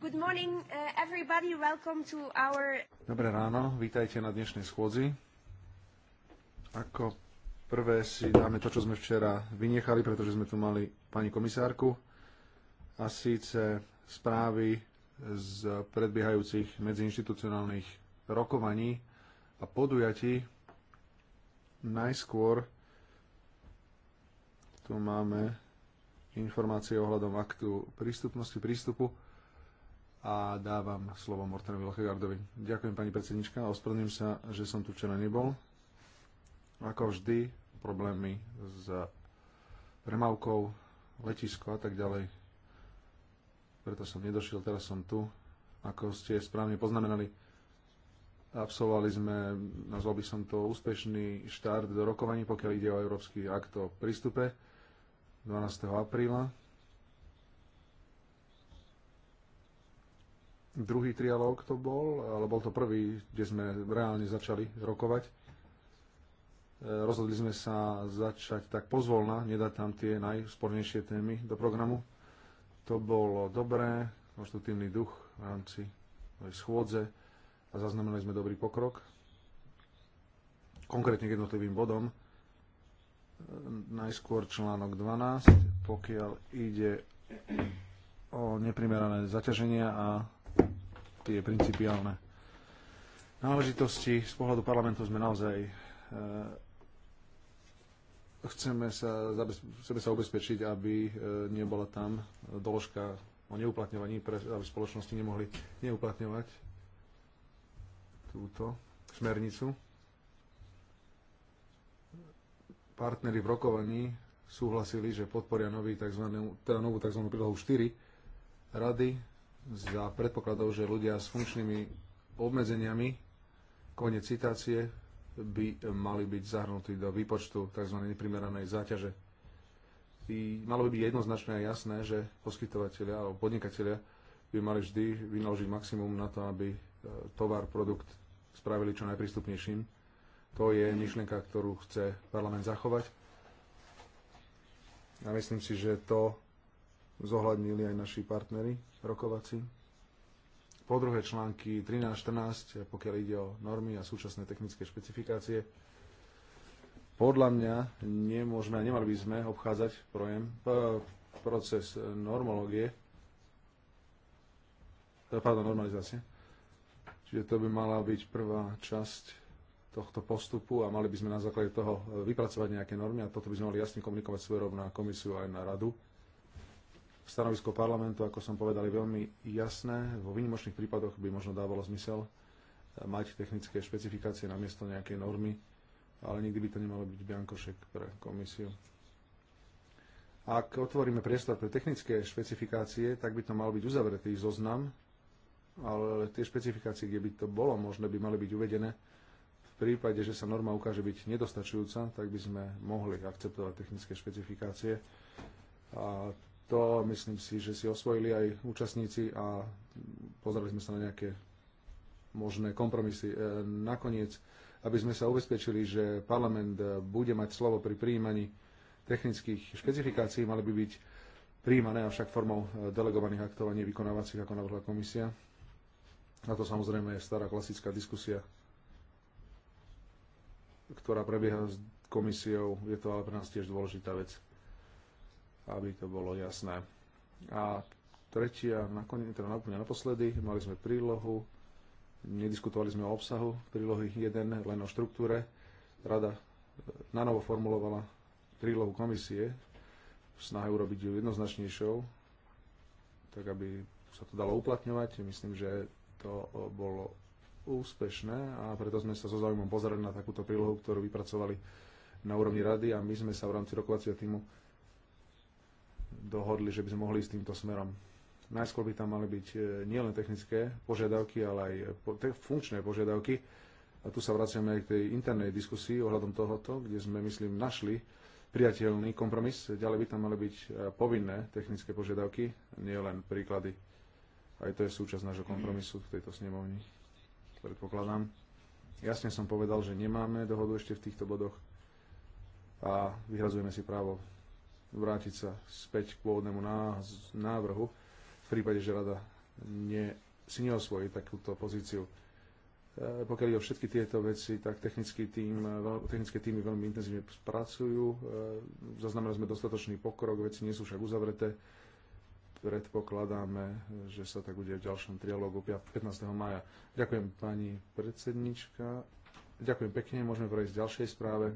Good morning, uh, everybody. Welcome to our... Dobré ráno, vítajte na dnešnej schôdzi. Ako prvé si dáme to, čo sme včera vynechali, pretože sme tu mali pani komisárku a síce správy z predbiehajúcich medziinštitucionálnych rokovaní a podujatí. Najskôr tu máme informácie ohľadom aktu prístupnosti prístupu a dávam slovo Mortenovi Lochegardovi. Ďakujem pani predsednička a ospravedlňujem sa, že som tu včera nebol. Ako vždy, problémy s premávkou, letisko a tak ďalej. Preto som nedošiel, teraz som tu. Ako ste správne poznamenali, absolvovali sme, nazval by som to, úspešný štart do rokovaní, pokiaľ ide o Európsky akt o prístupe 12. apríla Druhý trialóg to bol, ale bol to prvý, kde sme reálne začali rokovať. E, rozhodli sme sa začať tak pozvolna, nedať tam tie najspornejšie témy do programu. To bolo dobré, konštruktívny duch v rámci schôdze a zaznamenali sme dobrý pokrok. Konkrétne k jednotlivým bodom e, najskôr článok 12, pokiaľ ide o neprimerané zaťaženia a je principiálne. Náležitosti z pohľadu parlamentu sme naozaj eh, chceme sa, chceme sa ubezpečiť, aby eh, nebola tam doložka o neuplatňovaní, pre, aby spoločnosti nemohli neuplatňovať túto smernicu. Partnery v rokovaní súhlasili, že podporia nový tzv., teda novú tzv. prílohu 4 rady za predpokladov, že ľudia s funkčnými obmedzeniami, konec citácie, by mali byť zahrnutí do výpočtu tzv. neprimeranej záťaže. I malo by byť jednoznačné a jasné, že poskytovateľia alebo podnikatelia by mali vždy vynaložiť maximum na to, aby e, tovar, produkt spravili čo najprístupnejším. To je myšlienka, ktorú chce parlament zachovať. A myslím si, že to zohľadnili aj naši partnery rokovací. Po druhé články 13-14, pokiaľ ide o normy a súčasné technické špecifikácie, podľa mňa nemôžeme a nemali by sme obchádzať projem, proces normológie, pardon, normalizácie. Čiže to by mala byť prvá časť tohto postupu a mali by sme na základe toho vypracovať nejaké normy a toto by sme mali jasne komunikovať svoje na komisiu aj na radu. Stanovisko parlamentu, ako som povedal, je veľmi jasné. Vo výnimočných prípadoch by možno dávalo zmysel e, mať technické špecifikácie namiesto nejakej normy, ale nikdy by to nemalo byť biankošek pre komisiu. Ak otvoríme priestor pre technické špecifikácie, tak by to mal byť uzavretý zoznam, ale tie špecifikácie, kde by to bolo možné, by mali byť uvedené. V prípade, že sa norma ukáže byť nedostačujúca, tak by sme mohli akceptovať technické špecifikácie a to myslím si, že si osvojili aj účastníci a pozerali sme sa na nejaké možné kompromisy. E, nakoniec, aby sme sa ubezpečili, že parlament bude mať slovo pri príjmaní technických špecifikácií, mali by byť príjmané avšak formou e, delegovaných aktov a nevykonávacích, vykonávacích, ako navrhla komisia. A to samozrejme je stará klasická diskusia, ktorá prebieha s komisiou. Je to ale pre nás tiež dôležitá vec aby to bolo jasné. A tretia, nakoniec, teda úplne naposledy, mali sme prílohu, nediskutovali sme o obsahu prílohy 1, len o štruktúre. Rada eh, nanovo formulovala prílohu komisie v snahe urobiť ju jednoznačnejšou, tak aby sa to dalo uplatňovať. Myslím, že to eh, bolo úspešné a preto sme sa so zaujímavom pozerali na takúto prílohu, ktorú vypracovali na úrovni rady a my sme sa v rámci rokovacieho týmu dohodli, že by sme mohli ísť týmto smerom. Najskôr by tam mali byť e, nielen technické požiadavky, ale aj e, funkčné požiadavky. A tu sa vraciame aj k tej internej diskusii ohľadom tohoto, kde sme, myslím, našli priateľný kompromis. Ďalej by tam mali byť e, povinné technické požiadavky, nielen príklady. Aj to je súčasť nášho mhm. kompromisu v tejto snemovni, predpokladám. Jasne som povedal, že nemáme dohodu ešte v týchto bodoch a vyhrazujeme si právo vrátiť sa späť k pôvodnému návrhu v prípade, že rada ne, si neosvojí takúto pozíciu. E, pokiaľ ide o všetky tieto veci, tak technický tým, e, technické týmy veľmi intenzívne pracujú. E, zaznamenali sme dostatočný pokrok, veci nie sú však uzavreté. Predpokladáme, že sa tak bude v ďalšom trialógu 15. maja. Ďakujem pani predsednička. Ďakujem pekne, môžeme prejsť k ďalšej správe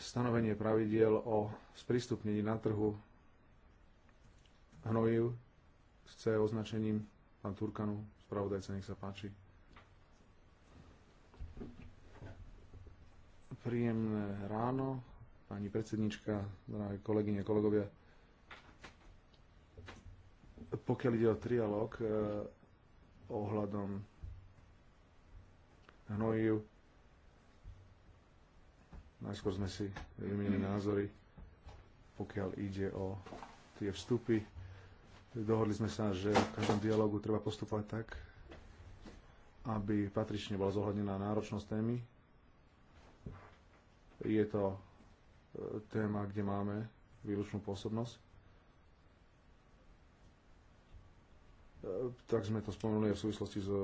stanovenie pravidiel o sprístupnení na trhu hnojiv s C označením pán Turkanu, spravodajca, nech sa páči. Príjemné ráno, pani predsednička, drahé kolegyne, kolegovia. Pokiaľ ide o trialog eh, ohľadom hnojiv, Najskôr sme si vymenili názory, pokiaľ ide o tie vstupy. Dohodli sme sa, že v každom dialogu treba postupovať tak, aby patrične bola zohľadnená náročnosť témy. Je to e, téma, kde máme výlučnú pôsobnosť. E, tak sme to spomenuli aj v súvislosti s e,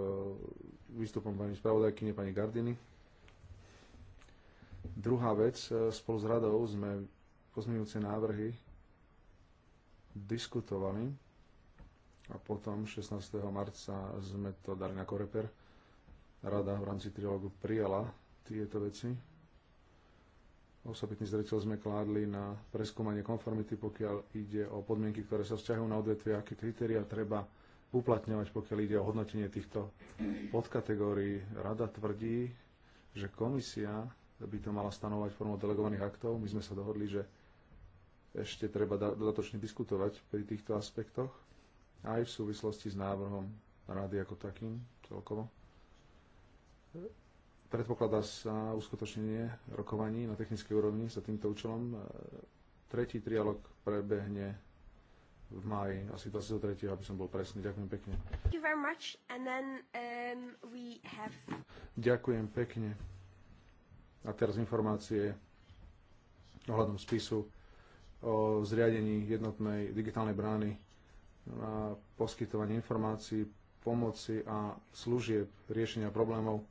výstupom pani spravodajkyne, pani Gardiny. Druhá vec, e, spolu s radou sme pozmeňujúce návrhy diskutovali a potom 16. marca sme to dali na koreper. Rada v rámci trilógu prijala tieto veci. Osobitný zreteľ sme kládli na preskúmanie konformity, pokiaľ ide o podmienky, ktoré sa vzťahujú na odvetvie, aké kritéria treba uplatňovať, pokiaľ ide o hodnotenie týchto podkategórií. Rada tvrdí, že komisia by to mala stanovať formou delegovaných aktov. My sme sa dohodli, že ešte treba dodatočne diskutovať pri týchto aspektoch, aj v súvislosti s návrhom rady ako takým celkovo. Predpokladá sa uskutočnenie rokovaní na technickej úrovni sa týmto účelom. Tretí trialog prebehne v máji, asi 23. aby som bol presný. Ďakujem pekne. Um, Ďakujem pekne. A teraz informácie ohľadom spisu o zriadení jednotnej digitálnej brány na poskytovanie informácií, pomoci a služieb riešenia problémov.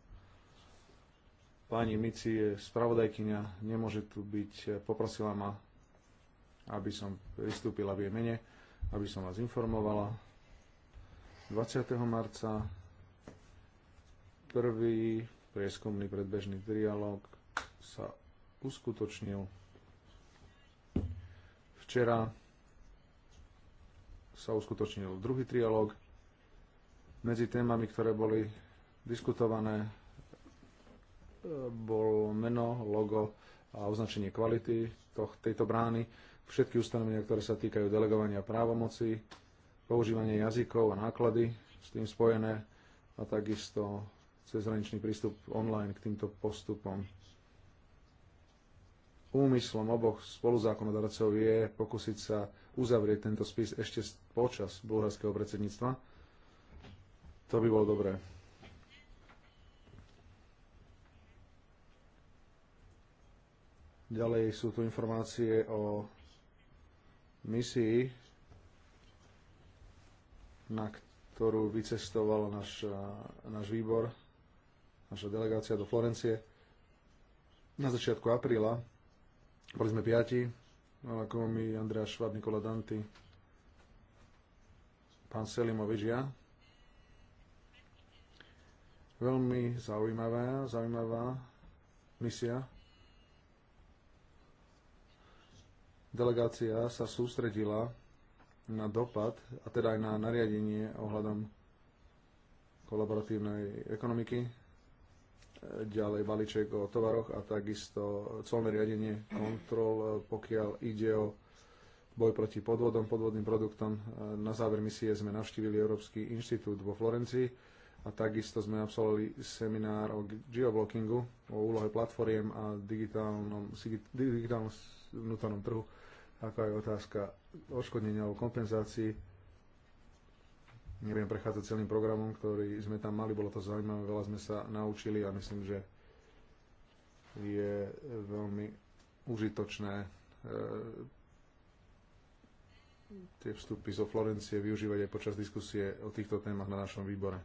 Pani Mici je spravodajkyňa, nemôže tu byť, poprosila ma, aby som vystúpila v jej mene, aby som vás informovala. 20. marca prvý prieskumný predbežný trialog sa uskutočnil včera sa uskutočnil druhý trialog. Medzi témami, ktoré boli diskutované, e, bol meno, logo a označenie kvality tejto brány, všetky ustanovenia, ktoré sa týkajú delegovania právomoci, používanie jazykov a náklady s tým spojené a takisto cezhraničný prístup online k týmto postupom úmyslom oboch spoluzákonodarcov je pokúsiť sa uzavrieť tento spis ešte počas bulharského predsedníctva. To by bolo dobré. Ďalej sú tu informácie o misii, na ktorú vycestoval náš, náš výbor, naša delegácia do Florencie na začiatku apríla boli sme piati, Ako my, Andrea Švab, Nikola Danti, pán Selimovič, ja. Veľmi zaujímavá, zaujímavá misia. Delegácia sa sústredila na dopad, a teda aj na nariadenie ohľadom kolaboratívnej ekonomiky ďalej balíček o tovaroch a takisto colné riadenie kontrol, eh, pokiaľ ide o boj proti podvodom, podvodným produktom. Eh, na záver misie sme navštívili Európsky inštitút vo Florencii a takisto sme absolvovali seminár o geoblockingu, o úlohe platformiem a digitálnom, digitálnom vnútornom trhu, ako aj otázka odškodnenia alebo kompenzácií Nebudem prechádzať celým programom, ktorý sme tam mali, bolo to zaujímavé, veľa sme sa naučili a myslím, že je veľmi užitočné e, tie vstupy zo Florencie využívať aj počas diskusie o týchto témach na našom výbore.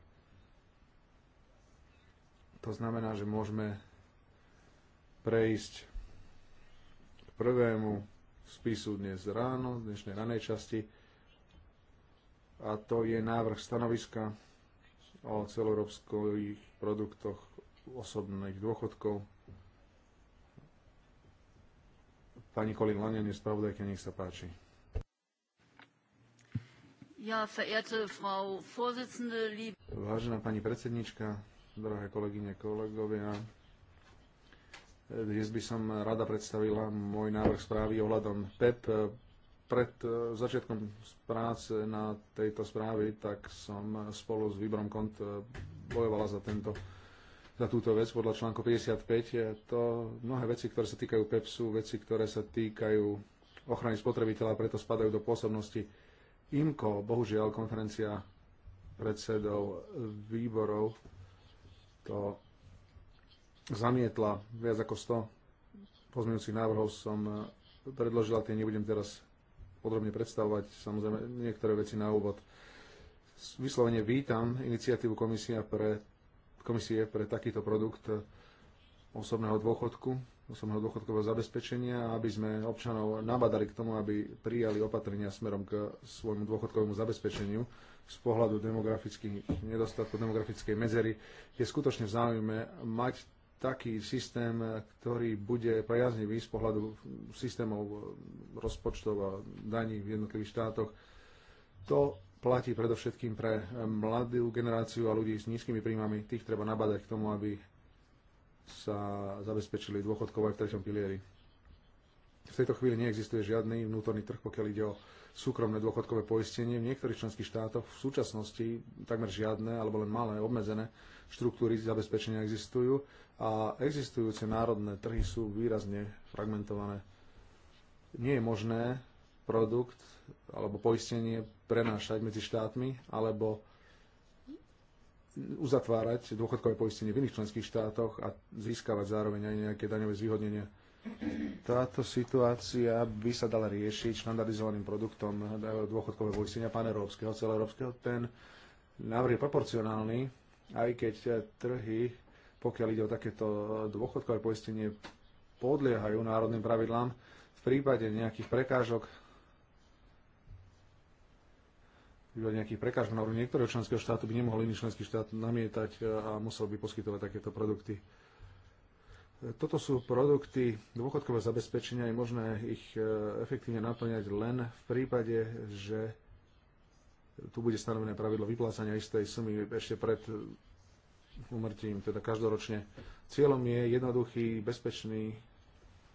To znamená, že môžeme prejsť k prvému spisu dnes ráno, dnešnej ranej časti a to je návrh stanoviska o celoeurópskych produktoch osobných dôchodkov. Pani Kolín Lanian je spravodajka, nech sa páči. Ja, verehrte Frau Vorsitzende, lieb... Vážená pani predsednička, drahé kolegyne, kolegovia, dnes by som rada predstavila môj návrh správy ohľadom PEP, e pred eh, začiatkom práce na tejto správy, tak som eh, spolu s Vibrom Kont eh, bojovala za, tento, za túto vec podľa článku 55. To mnohé veci, ktoré sa týkajú PEPSu, veci, ktoré sa týkajú ochrany spotrebiteľa, preto spadajú do pôsobnosti IMCO. Bohužiaľ, konferencia predsedov výborov to zamietla viac ako 100 pozmeňujúcich návrhov som predložila, tie nebudem teraz podrobne predstavovať samozrejme niektoré veci na úvod. Vyslovene vítam iniciatívu komisia pre, komisie pre takýto produkt osobného dôchodku, osobného dôchodkového zabezpečenia, aby sme občanov nabadali k tomu, aby prijali opatrenia smerom k svojmu dôchodkovému zabezpečeniu z pohľadu demografických nedostatkov, demografickej medzery. Je skutočne v záujme mať taký systém, ktorý bude priaznivý z pohľadu systémov rozpočtov a daní v jednotlivých štátoch. To platí predovšetkým pre mladú generáciu a ľudí s nízkymi príjmami. Tých treba nabadať k tomu, aby sa zabezpečili dôchodkov aj v treťom pilieri. V tejto chvíli neexistuje žiadny vnútorný trh, pokiaľ ide o súkromné dôchodkové poistenie. V niektorých členských štátoch v súčasnosti takmer žiadne alebo len malé obmedzené štruktúry zabezpečenia existujú a existujúce národné trhy sú výrazne fragmentované. Nie je možné produkt alebo poistenie prenášať medzi štátmi alebo uzatvárať dôchodkové poistenie v iných členských štátoch a získavať zároveň aj nejaké daňové zvýhodnenia táto situácia by sa dala riešiť štandardizovaným produktom dôchodkového poistenia paneurópskeho, celoeurópskeho. Ten návrh je proporcionálny, aj keď trhy, pokiaľ ide o takéto dôchodkové poistenie, podliehajú národným pravidlám. V prípade nejakých prekážok nejakých prekážok na úrovni niektorého členského štátu by nemohol iný členský štát namietať a musel by poskytovať takéto produkty. Toto sú produkty dôchodkového zabezpečenia, je možné ich e, efektívne naplňať len v prípade, že tu bude stanovené pravidlo vyplácania istej sumy ešte pred e, umrtím, teda každoročne. Cieľom je jednoduchý, bezpečný,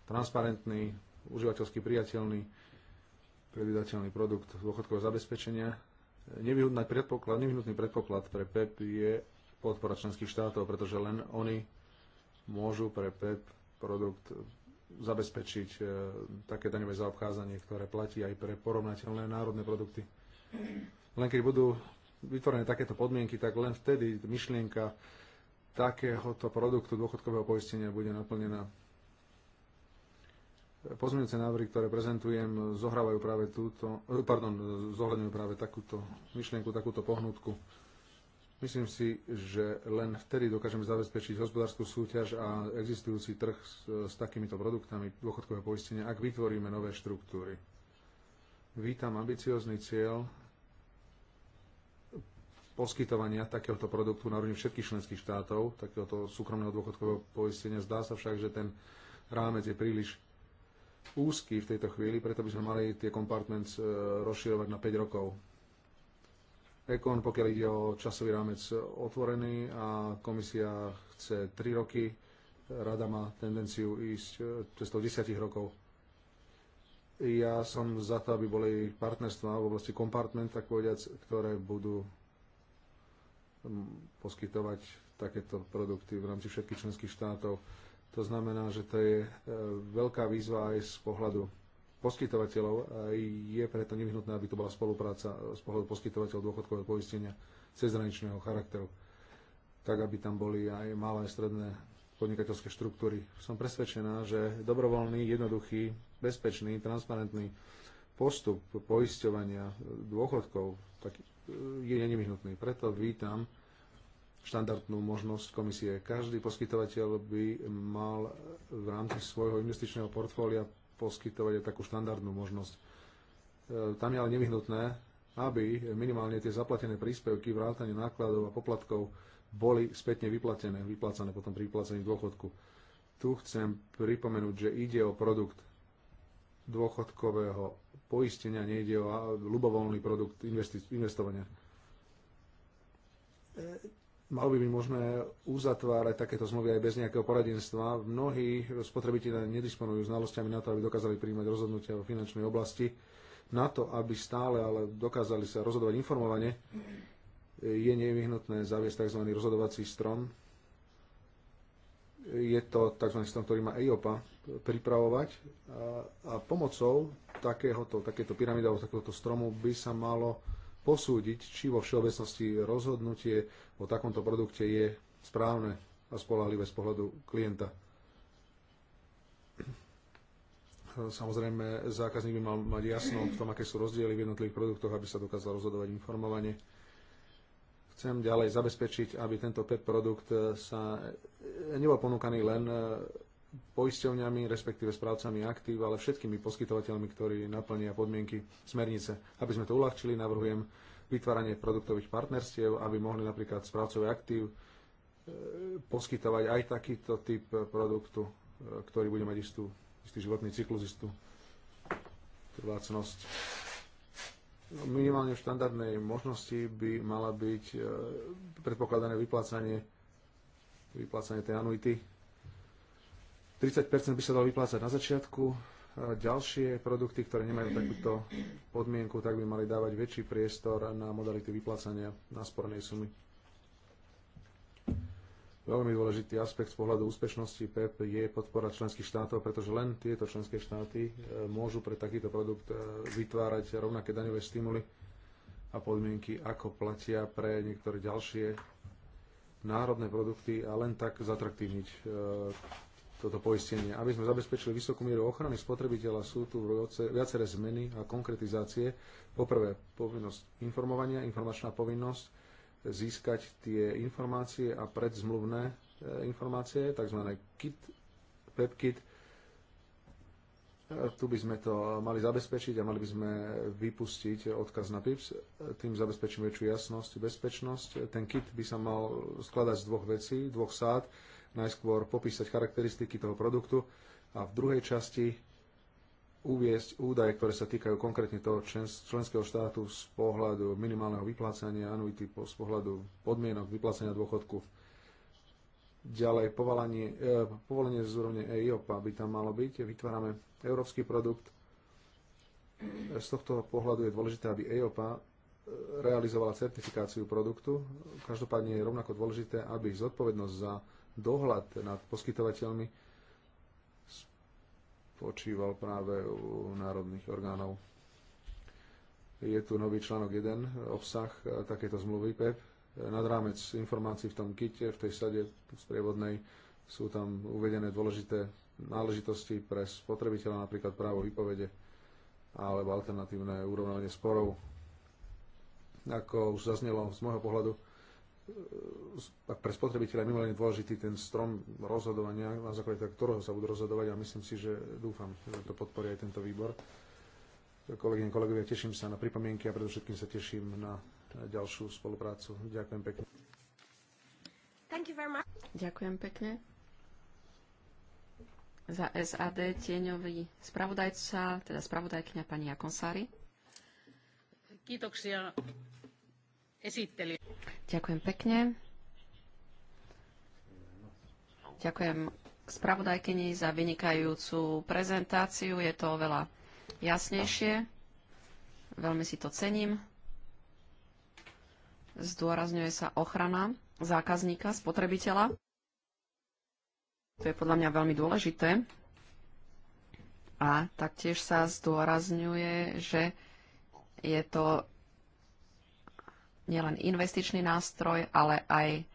transparentný, užívateľsky priateľný, predvydateľný produkt dôchodkového zabezpečenia. Nevyhnutný predpoklad, nevyhnutný predpoklad pre PEP e je podpora členských štátov, pretože len oni môžu pre PEP produkt zabezpečiť e, také daňové zaobchádzanie, ktoré platí aj pre porovnateľné národné produkty. Len keď budú vytvorené takéto podmienky, tak len vtedy myšlienka takéhoto produktu dôchodkového poistenia bude naplnená. Pozmeňujúce návrhy, ktoré prezentujem, zohrávajú práve túto, e, pardon, zohľadňujú práve takúto myšlienku, takúto pohnutku. Myslím si, že len vtedy dokážeme zabezpečiť hospodárskú súťaž a existujúci trh s, s takýmito produktami dôchodkového poistenia, ak vytvoríme nové štruktúry. Vítam ambiciózny cieľ poskytovania takéhoto produktu na úrovni všetkých členských štátov, takéhoto súkromného dôchodkového poistenia. Zdá sa však, že ten rámec je príliš úzky v tejto chvíli, preto by sme mali tie compartments e, rozširovať na 5 rokov Ekon, pokiaľ ide o časový rámec otvorený a komisia chce 3 roky, rada má tendenciu ísť e, cestou 10 rokov. Ja som za to, aby boli partnerstva v oblasti kompartment, tak povediac, ktoré budú mm, poskytovať takéto produkty v rámci všetkých členských štátov. To znamená, že to je e, veľká výzva aj z pohľadu poskytovateľov. Je preto nevyhnutné, aby to bola spolupráca z pohľadu poskytovateľov dôchodkového poistenia cezhraničného charakteru, tak aby tam boli aj malé a stredné podnikateľské štruktúry. Som presvedčená, že dobrovoľný, jednoduchý, bezpečný, transparentný postup poisťovania dôchodkov tak e, je nevyhnutný. Preto vítam štandardnú možnosť komisie. Každý poskytovateľ by mal v rámci svojho investičného portfólia poskytovať aj takú štandardnú možnosť. E, tam je ale nevyhnutné, aby minimálne tie zaplatené príspevky, vrátanie nákladov a poplatkov boli spätne vyplatené, vyplácané potom pri vyplácaní dôchodku. Tu chcem pripomenúť, že ide o produkt dôchodkového poistenia, nejde o ľubovoľný produkt investovania e, malo by byť možné uzatvárať takéto zmluvy aj bez nejakého poradenstva. Mnohí spotrebitelia nedisponujú znalosťami na to, aby dokázali príjmať rozhodnutia vo finančnej oblasti. Na to, aby stále ale dokázali sa rozhodovať informovane, je nevyhnutné zaviesť tzv. rozhodovací strom. Je to tzv. strom, ktorý má EIOPA pripravovať a, a pomocou takéhoto, takéto alebo takéhoto stromu by sa malo posúdiť, či vo všeobecnosti rozhodnutie o takomto produkte je správne a spolahlivé z pohľadu klienta. Samozrejme, zákazník by mal mať jasno v tom, aké sú rozdiely v jednotlivých produktoch, aby sa dokázal rozhodovať informovanie. Chcem ďalej zabezpečiť, aby tento PEP e produkt sa nebol ponúkaný len poisťovňami, respektíve správcami aktív, ale všetkými poskytovateľmi, ktorí naplnia podmienky smernice. Aby sme to uľahčili, navrhujem vytváranie produktových partnerstiev, aby mohli napríklad správcovia aktív e, poskytovať aj takýto typ produktu, e, ktorý bude mať istú, istý životný cyklus, istú trvácnosť. No, minimálne v štandardnej možnosti by mala byť e, predpokladané vyplácanie, vyplácanie tej anuity. 30% by sa dalo vyplácať na začiatku, ďalšie produkty, ktoré nemajú takúto podmienku, tak by mali dávať väčší priestor na modality vyplácania spornej sumy. Veľmi dôležitý aspekt z pohľadu úspešnosti PEP e je podpora členských štátov, pretože len tieto členské štáty e, môžu pre takýto produkt e, vytvárať rovnaké daňové stimuly a podmienky, ako platia pre niektoré ďalšie národné produkty a len tak zatraktívniť toto poistenie. Aby sme zabezpečili vysokú mieru ochrany spotrebiteľa, sú tu viaceré zmeny a konkretizácie. Poprvé, povinnosť informovania, informačná povinnosť získať tie informácie a predzmluvné e, informácie, tzv. KIT, PEPKIT. E, tu by sme to mali zabezpečiť a mali by sme vypustiť odkaz na PIPS. Tým zabezpečíme väčšiu jasnosť, bezpečnosť. Ten kit by sa mal skladať z dvoch vecí, dvoch sád najskôr popísať charakteristiky toho produktu a v druhej časti uviesť údaje, ktoré sa týkajú konkrétne toho členského štátu z pohľadu minimálneho vyplácania anuity, z pohľadu podmienok vyplácania dôchodku. Ďalej povolanie, e, povolenie z úrovne EIOP by tam malo byť. Vytvárame európsky produkt. Z tohto pohľadu je dôležité, aby EIOPA e, realizovala certifikáciu produktu. Každopádne je rovnako dôležité, aby zodpovednosť za dohľad nad poskytovateľmi spočíval práve u národných orgánov. Je tu nový článok 1, obsah e, takéto zmluvy PEP. E, nad rámec informácií v tom kite, v tej sade sprievodnej, sú tam uvedené dôležité náležitosti pre spotrebiteľa, napríklad právo vypovede alebo alternatívne urovnanie sporov. Ako už zaznelo z môjho pohľadu, E, pre spotrebiteľa je mimoriadne dôležitý ten strom rozhodovania, na základe teda ktorého sa budú rozhodovať a myslím si, že dúfam, že to podporí aj tento výbor. Kolegyne, kolegovia, teším sa na pripomienky a predovšetkým sa teším na ďalšiu spoluprácu. Ďakujem pekne. Ďakujem pekne. Za SAD tieňový spravodajca, teda spravodajkňa pani Akonsári. Kýtoksia. Ďakujem pekne. Ďakujem spravodajkyni za vynikajúcu prezentáciu. Je to oveľa jasnejšie. Veľmi si to cením. Zdôrazňuje sa ochrana zákazníka, spotrebiteľa. To je podľa mňa veľmi dôležité. A taktiež sa zdôrazňuje, že je to nielen investičný nástroj, ale aj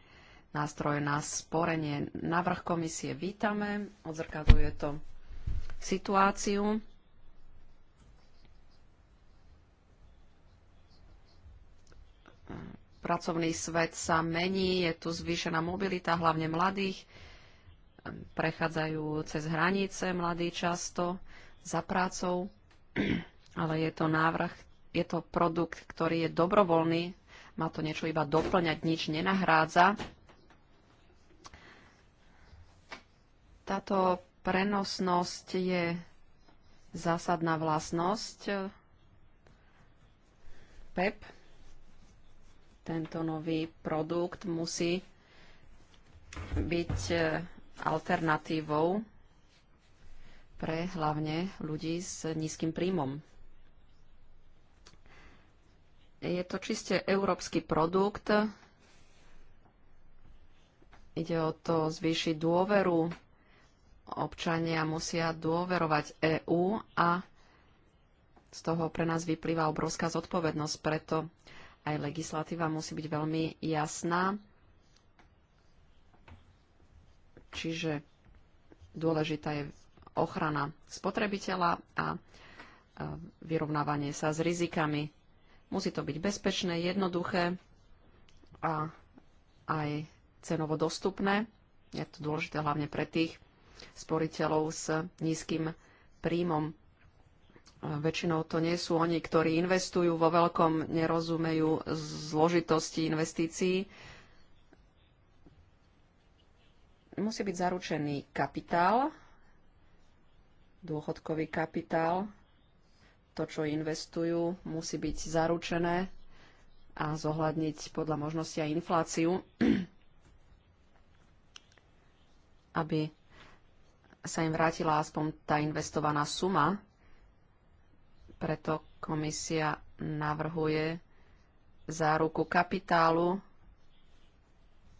nástroj na sporenie. Návrh komisie vítame, odzrkadluje to situáciu. Pracovný svet sa mení, je tu zvýšená mobilita, hlavne mladých. Prechádzajú cez hranice mladí často za prácou, ale je to návrh, je to produkt, ktorý je dobrovoľný má to niečo iba doplňať, nič nenahrádza. Táto prenosnosť je zásadná vlastnosť PEP. Tento nový produkt musí byť e, alternatívou pre hlavne ľudí s nízkym príjmom. Je to čiste európsky produkt. Ide o to zvýšiť dôveru. Občania musia dôverovať EÚ a z toho pre nás vyplýva obrovská zodpovednosť, preto aj legislatíva musí byť veľmi jasná. Čiže dôležitá je ochrana spotrebiteľa a e, vyrovnávanie sa s rizikami. Musí to byť bezpečné, jednoduché a aj cenovo dostupné. Je to dôležité hlavne pre tých sporiteľov s nízkym príjmom. Väčšinou to nie sú oni, ktorí investujú vo veľkom, nerozumejú zložitosti investícií. Musí byť zaručený kapitál, dôchodkový kapitál to, čo investujú, musí byť zaručené a zohľadniť podľa možnosti aj infláciu, aby sa im vrátila aspoň tá investovaná suma. Preto komisia navrhuje záruku kapitálu.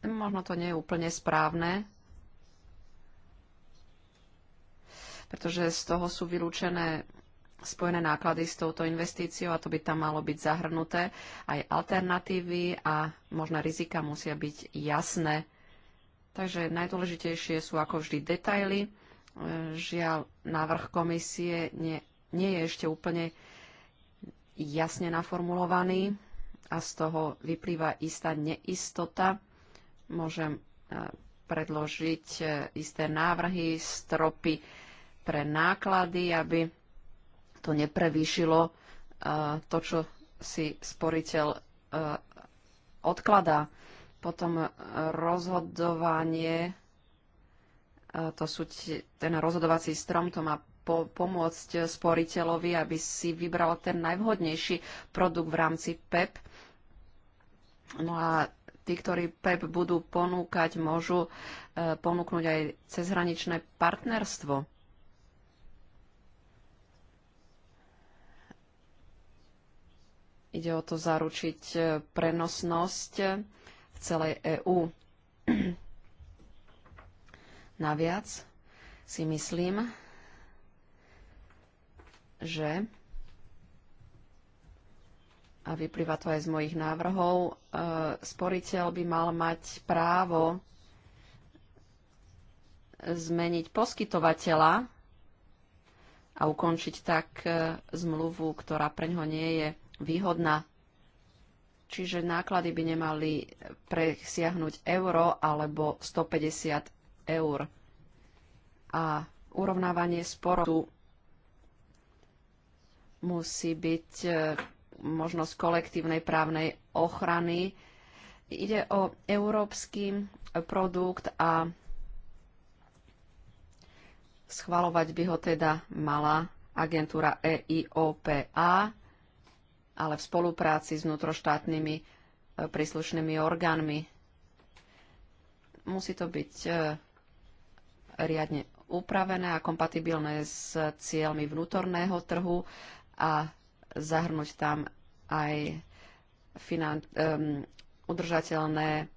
Možno to nie je úplne správne, pretože z toho sú vylúčené spojené náklady s touto investíciou a to by tam malo byť zahrnuté. Aj alternatívy a možno rizika musia byť jasné. Takže najdôležitejšie sú ako vždy detaily. E, Žiaľ, návrh komisie nie, nie je ešte úplne jasne naformulovaný a z toho vyplýva istá neistota. Môžem e, predložiť e, isté návrhy, stropy pre náklady, aby to neprevýšilo to, čo si sporiteľ odkladá. Potom rozhodovanie, to sú ten rozhodovací strom, to má pomôcť sporiteľovi, aby si vybral ten najvhodnejší produkt v rámci PEP. No a tí, ktorí PEP budú ponúkať, môžu e, ponúknuť aj cezhraničné partnerstvo. Ide o to zaručiť e, prenosnosť e, v celej EÚ. Naviac si myslím, že a vyplýva to aj z mojich návrhov, e, sporiteľ by mal mať právo zmeniť poskytovateľa a ukončiť tak zmluvu, ktorá pre ňo nie je výhodná. Čiže náklady by nemali presiahnuť euro alebo 150 eur. A urovnávanie sporotu musí byť e, možnosť kolektívnej právnej ochrany. Ide o európsky produkt a schvalovať by ho teda mala agentúra EIOPA ale v spolupráci s vnútroštátnymi e, príslušnými orgánmi. Musí to byť e, riadne upravené a kompatibilné s cieľmi vnútorného trhu a zahrnúť tam aj finan- um, udržateľné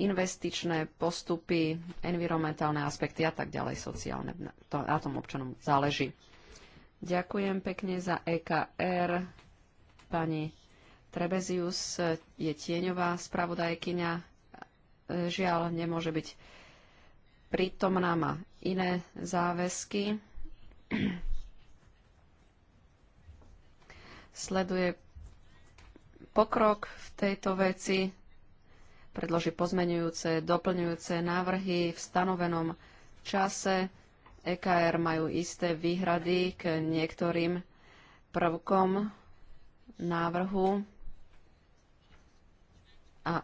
investičné postupy, environmentálne aspekty a tak ďalej sociálne. To, na tom občanom záleží. Ďakujem pekne za EKR. Pani Trebezius je tieňová spravodajkyňa. E, žiaľ, nemôže byť prítomná, má iné záväzky. Sleduje pokrok v tejto veci, predloží pozmenujúce, doplňujúce návrhy v stanovenom čase EKR majú isté výhrady k niektorým prvkom návrhu a,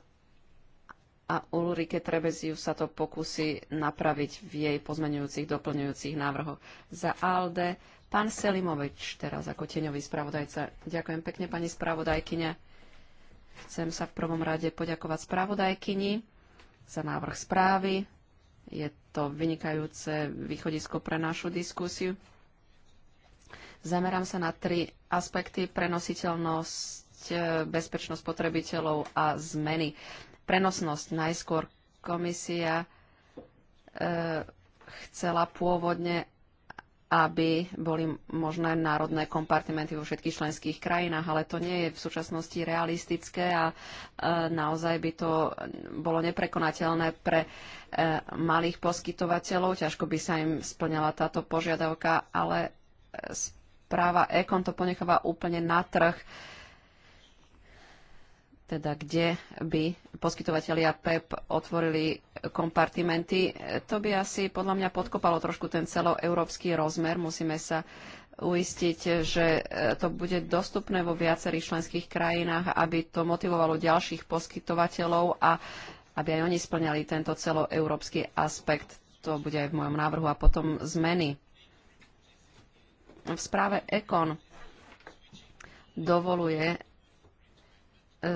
a Ulrike Trebeziu sa to pokusí napraviť v jej pozmenujúcich, doplňujúcich návrhoch. Za ALDE pán Selimovič teraz ako tieňový spravodajca. Ďakujem pekne, pani spravodajkyňa. Chcem sa v prvom rade poďakovať spravodajkyni za návrh správy je to vynikajúce východisko pre našu diskusiu. Zamerám sa na tri aspekty. Prenositeľnosť, e, bezpečnosť potrebiteľov a zmeny. Prenosnosť najskôr komisia e, chcela pôvodne aby boli možné národné kompartimenty vo všetkých členských krajinách, ale to nie je v súčasnosti realistické a e, naozaj by to bolo neprekonateľné pre e, malých poskytovateľov. Ťažko by sa im splňala táto požiadavka, ale e, správa Ekon to ponecháva úplne na trh teda kde by poskytovateľia PEP e otvorili kompartimenty. To by asi podľa mňa podkopalo trošku ten celoeurópsky rozmer. Musíme sa uistiť, že e, to bude dostupné vo viacerých členských krajinách, aby to motivovalo ďalších poskytovateľov a aby aj oni splňali tento celoeurópsky aspekt. To bude aj v mojom návrhu a potom zmeny. V správe Econ dovoluje e,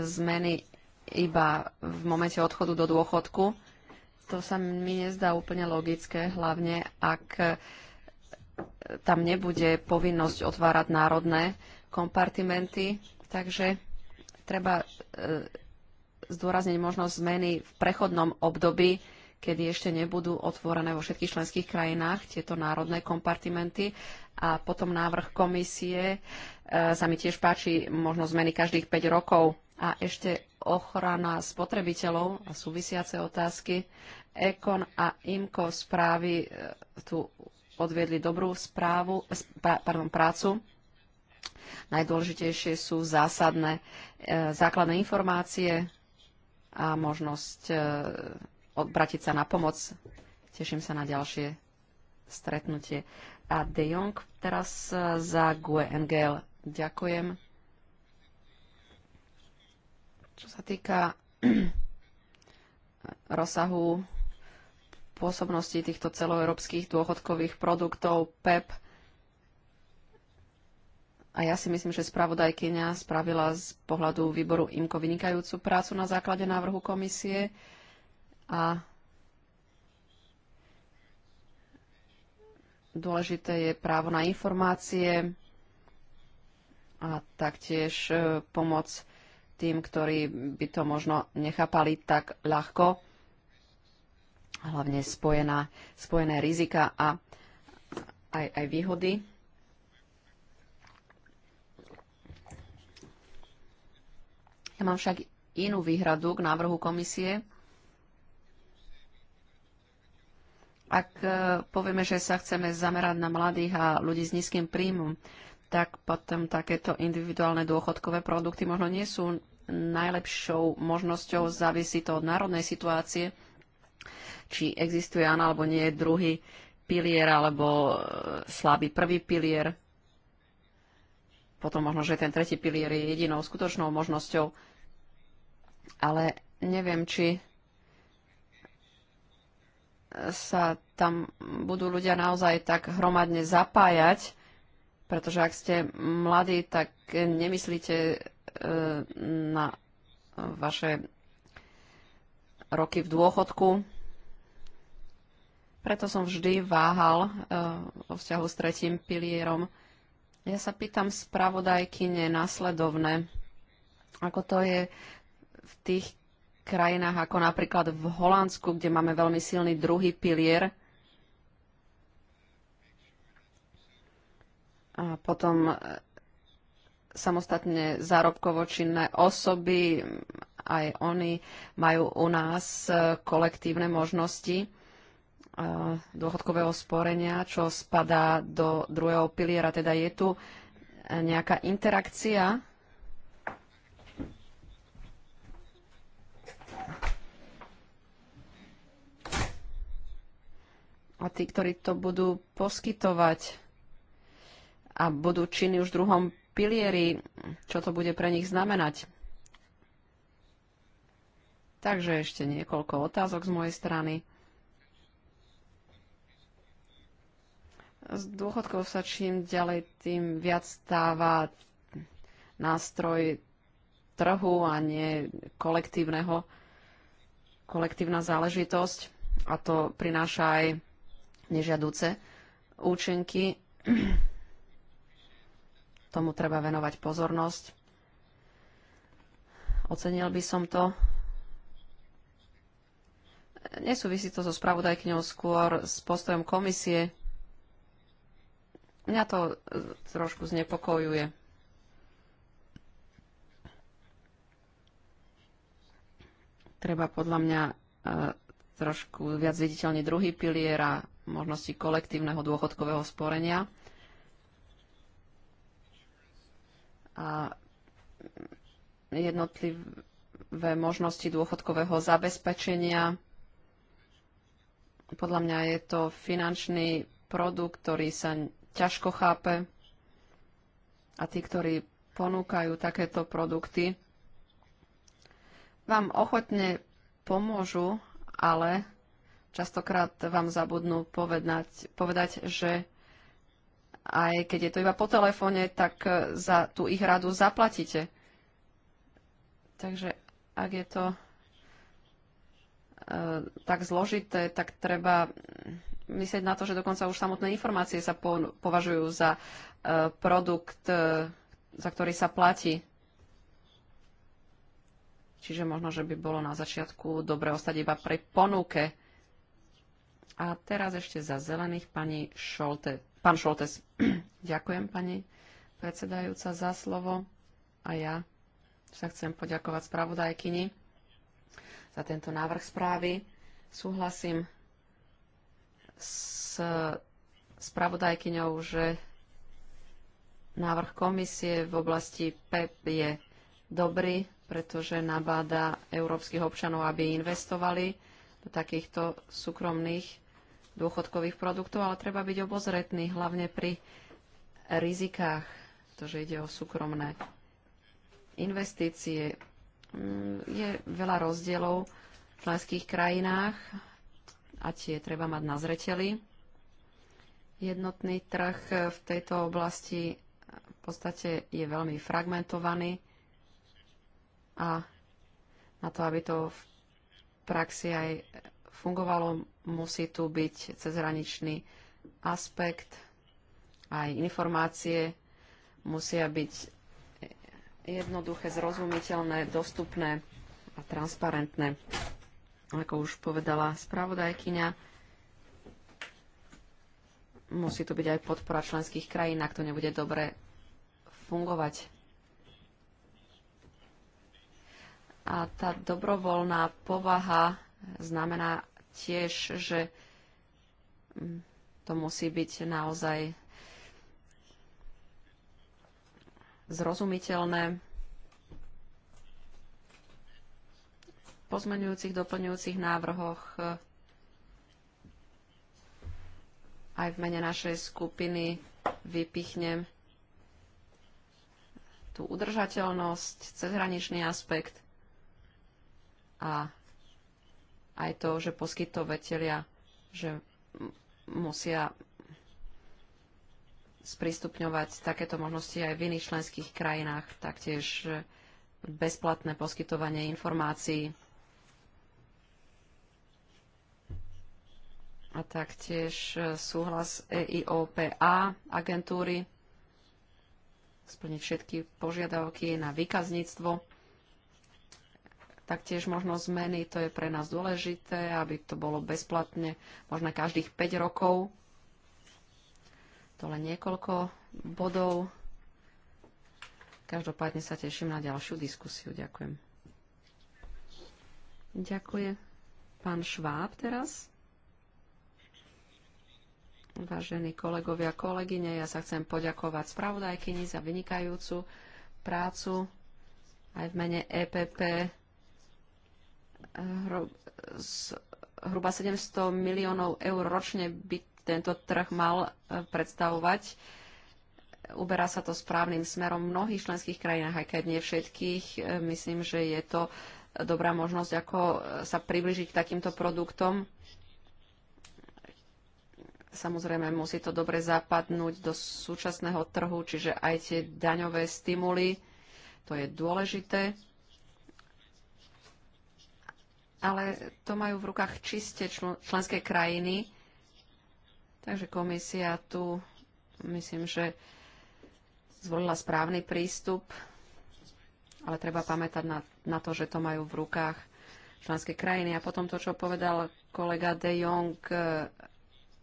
zmeny iba v momente odchodu do dôchodku to sa mi nezdá úplne logické, hlavne ak e, tam nebude povinnosť otvárať národné kompartimenty, takže treba e, zdôrazniť možnosť zmeny v prechodnom období, kedy ešte nebudú otvorené vo všetkých členských krajinách tieto národné kompartimenty. A potom návrh komisie e, sa mi tiež páči možnosť zmeny každých 5 rokov. A ešte ochrana spotrebiteľov a súvisiace otázky. Ekon a IMKO správy e, tu odviedli dobrú správu, pardon, prácu. Najdôležitejšie sú zásadné e, základné informácie a možnosť e, obratiť sa na pomoc. Teším sa na ďalšie stretnutie. A De Jong teraz e, za GUE NGL. Ďakujem. Čo sa týka rozsahu pôsobnosti týchto celoeurópskych dôchodkových produktov PEP. E a ja si myslím, že spravodajkynia spravila z pohľadu výboru IMKO vynikajúcu prácu na základe návrhu komisie a dôležité je právo na informácie a taktiež e, pomoc tým, ktorí by to možno nechápali tak ľahko, hlavne spojená, spojené rizika a aj, aj výhody. Ja mám však inú výhradu k návrhu komisie. Ak eh, povieme, že sa chceme zamerať na mladých a ľudí s nízkym príjmom, tak potom takéto individuálne dôchodkové produkty možno nie sú najlepšou možnosťou, závisí to od národnej situácie, či existuje áno alebo nie druhý pilier alebo e, slabý prvý pilier. Potom možno, že ten tretí pilier je jedinou skutočnou možnosťou. Ale neviem, či sa tam budú ľudia naozaj tak hromadne zapájať, pretože ak ste mladí, tak nemyslíte e, na vaše roky v dôchodku. Preto som vždy váhal e, vo vzťahu s tretím pilierom. Ja sa pýtam spravodajky nenasledovné, ako to je v tých krajinách ako napríklad v Holandsku, kde máme veľmi silný druhý pilier, A potom e, samostatne zárobkovo činné osoby, aj oni majú u nás e, kolektívne možnosti e, dôchodkového sporenia, čo spadá do druhého piliera. Teda je tu nejaká interakcia a tí, ktorí to budú poskytovať, a budú činy už v druhom pilieri, čo to bude pre nich znamenať. Takže ešte niekoľko otázok z mojej strany. Z dôchodkov sa čím ďalej tým viac stáva nástroj trhu a nie kolektívneho, kolektívna záležitosť a to prináša aj nežiaduce účinky Tomu treba venovať pozornosť. Ocenil by som to. Nesúvisí to so spravodajkňou, skôr s postojom komisie. Mňa to e, trošku znepokojuje. Treba podľa mňa e, trošku viac viditeľne druhý pilier a možnosti kolektívneho dôchodkového sporenia. a jednotlivé možnosti dôchodkového zabezpečenia. Podľa mňa je to finančný produkt, ktorý sa ťažko chápe a tí, ktorí ponúkajú takéto produkty, vám ochotne pomôžu, ale častokrát vám zabudnú povedať, povedať že aj keď je to iba po telefóne, tak e, za tú ich radu zaplatíte. Takže ak je to e, tak zložité, tak treba myslieť na to, že dokonca už samotné informácie sa považujú za e, produkt, za ktorý sa platí. Čiže možno, že by bolo na začiatku dobre ostať iba pri ponuke. A teraz ešte za zelených pani Šolte. Pán Šoltes, ďakujem pani predsedajúca za slovo a ja sa chcem poďakovať spravodajkyni za tento návrh správy. Súhlasím s spravodajkyňou, že návrh komisie v oblasti PEP e je dobrý, pretože nabáda európskych občanov, aby investovali do takýchto súkromných dôchodkových produktov, ale treba byť obozretný, hlavne pri rizikách, pretože ide o súkromné investície. Mm, je veľa rozdielov v členských krajinách a tie treba mať na zreteli. Jednotný trh v tejto oblasti v podstate je veľmi fragmentovaný a na to, aby to v praxi aj fungovalo, musí tu byť cezhraničný aspekt, aj informácie musia byť jednoduché, zrozumiteľné, dostupné a transparentné. Ako už povedala spravodajkyňa, musí tu byť aj podpora členských krajín, ak to nebude dobre fungovať. A tá dobrovoľná povaha znamená tiež, že mm, to musí byť naozaj zrozumiteľné. V pozmenujúcich, doplňujúcich návrhoch e, aj v mene našej skupiny vypichnem tú udržateľnosť, cezhraničný aspekt a aj to, že poskytovateľia že musia sprístupňovať takéto možnosti aj v iných členských krajinách, taktiež bezplatné poskytovanie informácií a taktiež e, súhlas EIOPA agentúry splniť všetky požiadavky na výkazníctvo taktiež možno zmeny, to je pre nás dôležité, aby to bolo bezplatne, možno každých 5 rokov. To len niekoľko bodov. Každopádne sa teším na ďalšiu diskusiu. Ďakujem. Ďakujem. Pán Šváb teraz. Vážení kolegovia, kolegyne, ja sa chcem poďakovať spravodajkyni za vynikajúcu prácu aj v mene EPP hruba 700 miliónov eur ročne by tento trh mal e, predstavovať. Uberá sa to správnym smerom v mnohých členských krajinách, aj keď nie všetkých. E, myslím, že je to dobrá možnosť, ako e, sa približiť k takýmto produktom. Samozrejme, musí to dobre zapadnúť do súčasného trhu, čiže aj tie daňové stimuly, to je dôležité ale to majú v rukách čiste čl členské krajiny. Takže komisia tu, myslím, že zvolila správny prístup, ale treba pamätať na, na to, že to majú v rukách členské krajiny. A potom to, čo povedal kolega De Jong, eh,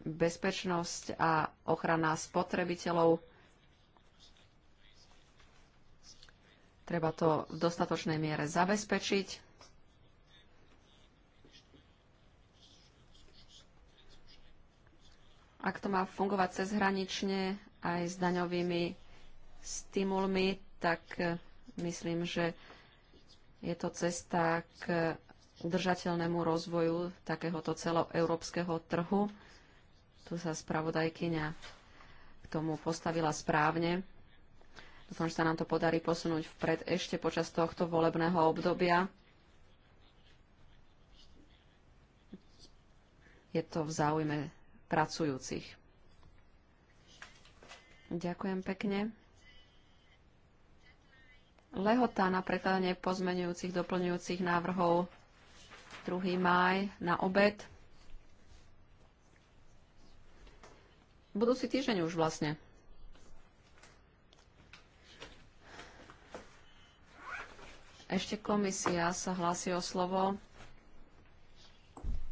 bezpečnosť a ochrana spotrebiteľov. Treba to v dostatočnej miere zabezpečiť. Ak to má fungovať cezhranične aj s daňovými stimulmi, tak e, myslím, že je to cesta k udržateľnému rozvoju takéhoto celoeurópskeho trhu. Tu sa spravodajkyňa k tomu postavila správne. Dúfam, že sa nám to podarí posunúť vpred ešte počas tohto volebného obdobia. Je to v záujme pracujúcich. Ďakujem pekne. Lehota na prekladanie pozmenujúcich, doplňujúcich návrhov 2. máj na obed. Budúci týždeň už vlastne. Ešte komisia sa hlási o slovo.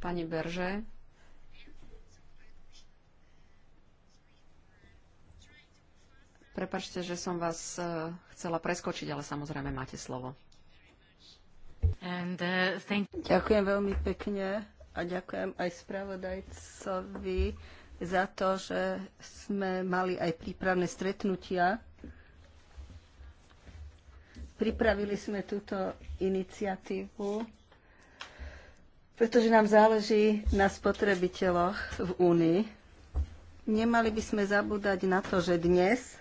Pani Berže. Prepačte, že som vás eh, chcela preskočiť, ale samozrejme máte slovo. And, uh, ďakujem veľmi pekne a ďakujem aj spravodajcovi za to, že sme mali aj prípravné stretnutia. Pripravili sme túto iniciatívu pretože nám záleží na spotrebiteľoch v Únii. Nemali by sme zabúdať na to, že dnes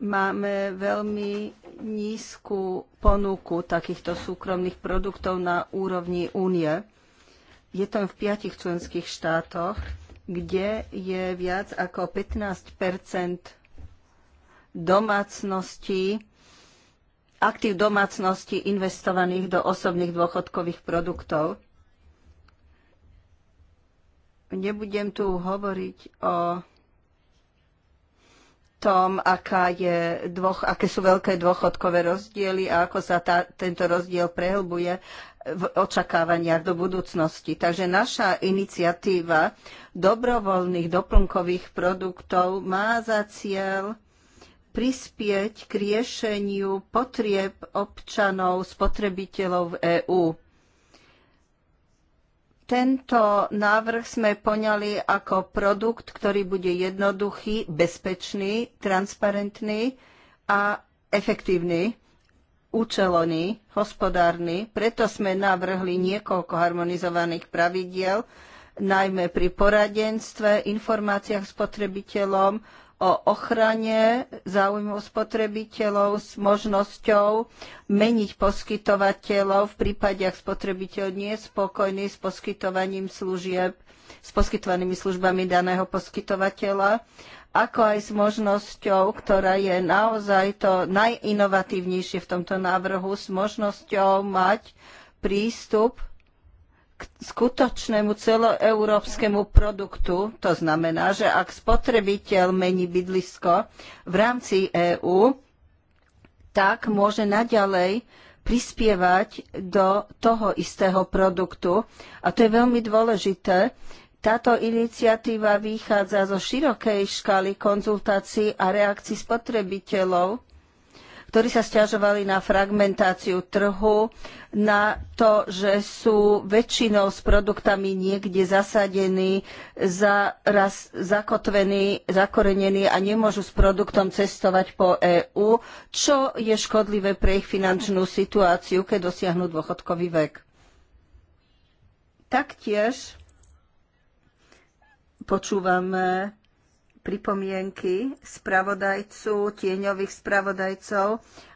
máme veľmi nízku ponuku takýchto súkromných produktov na úrovni únie. Je to v piatich členských štátoch, kde je viac ako 15 domácností, aktív domácností investovaných do osobných dôchodkových produktov. Nebudem tu hovoriť o tom, aká je dvoch, aké sú veľké dôchodkové rozdiely a ako sa tá, tento rozdiel prehlbuje v očakávaniach do budúcnosti. Takže naša iniciatíva dobrovoľných doplnkových produktov má za cieľ prispieť k riešeniu potrieb občanov, spotrebiteľov v EÚ tento návrh sme poňali ako produkt, ktorý bude jednoduchý, bezpečný, transparentný a efektívny, účelný, hospodárny. Preto sme navrhli niekoľko harmonizovaných pravidiel, najmä pri poradenstve, informáciách spotrebiteľom, o ochrane záujmu spotrebiteľov s možnosťou meniť poskytovateľov v prípade, ak spotrebiteľ nie je spokojný s poskytovaním služieb, s poskytovanými službami daného poskytovateľa, ako aj s možnosťou, ktorá je naozaj to najinovatívnejšie v tomto návrhu, s možnosťou mať prístup k skutočnému celoeurópskemu produktu. To znamená, že ak spotrebiteľ mení bydlisko v rámci EÚ, tak môže naďalej prispievať do toho istého produktu. A to je veľmi dôležité. Táto iniciatíva vychádza zo širokej škály konzultácií a reakcií spotrebiteľov ktorí sa stiažovali na fragmentáciu trhu, na to, že sú väčšinou s produktami niekde zasadení, za, raz, zakotvení, zakorenení a nemôžu s produktom cestovať po EÚ, čo je škodlivé pre ich finančnú situáciu, keď dosiahnu dôchodkový vek. Taktiež počúvame pripomienky spravodajcu, tieňových spravodajcov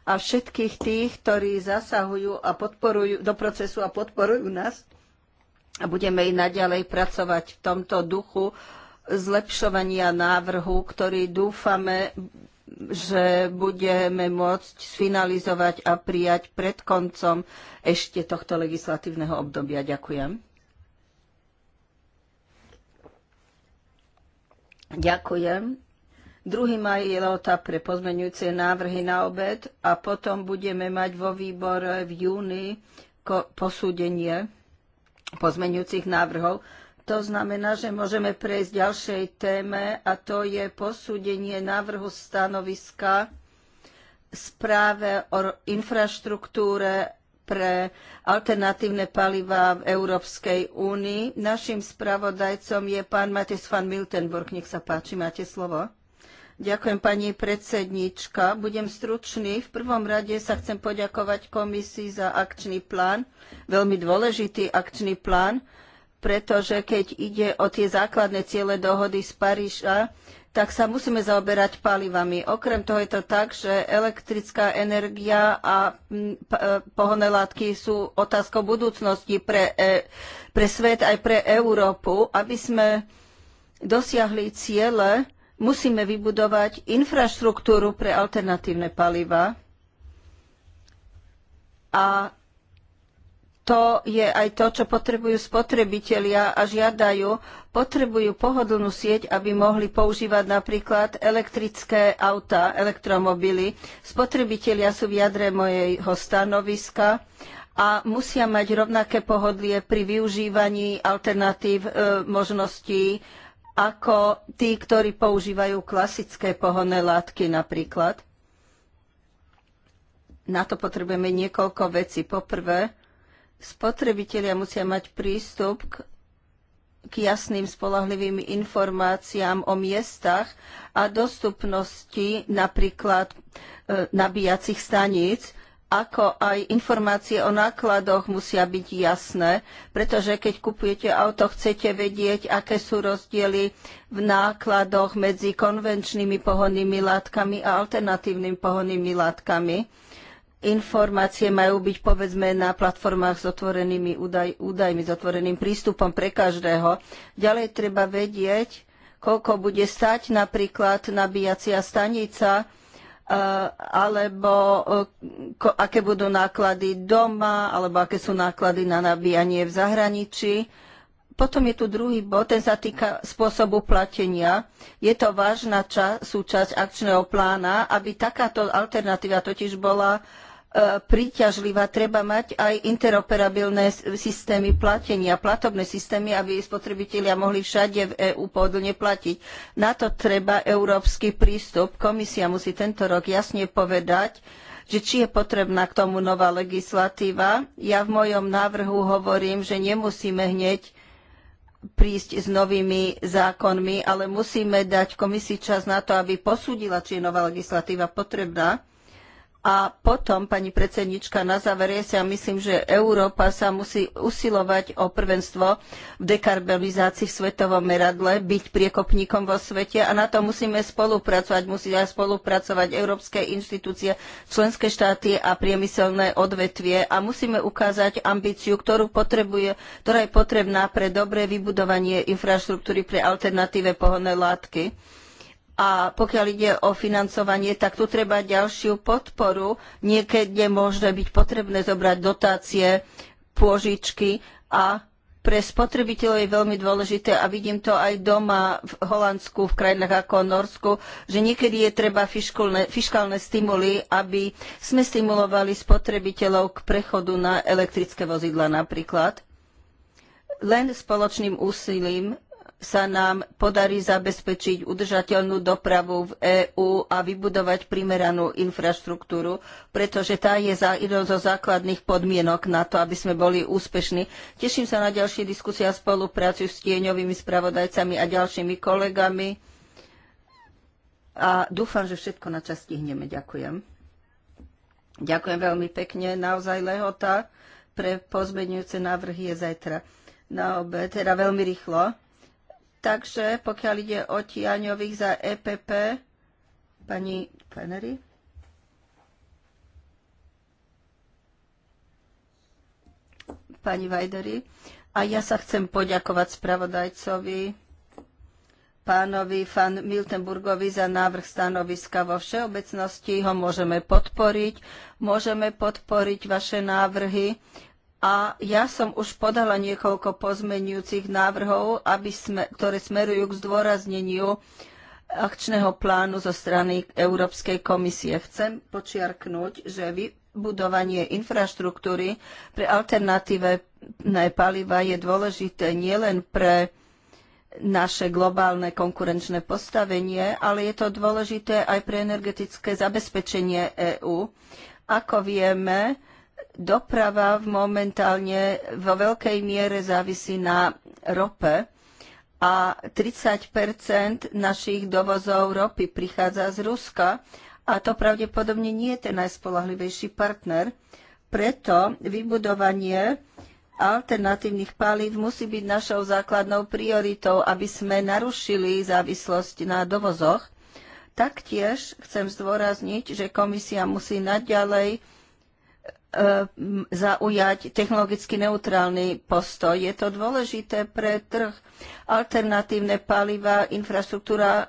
a všetkých tých, ktorí zasahujú a podporujú, do procesu a podporujú nás. A budeme i naďalej pracovať v tomto duchu zlepšovania návrhu, ktorý dúfame, že budeme môcť sfinalizovať a prijať pred koncom ešte tohto legislatívneho obdobia. Ďakujem. Ďakujem. Druhý maj je lota pre pozmeňujúce návrhy na obed a potom budeme mať vo výbore v júni posúdenie pozmeňujúcich návrhov. To znamená, že môžeme prejsť ďalšej téme a to je posúdenie návrhu stanoviska správe o infraštruktúre pre alternatívne palivá v Európskej únii. Našim spravodajcom je pán Matis van Miltenburg. Nech sa páči, máte slovo. Ďakujem, pani predsednička. Budem stručný. V prvom rade sa chcem poďakovať komisii za akčný plán, veľmi dôležitý akčný plán, pretože keď ide o tie základné ciele dohody z Paríža, tak sa musíme zaoberať palivami. Okrem toho je to tak, že elektrická energia a e, pohonné látky sú otázkou budúcnosti pre, e, pre svet aj pre Európu. Aby sme dosiahli ciele, musíme vybudovať infraštruktúru pre alternatívne paliva a to je aj to, čo potrebujú spotrebitelia a žiadajú. Potrebujú pohodlnú sieť, aby mohli používať napríklad elektrické auta, elektromobily. Spotrebitelia sú v jadre mojejho stanoviska a musia mať rovnaké pohodlie pri využívaní alternatív e, možností ako tí, ktorí používajú klasické pohonné látky napríklad. Na to potrebujeme niekoľko vecí. Poprvé, Spotrebitelia musia mať prístup k, k jasným spolahlivým informáciám o miestach a dostupnosti napríklad e, nabíjacích staníc, ako aj informácie o nákladoch musia byť jasné, pretože keď kupujete auto, chcete vedieť, aké sú rozdiely v nákladoch medzi konvenčnými pohonnými látkami a alternatívnymi pohonnými látkami informácie majú byť povedzme na platformách s otvorenými údaj, údajmi, s otvoreným prístupom pre každého. Ďalej treba vedieť, koľko bude stať napríklad nabíjacia stanica, e, alebo e, aké budú náklady doma, alebo aké sú náklady na nabíjanie v zahraničí. Potom je tu druhý bod, ten sa týka spôsobu platenia. Je to vážna súčasť akčného plána, aby takáto alternatíva totiž bola E, príťažlivá, treba mať aj interoperabilné systémy platenia, platobné systémy, aby spotrebitelia mohli všade v EÚ pohodlne platiť. Na to treba európsky prístup. Komisia musí tento rok jasne povedať, že či je potrebná k tomu nová legislatíva. Ja v mojom návrhu hovorím, že nemusíme hneď prísť s novými zákonmi, ale musíme dať komisii čas na to, aby posúdila, či je nová legislatíva potrebná a potom, pani predsednička, na záver, ja si myslím, že Európa sa musí usilovať o prvenstvo v dekarbonizácii v svetovom meradle, byť priekopníkom vo svete a na to musíme spolupracovať. Musia spolupracovať európske inštitúcie, členské štáty a priemyselné odvetvie a musíme ukázať ambíciu, ktorú potrebuje, ktorá je potrebná pre dobré vybudovanie infraštruktúry pre alternatíve pohonné látky. A pokiaľ ide o financovanie, tak tu treba ďalšiu podporu. Niekedy môže byť potrebné zobrať dotácie, pôžičky a pre spotrebiteľov je veľmi dôležité a vidím to aj doma v Holandsku, v krajinách ako Norsku, že niekedy je treba fiškulne, fiškálne stimuly, aby sme stimulovali spotrebiteľov k prechodu na elektrické vozidla napríklad. Len spoločným úsilím sa nám podarí zabezpečiť udržateľnú dopravu v EÚ a vybudovať primeranú infraštruktúru, pretože tá je za jednou zo základných podmienok na to, aby sme boli úspešní. Teším sa na ďalšie diskusie a spoluprácu s tieňovými spravodajcami a ďalšími kolegami. A dúfam, že všetko na čas stihneme. Ďakujem. Ďakujem veľmi pekne. Naozaj lehota pre pozmeňujúce návrhy je zajtra na obed, teda veľmi rýchlo. Takže pokiaľ ide o Tiaňových za EPP, pani Fenery. Pani Vajdery. A ja sa chcem poďakovať spravodajcovi pánovi Fan Miltenburgovi za návrh stanoviska vo všeobecnosti. Ho môžeme podporiť. Môžeme podporiť vaše návrhy a ja som už podala niekoľko pozmenujúcich návrhov, aby sme, ktoré smerujú k zdôrazneniu akčného plánu zo strany Európskej komisie. Chcem počiarknúť, že vybudovanie infraštruktúry pre alternatívne paliva je dôležité nielen pre naše globálne konkurenčné postavenie, ale je to dôležité aj pre energetické zabezpečenie EÚ. Ako vieme, doprava momentálne vo veľkej miere závisí na rope a 30 našich dovozov ropy prichádza z Ruska a to pravdepodobne nie je ten najspolahlivejší partner. Preto vybudovanie alternatívnych palív musí byť našou základnou prioritou, aby sme narušili závislosť na dovozoch. Taktiež chcem zdôrazniť, že komisia musí naďalej E, zaujať technologicky neutrálny postoj. Je to dôležité pre trh. Alternatívne paliva, infraštruktúra e,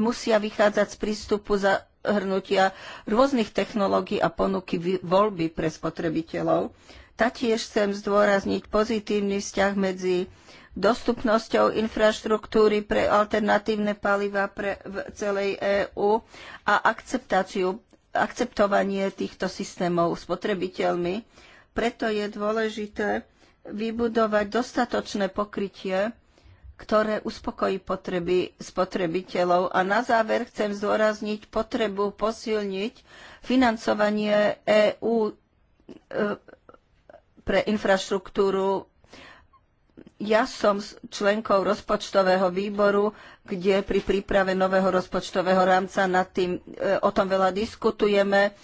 musia vychádzať z prístupu zahrnutia rôznych technológií a ponuky voľby pre spotrebiteľov. Taktiež chcem zdôrazniť pozitívny vzťah medzi dostupnosťou infraštruktúry pre alternatívne paliva pre v celej EÚ a akceptáciu akceptovanie týchto systémov spotrebiteľmi. Preto je dôležité vybudovať dostatočné pokrytie, ktoré uspokojí potreby spotrebiteľov. A na záver chcem zdôrazniť potrebu posilniť financovanie EÚ e, pre infraštruktúru ja som členkou rozpočtového výboru, kde pri príprave nového rozpočtového rámca nad tým, e, o tom veľa diskutujeme.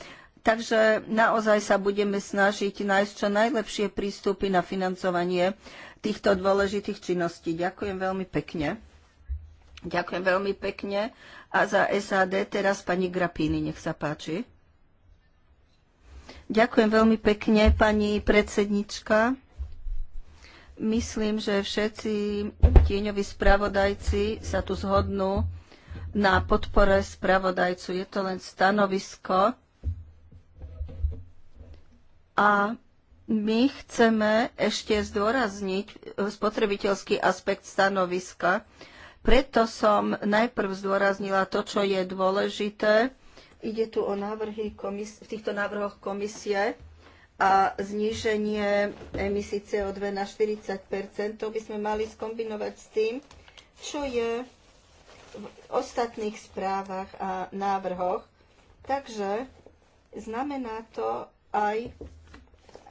Takže naozaj sa budeme snažiť nájsť čo najlepšie prístupy na financovanie týchto dôležitých činností. Ďakujem veľmi pekne. Ďakujem veľmi pekne. A za SAD teraz pani Grapíny, nech sa páči. Ďakujem veľmi pekne, pani predsednička. Myslím, že všetci tieňoví spravodajci sa tu zhodnú na podpore spravodajcu. Je to len stanovisko a my chceme ešte zdôrazniť spotrebiteľský aspekt stanoviska. Preto som najprv zdôraznila to, čo je dôležité. Ide tu o návrhy komis- v týchto návrhoch komisie a zníženie emisí CO2 na 40 To by sme mali skombinovať s tým, čo je v ostatných správach a návrhoch. Takže znamená to aj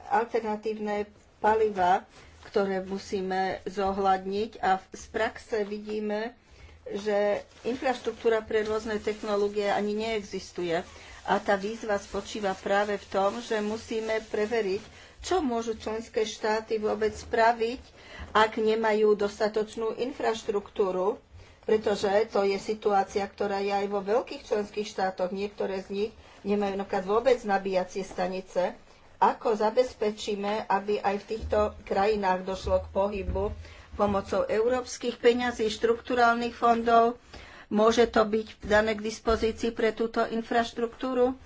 alternatívne paliva, ktoré musíme zohľadniť a z praxe vidíme, že infraštruktúra pre rôzne technológie ani neexistuje. A tá výzva spočíva práve v tom, že musíme preveriť, čo môžu členské štáty vôbec spraviť, ak nemajú dostatočnú infraštruktúru, pretože to je situácia, ktorá je aj vo veľkých členských štátoch. Niektoré z nich nemajú napríklad vôbec nabíjacie stanice. Ako zabezpečíme, aby aj v týchto krajinách došlo k pohybu pomocou európskych peňazí, štrukturálnych fondov, Môže to byť dané k dispozícii pre túto infraštruktúru?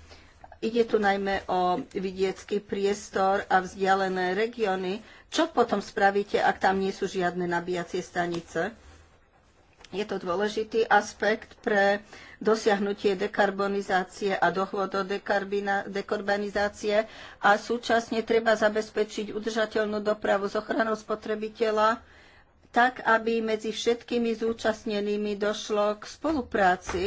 Ide tu najmä o vidiecký priestor a vzdialené regióny. Čo potom spravíte, ak tam nie sú žiadne nabíjacie stanice? Je to dôležitý aspekt pre dosiahnutie dekarbonizácie a dohôd o dekarbonizácie a súčasne treba zabezpečiť udržateľnú dopravu s ochranou spotrebiteľa tak aby medzi všetkými zúčastnenými došlo k spolupráci.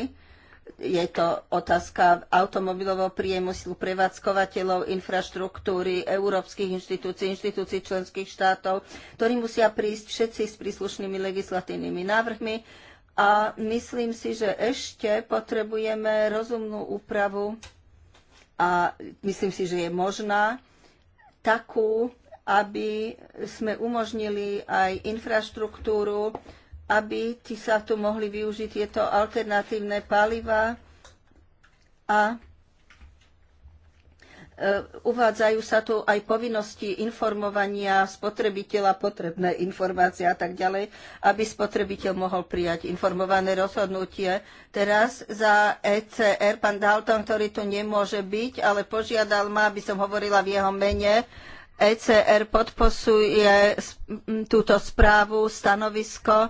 Je to otázka automobilového priemyslu, prevádzkovateľov, infraštruktúry, európskych inštitúcií, inštitúcií členských štátov, ktorí musia prísť všetci s príslušnými legislatívnymi návrhmi. A myslím si, že ešte potrebujeme rozumnú úpravu a myslím si, že je možná takú, aby sme umožnili aj infraštruktúru, aby ti sa tu mohli využiť tieto alternatívne paliva a e, uvádzajú sa tu aj povinnosti informovania spotrebiteľa, potrebné informácie a tak ďalej, aby spotrebiteľ mohol prijať informované rozhodnutie. Teraz za ECR pán Dalton, ktorý tu nemôže byť, ale požiadal ma, aby som hovorila v jeho mene, ECR podposuje túto správu, stanovisko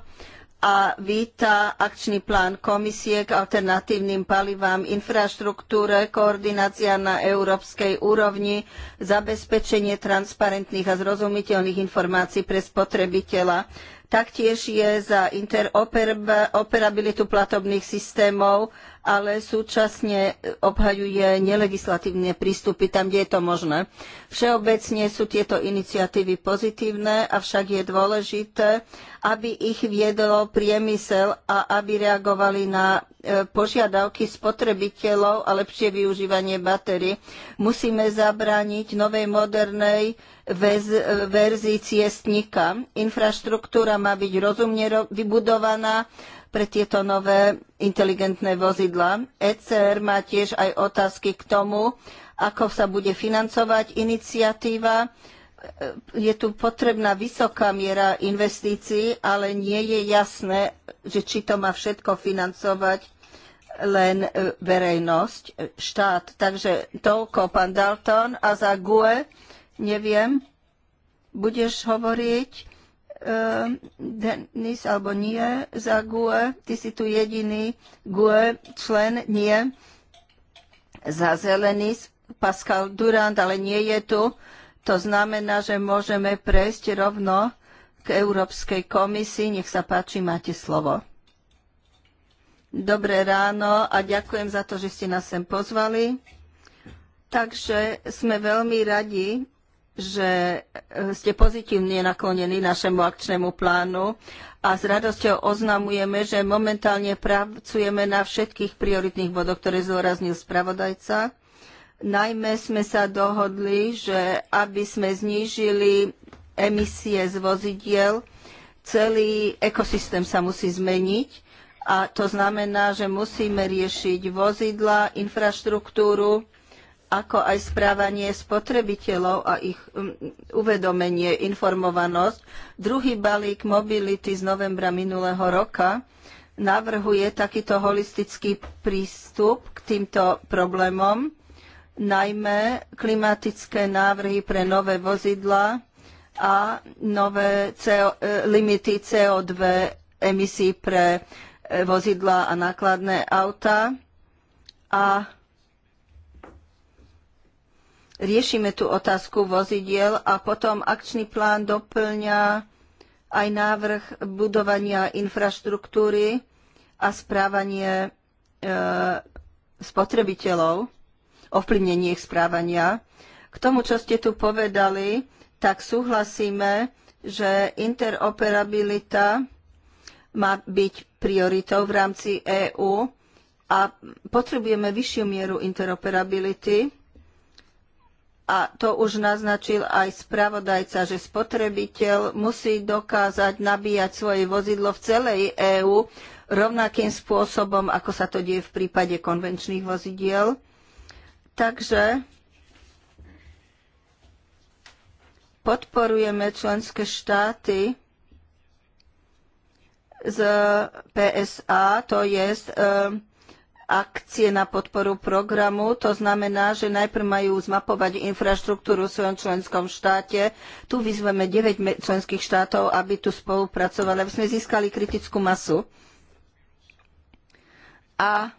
a víta akčný plán komisie k alternatívnym palivám, infraštruktúre, koordinácia na európskej úrovni, zabezpečenie transparentných a zrozumiteľných informácií pre spotrebiteľa. Taktiež je za interoperabilitu platobných systémov ale súčasne obhajuje nelegislatívne prístupy tam, kde je to možné. Všeobecne sú tieto iniciatívy pozitívne, avšak je dôležité, aby ich viedlo priemysel a aby reagovali na e, požiadavky spotrebiteľov a lepšie využívanie batérií. Musíme zabrániť novej modernej e, verzii ciestníka. Infraštruktúra má byť rozumne vybudovaná, pre tieto nové inteligentné vozidla. ECR má tiež aj otázky k tomu, ako sa bude financovať iniciatíva. Je tu potrebná vysoká miera investícií, ale nie je jasné, že či to má všetko financovať len e, verejnosť, e, štát. Takže toľko, pán Dalton. A za GUE, neviem, budeš hovoriť? Eh, Denis alebo nie za GUE. Ty si tu jediný GUE člen, nie. Za zelený Pascal Durand, ale nie je tu. To znamená, že môžeme prejsť rovno k Európskej komisii. Nech sa páči, máte slovo. Dobré ráno a ďakujem za to, že ste nás sem pozvali. Takže sme veľmi radi, že e, ste pozitívne naklonení našemu akčnému plánu a s radosťou oznamujeme, že momentálne pracujeme na všetkých prioritných bodoch, ktoré zdôraznil spravodajca. Najmä sme sa dohodli, že aby sme znížili emisie z vozidiel, celý ekosystém sa musí zmeniť a to znamená, že musíme riešiť vozidla, infraštruktúru, ako aj správanie spotrebiteľov a ich um, uvedomenie, informovanosť. Druhý balík mobility z novembra minulého roka navrhuje takýto holistický prístup k týmto problémom, najmä klimatické návrhy pre nové vozidlá a nové CO, e, limity CO2 emisí pre e, vozidlá a nákladné autá a riešime tú otázku vozidiel a potom akčný plán doplňa aj návrh budovania infraštruktúry a správanie e, spotrebiteľov, ovplyvnenie ich správania. K tomu, čo ste tu povedali, tak súhlasíme, že interoperabilita má byť prioritou v rámci EÚ a potrebujeme vyššiu mieru interoperability a to už naznačil aj spravodajca, že spotrebiteľ musí dokázať nabíjať svoje vozidlo v celej EÚ rovnakým spôsobom, ako sa to deje v prípade konvenčných vozidiel. Takže podporujeme členské štáty z PSA, to je akcie na podporu programu. To znamená, že najprv majú zmapovať infraštruktúru v svojom členskom štáte. Tu vyzveme 9 členských štátov, aby tu spolupracovali, aby sme získali kritickú masu. A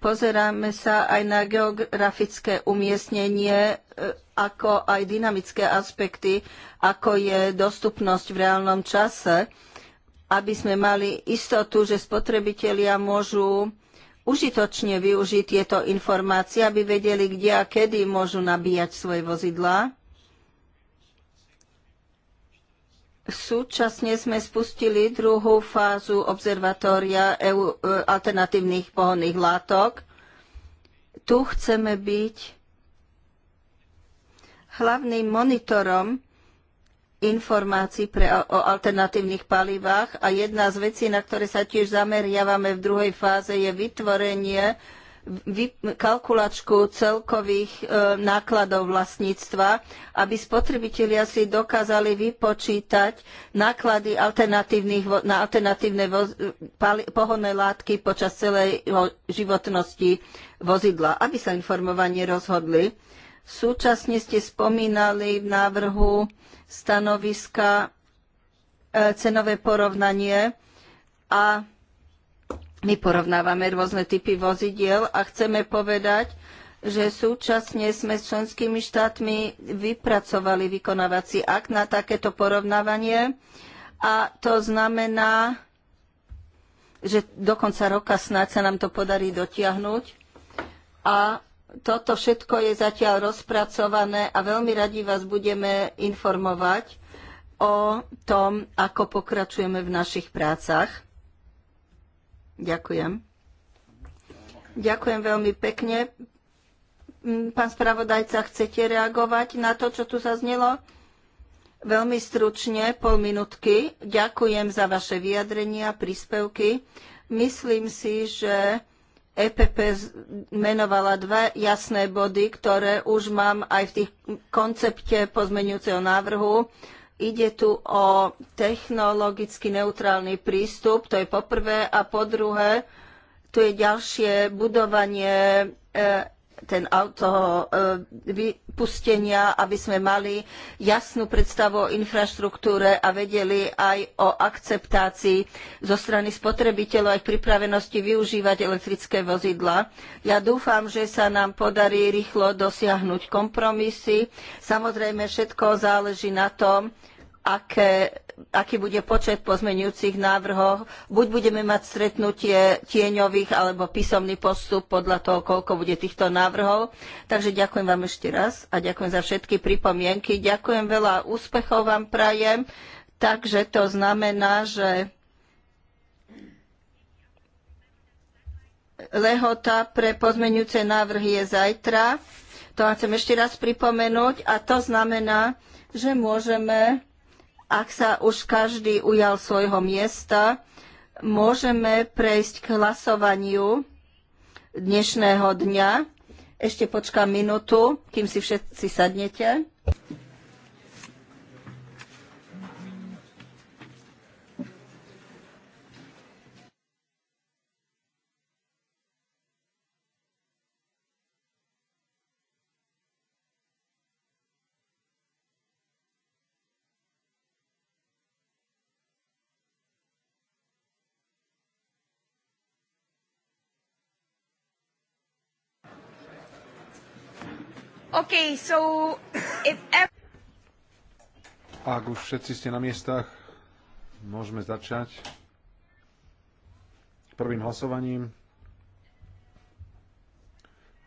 pozeráme sa aj na geografické umiestnenie, e, ako aj dynamické aspekty, ako je dostupnosť v reálnom čase aby sme mali istotu, že spotrebitelia môžu užitočne využiť tieto informácie, aby vedeli, kde a kedy môžu nabíjať svoje vozidlá. Súčasne sme spustili druhú fázu observatória e, alternatívnych pohonných látok. Tu chceme byť hlavným monitorom informácií pre, o alternatívnych palivách a jedna z vecí, na ktoré sa tiež zameriavame v druhej fáze, je vytvorenie kalkulačku celkových e, nákladov vlastníctva, aby spotrebitelia si dokázali vypočítať náklady alternatívnych, na alternatívne voz, e, pali, pohonné látky počas celej životnosti vozidla, aby sa informovanie rozhodli. Súčasne ste spomínali v návrhu stanoviska, e, cenové porovnanie a my porovnávame rôzne typy vozidiel a chceme povedať, že súčasne sme s členskými štátmi vypracovali vykonávací akt na takéto porovnávanie a to znamená, že do konca roka snáď sa nám to podarí dotiahnuť a toto všetko je zatiaľ rozpracované a veľmi radi vás budeme informovať o tom, ako pokračujeme v našich prácach. Ďakujem. Ďakujem veľmi pekne. Mm, pán spravodajca, chcete reagovať na to, čo tu zaznelo? Veľmi stručne, pol minutky. Ďakujem za vaše vyjadrenia, príspevky. Myslím si, že EPP menovala dva jasné body, ktoré už mám aj v tých koncepte pozmenujúceho návrhu. Ide tu o technologicky neutrálny prístup, to je poprvé, a po druhé, tu je ďalšie budovanie e, ten auto e, vypustenia, aby sme mali jasnú predstavu o infraštruktúre a vedeli aj o akceptácii zo strany spotrebiteľov aj pripravenosti využívať elektrické vozidla. Ja dúfam, že sa nám podarí rýchlo dosiahnuť kompromisy. Samozrejme, všetko záleží na tom, aké, aký bude počet pozmeňujúcich návrhov. Buď budeme mať stretnutie tieňových alebo písomný postup podľa toho, koľko bude týchto návrhov. Takže ďakujem vám ešte raz a ďakujem za všetky pripomienky. Ďakujem veľa úspechov vám prajem. Takže to znamená, že lehota pre pozmeňujúce návrhy je zajtra. To vám chcem ešte raz pripomenúť a to znamená, že môžeme ak sa už každý ujal svojho miesta, môžeme prejsť k hlasovaniu dnešného dňa. Ešte počkám minútu, kým si všetci sadnete. Okay, so if Ak už všetci ste na miestach, môžeme začať prvým hlasovaním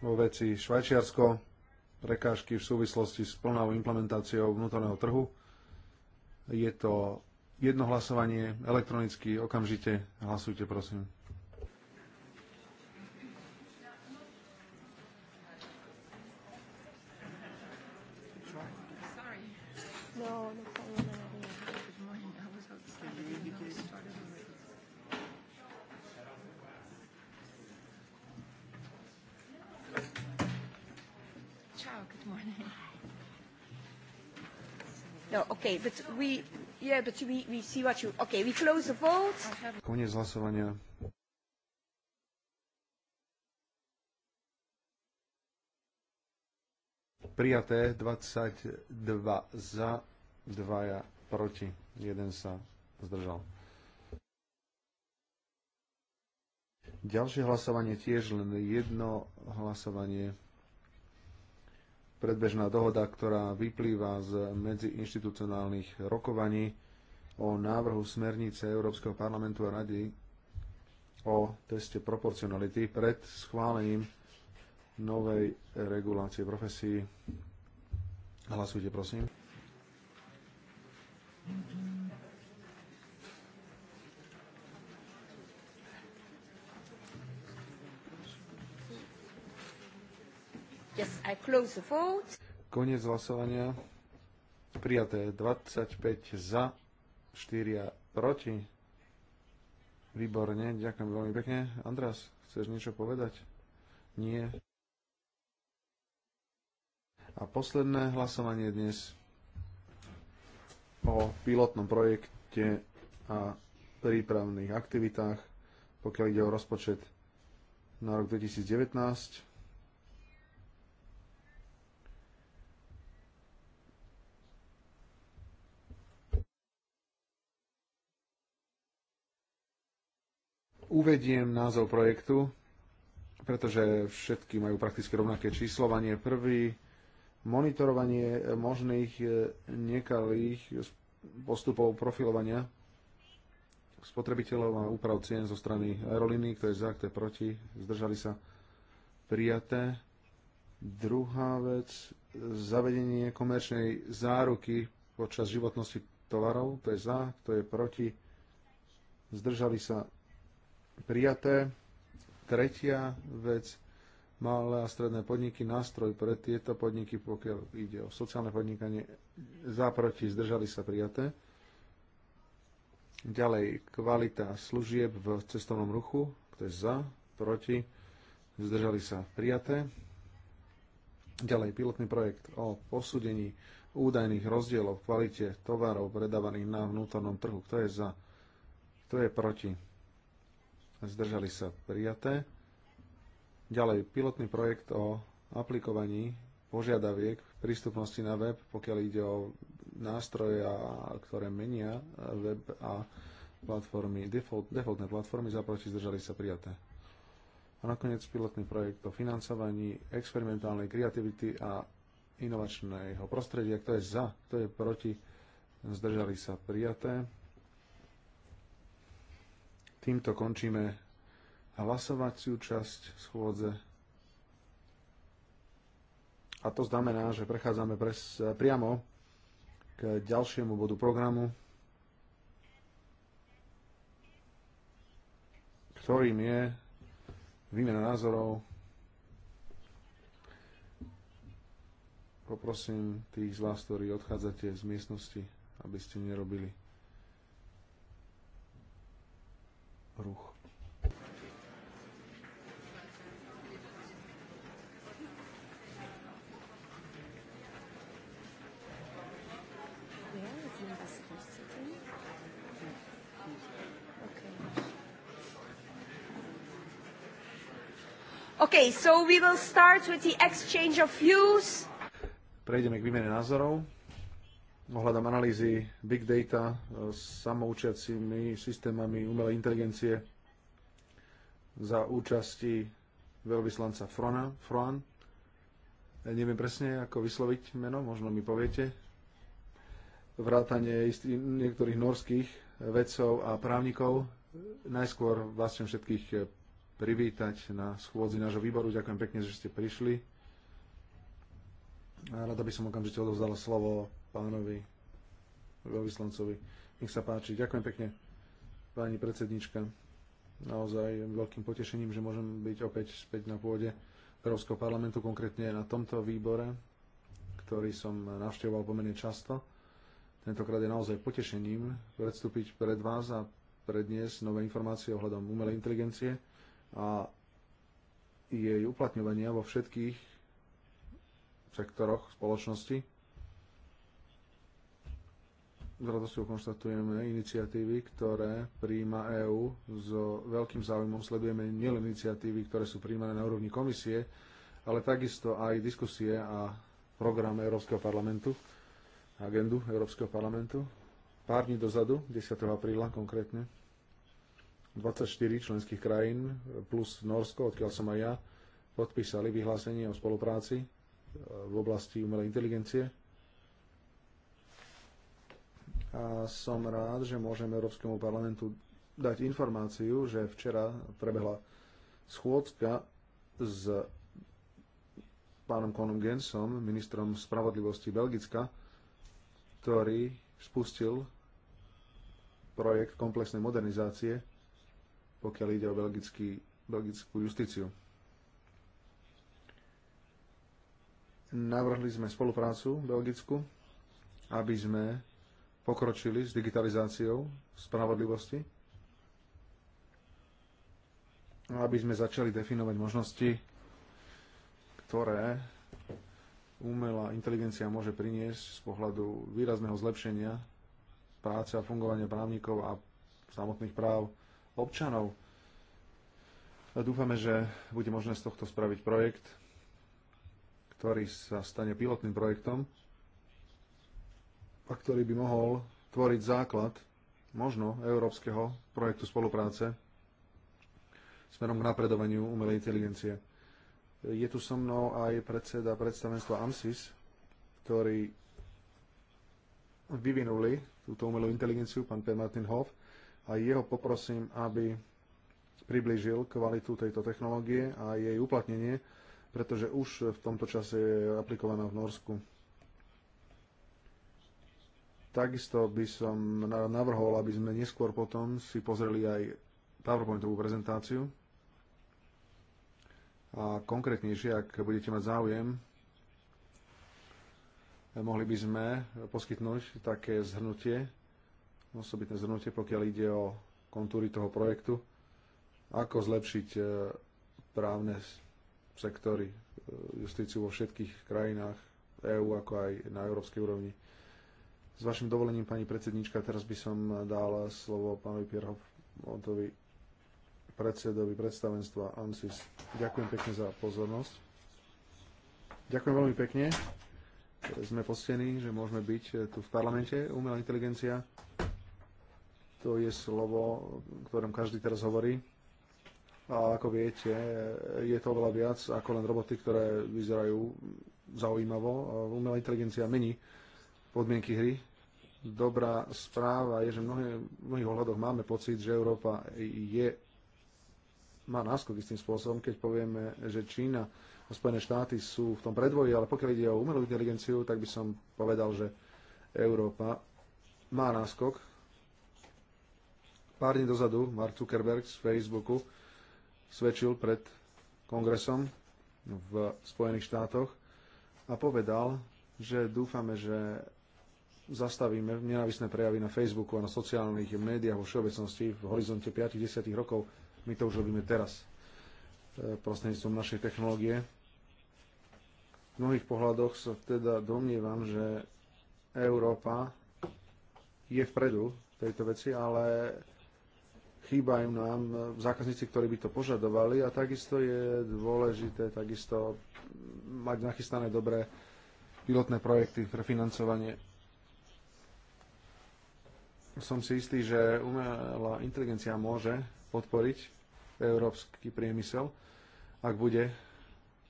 vo veci Švajčiarsko, prekážky v súvislosti s plnou implementáciou vnútorného trhu. Je to jedno hlasovanie, elektronicky, okamžite hlasujte, prosím. we, yeah, but we, we see what you, okay, we close the vote. Koniec hlasovania. Prijaté 22 za, 2 proti, 1 sa zdržal. Ďalšie hlasovanie tiež len jedno hlasovanie predbežná dohoda, ktorá vyplýva z medziinštitucionálnych rokovaní o návrhu smernice Európskeho parlamentu a rady o teste proporcionality pred schválením novej regulácie profesí. Hlasujte, prosím. I close the vote. Koniec hlasovania. Prijaté 25 za, 4 proti. Výborne, ďakujem veľmi pekne. András, chceš niečo povedať? Nie. A posledné hlasovanie dnes o pilotnom projekte a prípravných aktivitách, pokiaľ ide o rozpočet na rok 2019. Uvediem názov projektu, pretože všetky majú prakticky rovnaké číslovanie. Prvý monitorovanie možných e, nekalých postupov profilovania spotrebiteľov a úprav cien zo strany aerolíny, kto je za, kto je proti, zdržali sa prijaté. Druhá vec, zavedenie komerčnej záruky počas životnosti tovarov, kto je za, kto je proti, zdržali sa prijaté. Tretia vec, malé a stredné podniky, nástroj pre tieto podniky, pokiaľ ide o sociálne podnikanie, záproti zdržali sa prijaté. Ďalej, kvalita služieb v cestovnom ruchu, kto je za, proti, zdržali sa prijaté. Ďalej, pilotný projekt o posúdení údajných rozdielov v kvalite tovarov predávaných na vnútornom trhu, kto je za, kto je proti, zdržali sa prijaté. Ďalej, pilotný projekt o aplikovaní požiadaviek prístupnosti na web, pokiaľ ide o nástroje, ktoré menia e, web a platformy, default, defaultné platformy, za proti zdržali sa prijaté. A nakoniec pilotný projekt o financovaní experimentálnej kreativity a inovačného prostredia, kto je za, kto je proti, zdržali sa prijaté. Týmto končíme hlasovaciu časť schôdze. A to znamená, že prechádzame pres, priamo k ďalšiemu bodu programu, ktorým je výmena názorov. Poprosím tých z vás, ktorí odchádzate z miestnosti, aby ste nerobili ruch. Okay, so we will start with the exchange of views. Prejdeme k výmene názorov ohľadom analýzy big data s e, samoučiacimi systémami umelej inteligencie za účasti veľvyslanca Frona, Froan. Ja neviem presne, ako vysloviť meno, možno mi poviete. Vrátanie istý, niektorých norských vedcov a právnikov. Najskôr vás chcem všetkých e, privítať na schôdzi nášho výboru. Ďakujem pekne, že ste prišli. A rada by som okamžite odovzdala slovo pánovi veľvyslancovi. Nech sa páči. Ďakujem pekne, pani predsednička. Naozaj veľkým potešením, že môžem byť opäť späť na pôde Európskeho parlamentu, konkrétne na tomto výbore, ktorý som navštevoval pomerne často. Tentokrát je naozaj potešením predstúpiť pred vás a predniesť nové informácie ohľadom umelej inteligencie a jej uplatňovania vo všetkých sektoroch spoločnosti, s radosťou konštatujeme iniciatívy, ktoré príjma EÚ. S veľkým záujmom sledujeme nielen iniciatívy, ktoré sú príjmané na úrovni komisie, ale takisto aj diskusie a program Európskeho parlamentu, agendu Európskeho parlamentu. Pár dní dozadu, 10. apríla konkrétne, 24 členských krajín plus Norsko, odkiaľ som aj ja, podpísali vyhlásenie o spolupráci e, v oblasti umelej inteligencie a som rád, že môžem Európskemu parlamentu dať informáciu, že včera prebehla schôdzka s pánom Konom Gensom, ministrom spravodlivosti Belgicka, ktorý spustil projekt komplexnej modernizácie, pokiaľ ide o belgický, belgickú justíciu. Navrhli sme spoluprácu v Belgicku, aby sme pokročili s digitalizáciou spravodlivosti, aby sme začali definovať možnosti, ktoré umelá inteligencia môže priniesť z pohľadu výrazného zlepšenia práce a fungovania právnikov a samotných práv občanov. A dúfame, že bude možné z tohto spraviť projekt, ktorý sa stane pilotným projektom a ktorý by mohol tvoriť základ možno európskeho projektu spolupráce smerom k napredovaniu umelej inteligencie. Je tu so mnou aj predseda predstavenstva AMSIS, ktorí vyvinuli túto umelú inteligenciu, pán P. Martin Hoff, a jeho poprosím, aby priblížil kvalitu tejto technológie a jej uplatnenie, pretože už v tomto čase je aplikovaná v Norsku. Takisto by som navrhol, aby sme neskôr potom si pozreli aj PowerPointovú prezentáciu. A konkrétnejšie, ak budete mať záujem, mohli by sme poskytnúť také zhrnutie, osobitné zhrnutie, pokiaľ ide o kontúry toho projektu, ako zlepšiť e, právne sektory, e, justíciu vo všetkých krajinách EÚ, ako aj na európskej úrovni. S vašim dovolením, pani predsednička, teraz by som dal slovo pánovi Pierhovotovi, predsedovi predstavenstva ANSIS. Ďakujem pekne za pozornosť. Ďakujem veľmi pekne. Sme postení, že môžeme byť tu v parlamente. Umelá inteligencia, to je slovo, ktorom každý teraz hovorí. A ako viete, je to oveľa viac ako len roboty, ktoré vyzerajú zaujímavo. Umelá inteligencia mení podmienky hry. Dobrá správa je, že mnohé, v mnohých ohľadoch máme pocit, že Európa je, má náskok istým spôsobom, keď povieme, že Čína a Spojené štáty sú v tom predvoji, ale pokiaľ ide o umelú inteligenciu, tak by som povedal, že Európa má náskok. Pár dní dozadu Mark Zuckerberg z Facebooku svedčil pred kongresom v Spojených štátoch a povedal, že dúfame, že zastavíme nenávisné prejavy na Facebooku a na sociálnych médiách vo všeobecnosti v horizonte 5-10 rokov. My to už robíme teraz e, prostredníctvom našej technológie. V mnohých pohľadoch sa teda domnievam, že Európa je vpredu v tejto veci, ale chýbajú nám zákazníci, ktorí by to požadovali a takisto je dôležité takisto mať nachystané dobré pilotné projekty pre financovanie som si istý, že umelá inteligencia môže podporiť európsky priemysel, ak bude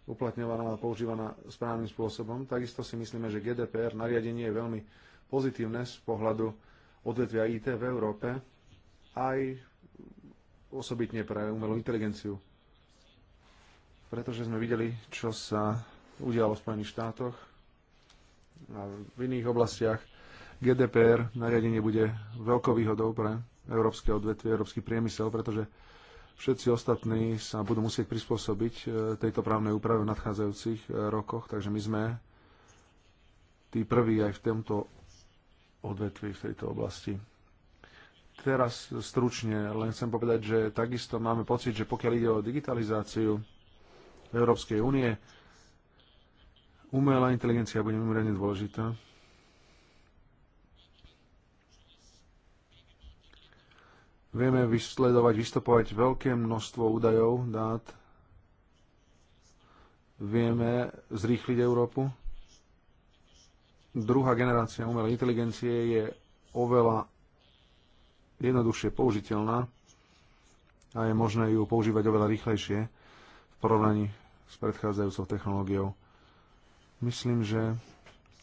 uplatňovaná a používaná správnym spôsobom. Takisto si myslíme, že GDPR nariadenie je veľmi pozitívne z pohľadu odvetvia IT v Európe, aj osobitne pre umelú inteligenciu. Pretože sme videli, čo sa udialo v Spojených štátoch a v iných oblastiach, GDPR nariadenie bude veľkou výhodou pre európske odvetvie, európsky priemysel, pretože všetci ostatní sa budú musieť prispôsobiť e, tejto právnej úprave v nadchádzajúcich e, rokoch, takže my sme tí prví aj v tomto odvetvi, v tejto oblasti. Teraz stručne len chcem povedať, že takisto máme pocit, že pokiaľ ide o digitalizáciu Európskej únie, umelá inteligencia bude mimoriadne dôležitá Vieme vysledovať, vystupovať veľké množstvo údajov, dát. Vieme zrýchliť Európu. Druhá generácia umelej inteligencie je oveľa jednoduchšie použiteľná a je možné ju používať oveľa rýchlejšie v porovnaní s predchádzajúcou technológiou. Myslím, že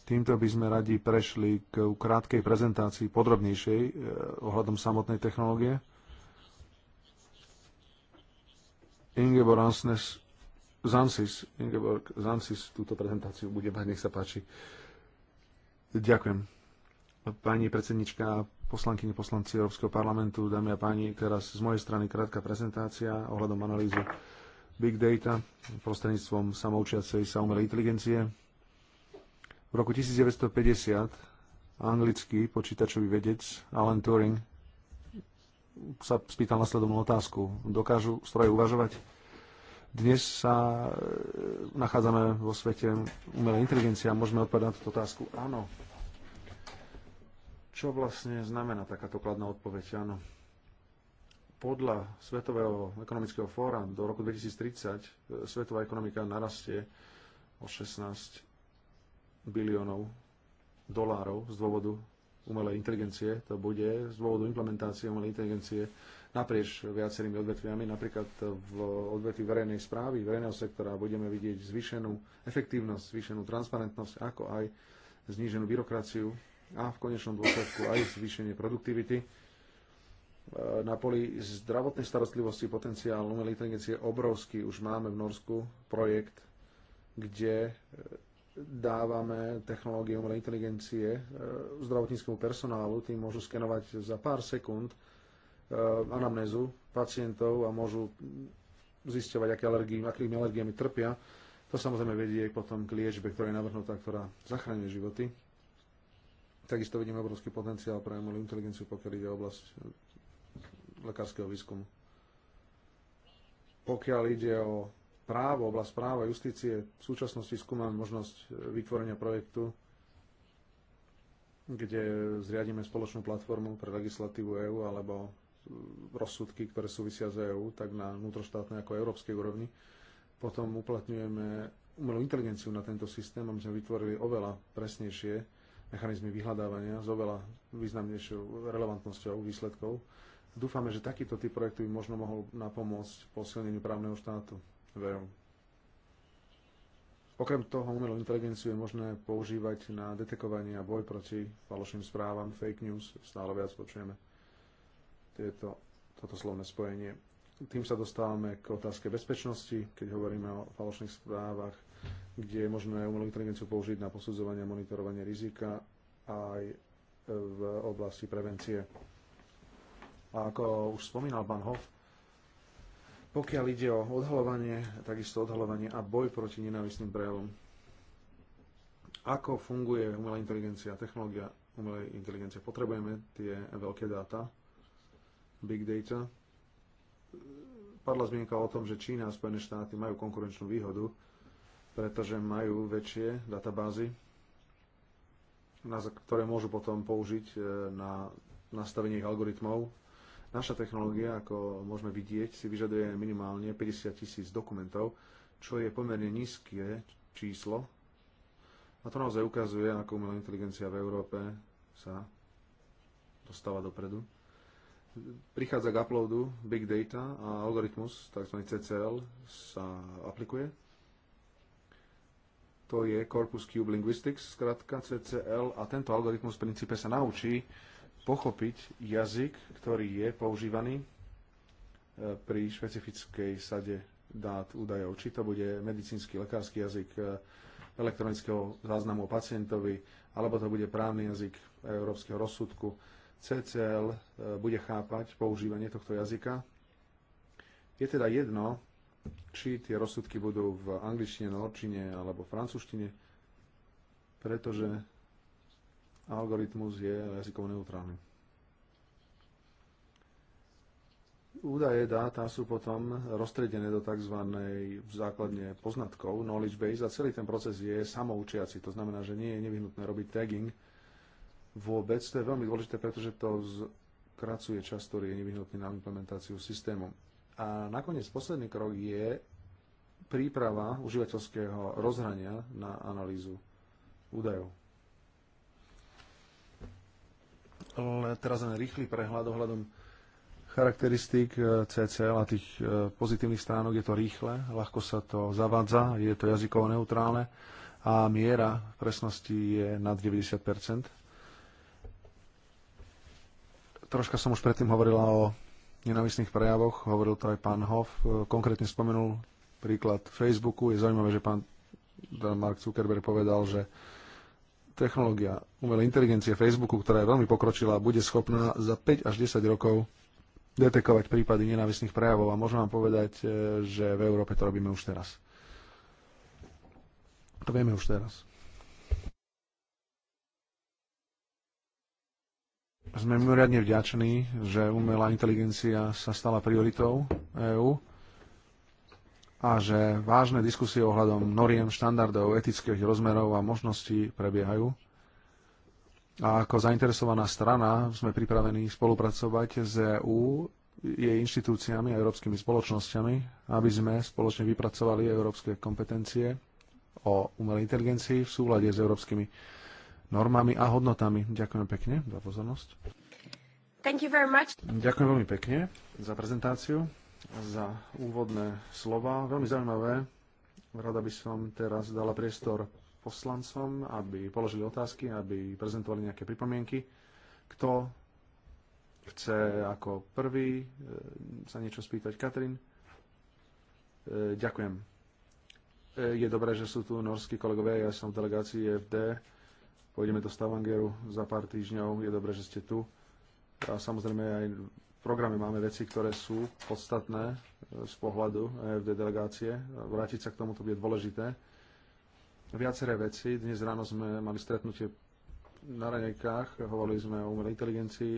Týmto by sme radi prešli k krátkej prezentácii, podrobnejšej, eh, ohľadom samotnej technológie. Ingeborg Ansnes, Zansis, Ingeborg Zansis túto prezentáciu bude mať, nech sa páči. Ďakujem. Pani predsednička, poslankyne, poslanci Európskeho parlamentu, dámy a páni, teraz z mojej strany krátka prezentácia ohľadom analýzy Big Data prostredníctvom samoučiacej sa umelej inteligencie v roku 1950 anglický počítačový vedec Alan Turing sa spýtal nasledovnú otázku. Dokážu stroje uvažovať? Dnes sa e, nachádzame vo svete umelej inteligencie a môžeme odpovedať na túto otázku áno. Čo vlastne znamená takáto kladná odpoveď? Áno. Podľa Svetového ekonomického fóra do roku 2030 e, svetová ekonomika narastie o 16 biliónov dolárov z dôvodu umelej inteligencie. To bude z dôvodu implementácie umelej inteligencie naprieč viacerými odvetviami. Napríklad v odvetvi verejnej správy, verejného sektora budeme vidieť zvýšenú efektívnosť, zvýšenú transparentnosť, ako aj zníženú byrokraciu a v konečnom dôsledku aj zvýšenie produktivity. Na poli zdravotnej starostlivosti potenciál umelej inteligencie je obrovský. Už máme v Norsku projekt, kde dávame technológie umelej inteligencie e, zdravotníckému personálu, tým môžu skenovať za pár sekúnd e, anamnézu pacientov a môžu zisťovať, aké alergii, akými alergiami trpia. To samozrejme vedie potom k liečbe, ktorá je navrhnutá, ktorá zachráňuje životy. Takisto vidíme obrovský potenciál pre umelú inteligenciu, pokiaľ ide o oblasť lekárskeho výskumu. Pokiaľ ide o právo, oblasť práva justície. V súčasnosti skúmam možnosť e, vytvorenia projektu, kde zriadíme spoločnú platformu pre legislatívu EÚ alebo e, rozsudky, ktoré súvisia s EÚ, tak na vnútroštátnej ako európskej úrovni. Potom uplatňujeme umelú inteligenciu na tento systém, aby sme vytvorili oveľa presnejšie mechanizmy vyhľadávania s oveľa významnejšou relevantnosťou výsledkov. Dúfame, že takýto typ projektu by možno mohol napomôcť posilneniu právneho štátu vejom. Okrem toho, umelú inteligenciu je možné používať na detekovanie a boj proti falošným správam, fake news, stále viac počujeme tieto, toto slovné spojenie. Tým sa dostávame k otázke bezpečnosti, keď hovoríme o falošných správach, kde je možné umelú inteligenciu použiť na posudzovanie a monitorovanie rizika aj v oblasti prevencie. A ako už spomínal pán Hoff, pokiaľ ide o odhalovanie, takisto odhalovanie a boj proti nenávistným prejavom. Ako funguje umelá inteligencia, technológia umelej inteligencie? Potrebujeme tie veľké dáta, big data. Padla zmienka o tom, že Čína a Spojené štáty majú konkurenčnú výhodu, pretože majú väčšie databázy, ktoré môžu potom použiť e, na nastavenie ich algoritmov Naša technológia, ako môžeme vidieť, si vyžaduje minimálne 50 tisíc dokumentov, čo je pomerne nízke číslo. A to naozaj ukazuje, ako umelá inteligencia v Európe sa dostáva dopredu. Prichádza k uploadu big data a algoritmus, tzv. CCL, sa aplikuje. To je Corpus Cube Linguistics, zkrátka CCL, a tento algoritmus v princípe sa naučí pochopiť jazyk, ktorý je používaný e, pri špecifickej sade dát údajov. Či to bude medicínsky, lekársky jazyk e, elektronického záznamu o pacientovi, alebo to bude právny jazyk európskeho rozsudku. CCL e, bude chápať používanie tohto jazyka. Je teda jedno, či tie rozsudky budú v angličtine, norčine alebo francúzštine, pretože algoritmus je jazykovo neutrálny. Údaje, dáta sú potom rozstredené do tzv. základne poznatkov, knowledge base, a celý ten proces je samoučiaci. To znamená, že nie je nevyhnutné robiť tagging vôbec. To je veľmi dôležité, pretože to skracuje čas, ktorý je nevyhnutný na implementáciu systému. A nakoniec posledný krok je príprava užívateľského rozhrania na analýzu údajov. teraz len rýchly prehľad ohľadom charakteristík eh, CCL a tých eh, pozitívnych stránok. Je to rýchle, ľahko sa to zavádza, je to jazykovo neutrálne a miera presnosti je nad 90 Troška som už predtým hovorila o nenávisných prejavoch, hovoril to aj pán Hoff, eh, konkrétne spomenul príklad Facebooku. Je zaujímavé, že pán Mark Zuckerberg povedal, že technológia umelej inteligencie Facebooku, ktorá je veľmi pokročila, bude schopná za 5 až 10 rokov detekovať prípady nenávisných prejavov a môžem vám povedať, e, že v Európe to robíme už teraz. To vieme už teraz. Sme mimoriadne vďační, že umelá inteligencia sa stala prioritou EÚ a že vážne diskusie ohľadom noriem, štandardov, etických rozmerov a možností prebiehajú. A ako zainteresovaná strana sme pripravení spolupracovať s EU, jej inštitúciami a európskymi spoločnosťami, aby sme spoločne vypracovali európske kompetencie o umelej inteligencii v súlade s európskymi normami a hodnotami. Ďakujem pekne za pozornosť. Thank you very much. Ďakujem veľmi pekne za prezentáciu za úvodné slova. Veľmi zaujímavé. Rada by som teraz dala priestor poslancom, aby položili otázky, aby prezentovali nejaké pripomienky. Kto chce ako prvý e, sa niečo spýtať? Katrin? E, ďakujem. E, je dobré, že sú tu norskí kolegovia, ja som v delegácii FD. Pôjdeme do Stavangeru za pár týždňov, je dobré, že ste tu. A samozrejme aj programe máme veci, ktoré sú podstatné e, z pohľadu EFD delegácie. E, vrátiť sa k tomu to bude dôležité. Viaceré veci. Dnes ráno sme mali stretnutie na ranejkách. hovorili sme o umelej inteligencii.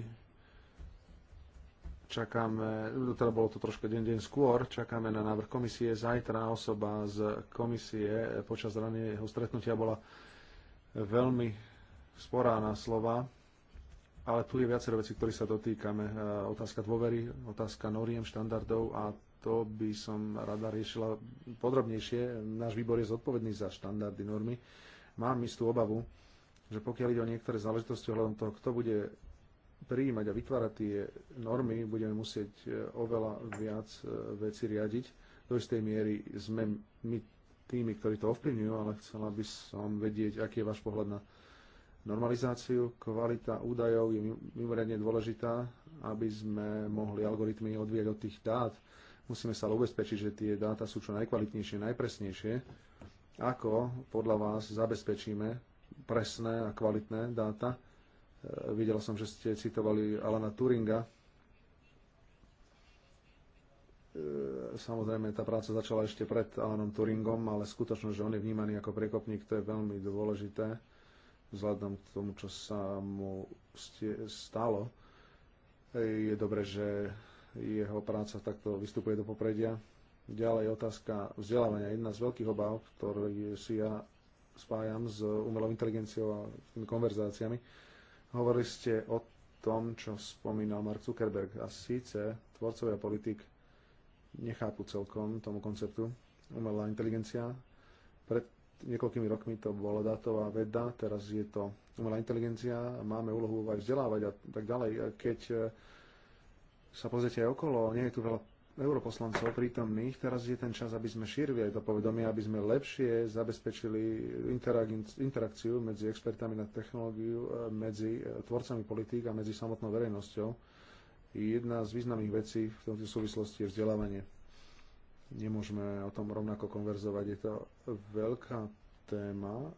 Čakáme, teda bolo to trošku deň, deň skôr, čakáme na návrh komisie. Zajtra osoba z komisie počas raného stretnutia bola veľmi sporá na slova ale tu je viacero vecí, ktorých sa dotýkame. E, otázka dôvery, otázka noriem, štandardov a to by som rada riešila podrobnejšie. Náš výbor je zodpovedný za štandardy, normy. Mám istú obavu, že pokiaľ ide o niektoré záležitosti ohľadom toho, kto bude prijímať a vytvárať tie normy, budeme musieť e, oveľa viac e, veci riadiť. Do istej miery sme my tými, ktorí to ovplyvňujú, ale chcela by som vedieť, aký je váš pohľad na normalizáciu. Kvalita údajov je mimoriadne dôležitá, aby sme mohli algoritmy odvieť od tých dát. Musíme sa ale ubezpečiť, že tie dáta sú čo najkvalitnejšie, najpresnejšie. Ako podľa vás zabezpečíme presné a kvalitné dáta? E, Videl som, že ste citovali Alana Turinga, e, samozrejme tá práca začala ešte pred Alanom Turingom, ale skutočnosť, že on je vnímaný ako prekopník, to je veľmi dôležité vzhľadom k tomu, čo sa mu stalo. Je dobré, že jeho práca takto vystupuje do popredia. Ďalej otázka vzdelávania. Jedna z veľkých obáv, ktorý si ja spájam s umelou inteligenciou a tými konverzáciami. Hovorili ste o tom, čo spomínal Mark Zuckerberg. A síce tvorcovia politik nechápu celkom tomu konceptu umelá inteligencia, pred, niekoľkými rokmi to bola dátová veda, teraz je to umelá inteligencia, máme úlohu aj vzdelávať a tak ďalej. Keď e, sa pozrite aj okolo, nie je tu veľa europoslancov prítomných, teraz je ten čas, aby sme šírili aj to povedomie, aby sme lepšie zabezpečili interak interakciu medzi expertami na technológiu, e, medzi e, tvorcami politík a medzi samotnou verejnosťou. Jedna z významných vecí v tomto súvislosti je vzdelávanie. Nemôžeme o tom rovnako konverzovať. Je to veľká téma,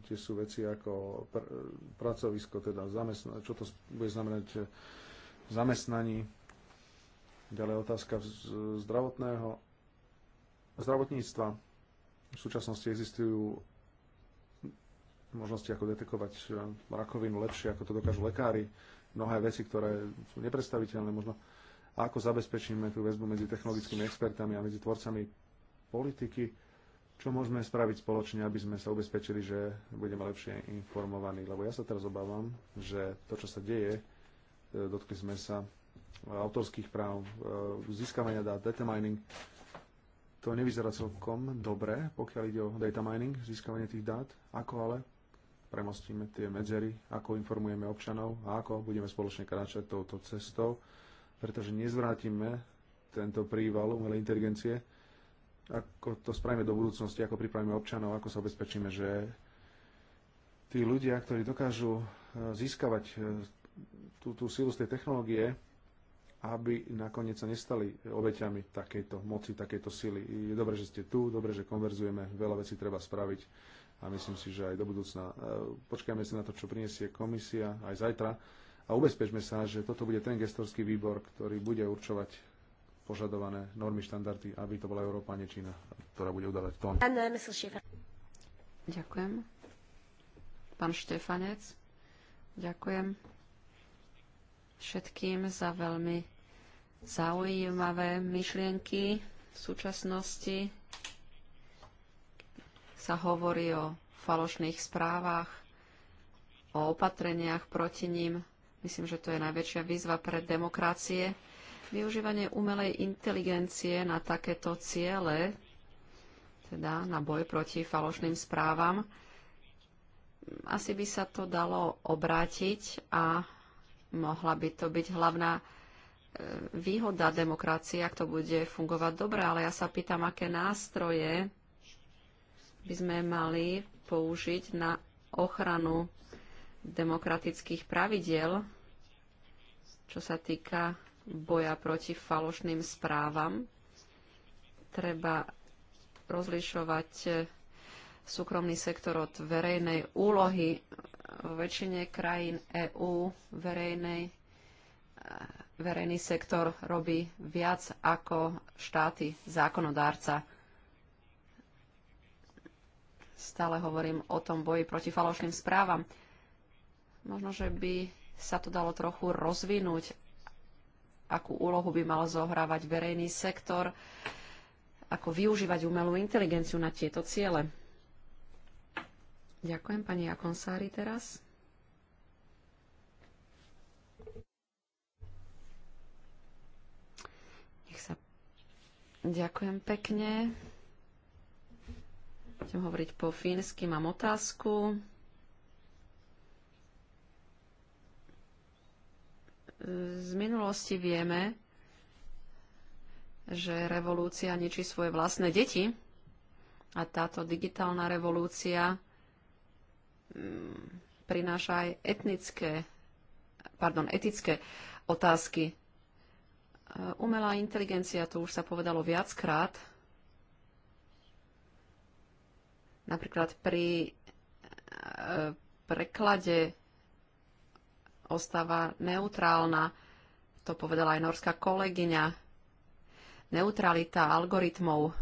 kde sú veci ako pr- pracovisko, teda zamestn- čo to bude znamenať e, zamestnaní. Ďalej otázka zdravotného zdravotníctva. V súčasnosti existujú možnosti, ako detekovať e, rakovinu lepšie, ako to dokážu lekári. Mnohé veci, ktoré sú nepredstaviteľné, možno a ako zabezpečíme tú väzbu medzi technologickými expertami a medzi tvorcami politiky, čo môžeme spraviť spoločne, aby sme sa ubezpečili, že budeme lepšie informovaní. Lebo ja sa teraz obávam, že to, čo sa deje, e, dotkli sme sa autorských práv, e, získavania dát, data mining, to nevyzerá celkom dobre, pokiaľ ide o data mining, získavanie tých dát. Ako ale premostíme tie medzery, ako informujeme občanov a ako budeme spoločne kráčať touto cestou pretože nezvrátime tento príval umelej inteligencie, ako to spravíme do budúcnosti, ako pripravíme občanov, ako sa obezpečíme, že tí ľudia, ktorí dokážu e, získavať e, tú, tú silu z tej technológie, aby nakoniec sa nestali obeťami takejto moci, takejto sily. Je dobré, že ste tu, dobre, že konverzujeme, veľa vecí treba spraviť a myslím si, že aj do budúcna. E, Počkajme si na to, čo prinesie komisia aj zajtra a ubezpečme sa, že toto bude ten gestorský výbor, ktorý bude určovať požadované normy, štandardy, aby to bola Európa, a nie Čína, ktorá bude udávať tón. Eh, ďakujem. Pán Štefanec, ďakujem všetkým za veľmi zaujímavé myšlienky. V súčasnosti sa hovorí o falošných správach, o opatreniach proti ním Myslím, že to je najväčšia výzva pre demokracie. Využívanie umelej inteligencie na takéto ciele, teda na boj proti falošným správam, asi by sa to dalo obrátiť a mohla by to byť hlavná e, výhoda demokracie, ak to bude fungovať dobre, ale ja sa pýtam, aké nástroje by sme mali použiť na ochranu demokratických pravidiel čo sa týka boja proti falošným správam. Treba rozlišovať e, súkromný sektor od verejnej úlohy. V väčšine krajín EÚ verejnej, e, verejný sektor robí viac ako štáty zákonodárca. Stále hovorím o tom boji proti falošným správam. Možno, že by sa to dalo trochu rozvinúť, akú úlohu by mal zohrávať verejný sektor, ako využívať umelú inteligenciu na tieto ciele. Ďakujem pani Akonsári teraz. Nech sa... Ďakujem pekne. Chcem hovoriť po fínsky, mám otázku. Z minulosti vieme, že revolúcia ničí svoje vlastné deti a táto digitálna revolúcia mm, prináša aj etnické, pardon, etické otázky. E, umelá inteligencia, to už sa povedalo viackrát, napríklad pri e, preklade ostáva neutrálna. To povedala aj norská kolegyňa. Neutralita algoritmov,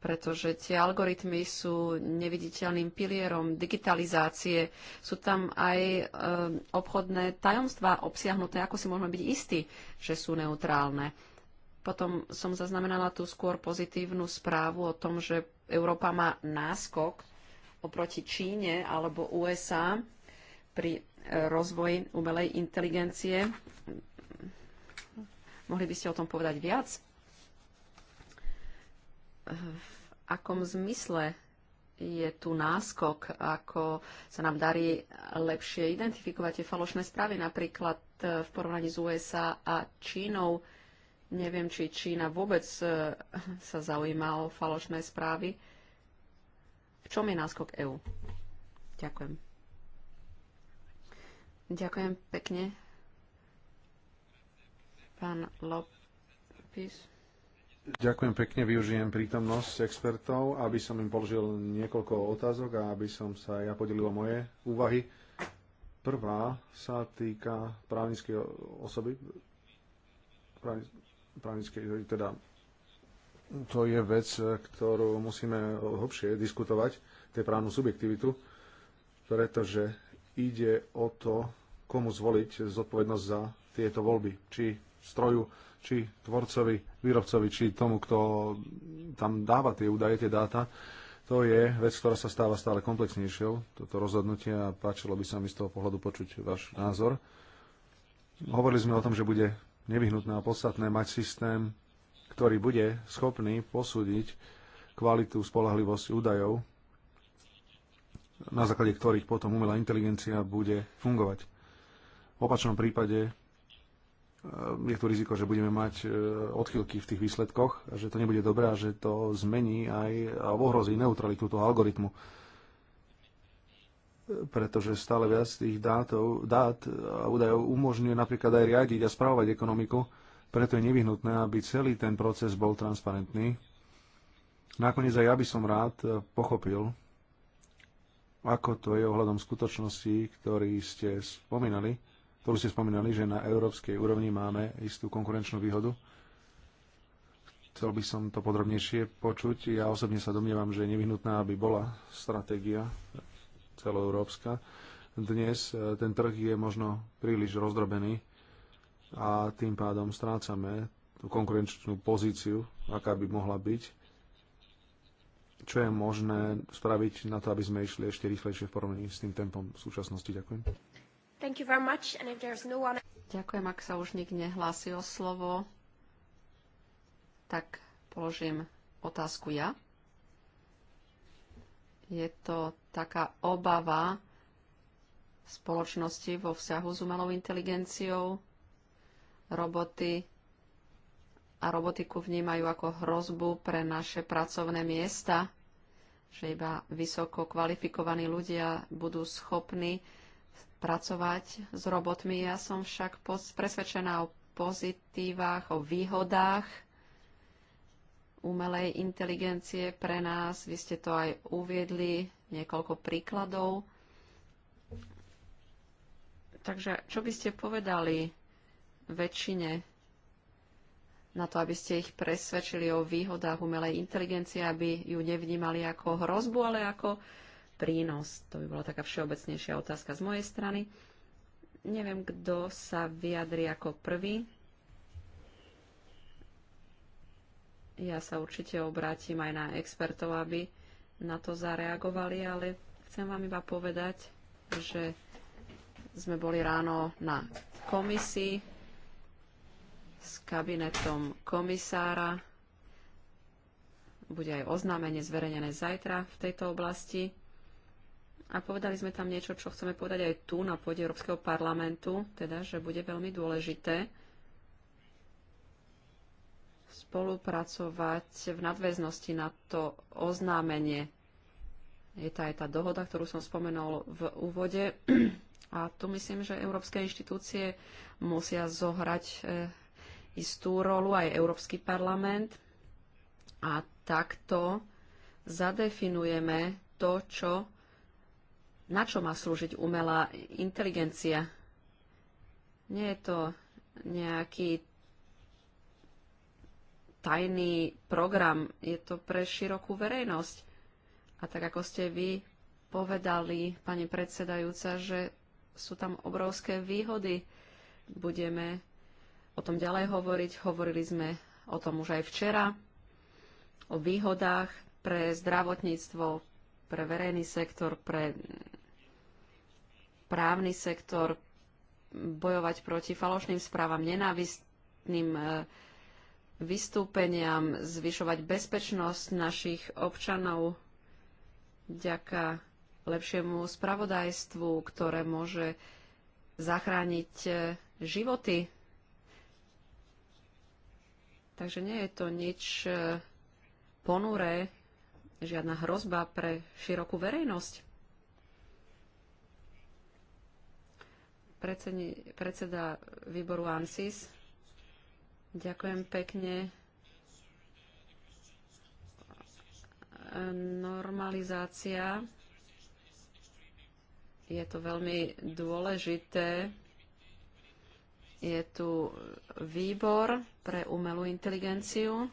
pretože tie algoritmy sú neviditeľným pilierom digitalizácie. Sú tam aj e, obchodné tajomstvá obsiahnuté, ako si môžeme byť istí, že sú neutrálne. Potom som zaznamenala tú skôr pozitívnu správu o tom, že Európa má náskok oproti Číne alebo USA pri rozvoj umelej inteligencie. Mohli by ste o tom povedať viac? V akom zmysle je tu náskok, ako sa nám darí lepšie identifikovať tie falošné správy, napríklad e, v porovnaní s USA a Čínou. Neviem, či Čína vôbec e, sa zaujíma o falošné správy. V čom je náskok EÚ? Ďakujem. Ďakujem pekne. Pán Lopis. Ďakujem pekne, využijem prítomnosť expertov, aby som im položil niekoľko otázok a aby som sa ja podelil o moje úvahy. Prvá sa týka právnickej osoby, právnickej, teda to je vec, ktorú musíme hlbšie diskutovať, to je právnu subjektivitu, pretože ide o to, komu zvoliť zodpovednosť za tieto voľby. Či stroju, či tvorcovi, výrobcovi, či tomu, kto tam dáva tie údaje, tie dáta. To je vec, ktorá sa stáva stále komplexnejšou, toto rozhodnutie a páčilo by sa mi z toho pohľadu počuť váš názor. Hovorili sme o tom, že bude nevyhnutné a podstatné mať systém, ktorý bude schopný posúdiť kvalitu, spolahlivosť údajov na základe ktorých potom umelá inteligencia bude fungovať. V opačnom prípade e, je tu riziko, že budeme mať e, odchylky v tých výsledkoch, že to nebude dobré a že to zmení aj a ohrozí neutralitu toho algoritmu. Pretože stále viac tých dátov, dát a údajov umožňuje napríklad aj riadiť a správovať ekonomiku, preto je nevyhnutné, aby celý ten proces bol transparentný. Nakoniec aj ja by som rád pochopil, ako to je ohľadom skutočnosti, ktorý ste spomínali, ktorú ste spomínali, že na európskej úrovni máme istú konkurenčnú výhodu. Chcel by som to podrobnejšie počuť. Ja osobne sa domnievam, že je nevyhnutná, aby bola stratégia celoeurópska. Dnes e, ten trh je možno príliš rozdrobený a tým pádom strácame tú konkurenčnú pozíciu, aká by mohla byť čo je možné spraviť na to, aby sme išli ešte rýchlejšie v porovnaní s tým tempom v súčasnosti. Ďakujem. Thank you very much. And if no one... Ďakujem, ak sa už nik nehlási o slovo, tak položím otázku ja. Je to taká obava spoločnosti vo vzťahu s umelou inteligenciou, roboty a robotiku vnímajú ako hrozbu pre naše pracovné miesta, že iba vysoko kvalifikovaní ľudia budú schopní pracovať s robotmi. Ja som však presvedčená o pozitívach, o výhodách umelej inteligencie pre nás. Vy ste to aj uviedli, niekoľko príkladov. Takže čo by ste povedali väčšine na to, aby ste ich presvedčili o výhodách umelej inteligencie, aby ju nevnímali ako hrozbu, ale ako prínos. To by bola taká všeobecnejšia otázka z mojej strany. Neviem, kto sa vyjadri ako prvý. Ja sa určite obrátim aj na expertov, aby na to zareagovali, ale chcem vám iba povedať, že sme boli ráno na komisii s kabinetom komisára. Bude aj oznámenie zverejnené zajtra v tejto oblasti. A povedali sme tam niečo, čo chceme povedať aj tu na pôde Európskeho parlamentu, teda, že bude veľmi dôležité spolupracovať v nadväznosti na to oznámenie. Je tá aj tá dohoda, ktorú som spomenul v úvode. A tu myslím, že európske inštitúcie musia zohrať eh, istú rolu aj Európsky parlament a takto zadefinujeme to, čo, na čo má slúžiť umelá inteligencia. Nie je to nejaký tajný program, je to pre širokú verejnosť. A tak ako ste vy povedali, pani predsedajúca, že sú tam obrovské výhody, budeme o tom ďalej hovoriť. Hovorili sme o tom už aj včera, o výhodách pre zdravotníctvo, pre verejný sektor, pre právny sektor, bojovať proti falošným správam, nenávistným e, vystúpeniam, zvyšovať bezpečnosť našich občanov vďaka lepšiemu spravodajstvu, ktoré môže zachrániť e, životy Takže nie je to nič e, ponuré, žiadna hrozba pre širokú verejnosť. Predsedni, predseda výboru ANSIS, ďakujem pekne. Normalizácia je to veľmi dôležité je tu výbor pre umelú inteligenciu.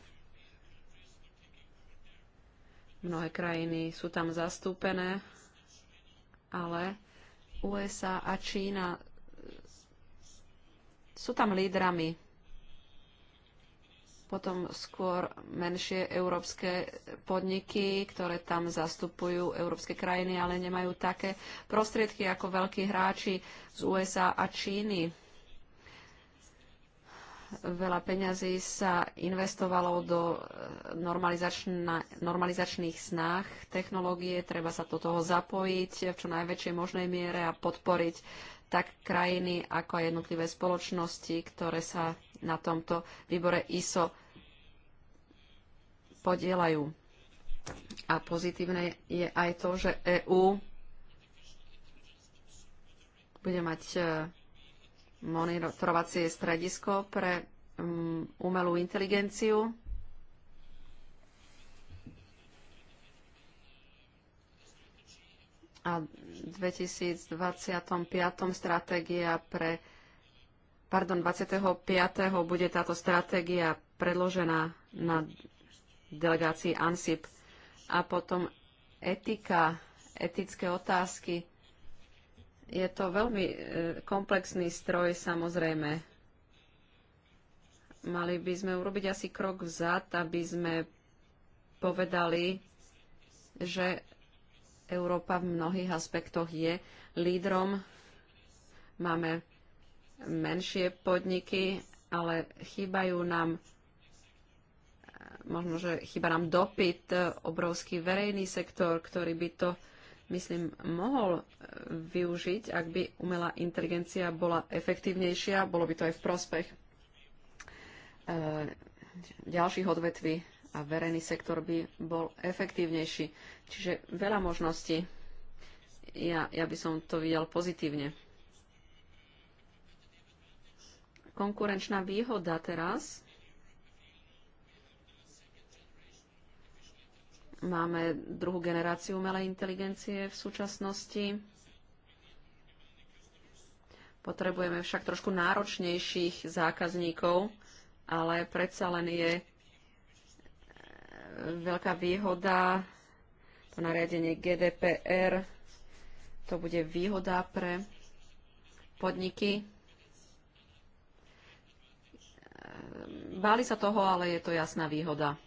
Mnohé krajiny sú tam zastúpené, ale USA a Čína sú tam lídrami. Potom skôr menšie európske podniky, ktoré tam zastupujú európske krajiny, ale nemajú také prostriedky ako veľkí hráči z USA a Číny veľa peňazí sa investovalo do eh, normalizačných snách technológie. Treba sa do toho zapojiť v čo najväčšej možnej miere a podporiť tak krajiny, ako aj jednotlivé spoločnosti, ktoré sa na tomto výbore ISO podielajú. A pozitívne je aj to, že EÚ bude mať eh, monitorovacie stredisko pre mm, umelú inteligenciu. A v 2025. stratégia pre pardon, 25. bude táto stratégia predložená na delegácii ANSIP. A potom etika, etické otázky. Je to veľmi e, komplexný stroj, samozrejme. Mali by sme urobiť asi krok vzad, aby sme povedali, že Európa v mnohých aspektoch je lídrom. Máme menšie podniky, ale chýbajú nám e, možno, že chýba nám dopyt, e, obrovský verejný sektor, ktorý by to myslím, mohol e, využiť, ak by umelá inteligencia bola efektívnejšia, bolo by to aj v prospech e, ďalších odvetví a verejný sektor by bol efektívnejší. Čiže veľa možností. Ja, ja by som to videl pozitívne. Konkurenčná výhoda teraz Máme druhú generáciu umelej inteligencie v súčasnosti. Potrebujeme však trošku náročnejších zákazníkov, ale predsa len je e, veľká výhoda to nariadenie GDPR. To bude výhoda pre podniky. E, báli sa toho, ale je to jasná výhoda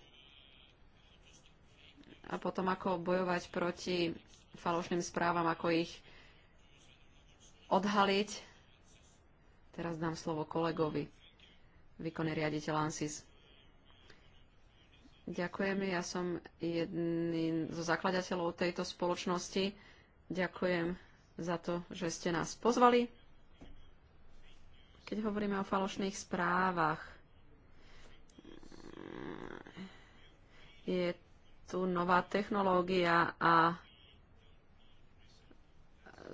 a potom ako bojovať proti falošným správam, ako ich odhaliť. Teraz dám slovo kolegovi, výkonný riaditeľ ANSIS. Ďakujem, ja som jedným zo zakladateľov tejto spoločnosti. Ďakujem za to, že ste nás pozvali. Keď hovoríme o falošných správach, je tu nová technológia a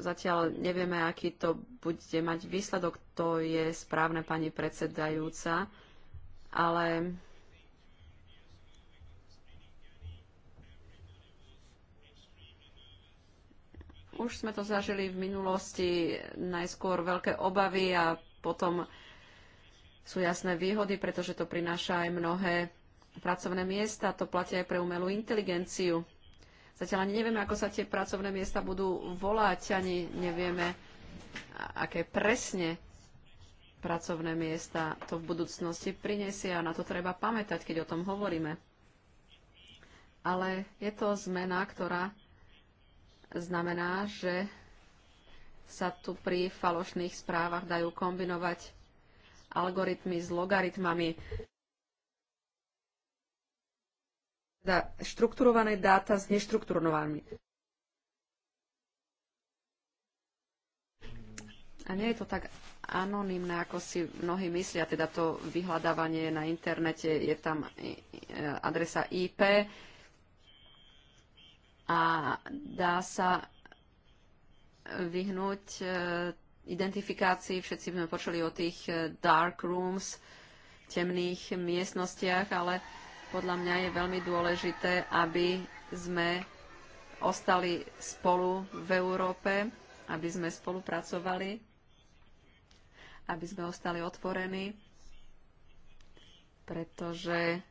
zatiaľ nevieme, aký to bude mať výsledok. To je správne, pani predsedajúca, ale už sme to zažili v minulosti, najskôr veľké obavy a potom sú jasné výhody, pretože to prináša aj mnohé pracovné miesta. To platí aj pre umelú inteligenciu. Zatiaľ ani nevieme, ako sa tie pracovné miesta budú volať, ani nevieme, aké presne pracovné miesta to v budúcnosti prinesie a na to treba pamätať, keď o tom hovoríme. Ale je to zmena, ktorá znamená, že sa tu pri falošných správach dajú kombinovať algoritmy s logaritmami. teda štrukturované dáta s neštrukturovanými. A nie je to tak anonimné, ako si mnohí myslia, teda to vyhľadávanie na internete, je tam e, e, adresa IP a dá sa vyhnúť e, identifikácii. Všetci sme počuli o tých dark rooms, temných miestnostiach, ale podľa mňa je veľmi dôležité, aby sme ostali spolu v Európe, aby sme spolupracovali, aby sme ostali otvorení, pretože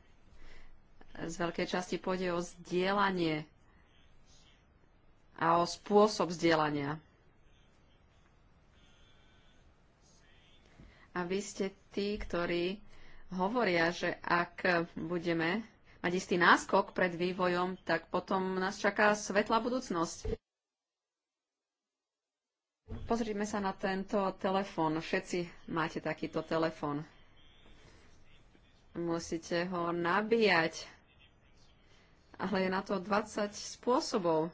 z veľkej časti pôjde o zdieľanie a o spôsob zdieľania. A vy ste tí, ktorí hovoria, že ak budeme mať istý náskok pred vývojom, tak potom nás čaká svetlá budúcnosť. Pozrime sa na tento telefón. Všetci máte takýto telefón. Musíte ho nabíjať. Ale je na to 20 spôsobov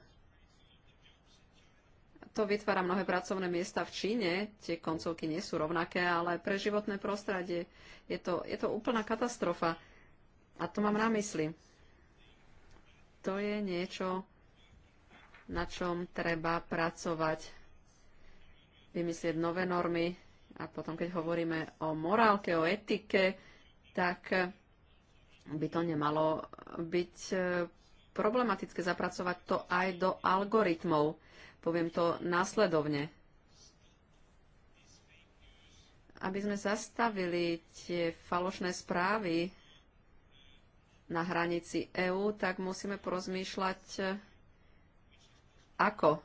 to vytvára mnohé pracovné miesta v Číne. Tie koncovky nie sú rovnaké, ale pre životné prostredie je to, je to úplná katastrofa. A to mám na mysli. To je niečo, na čom treba pracovať, vymyslieť nové normy a potom, keď hovoríme o morálke, o etike, tak by to nemalo byť eh, problematické zapracovať to aj do algoritmov. Poviem to následovne. Aby sme zastavili tie falošné správy na hranici EÚ, tak musíme porozmýšľať, ako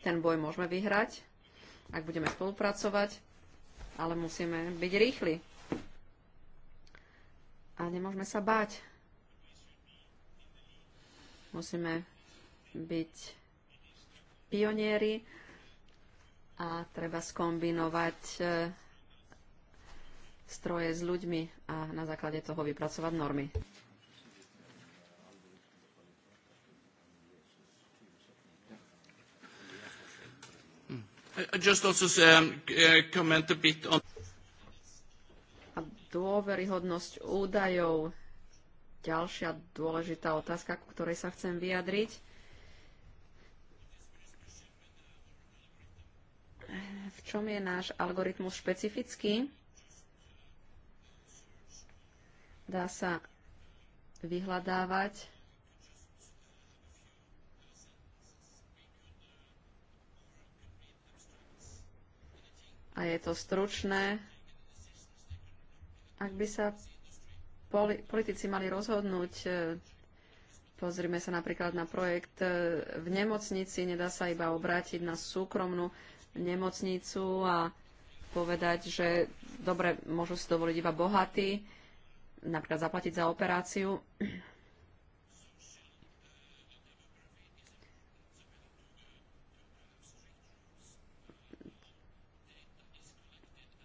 ten boj môžeme vyhrať, ak budeme spolupracovať, ale musíme byť rýchli. A nemôžeme sa báť. Musíme byť pionieri a treba skombinovať e, stroje s ľuďmi a na základe toho vypracovať normy. Um, uh, a dôveryhodnosť údajov. Ďalšia dôležitá otázka, ku ktorej sa chcem vyjadriť. čom je náš algoritmus špecifický? Dá sa vyhľadávať a je to stručné. Ak by sa politici mali rozhodnúť, e, pozrime sa napríklad na projekt e, v nemocnici, nedá sa iba obrátiť na súkromnú nemocnicu a povedať, že dobre, môžu si dovoliť iba bohatí, napríklad zaplatiť za operáciu.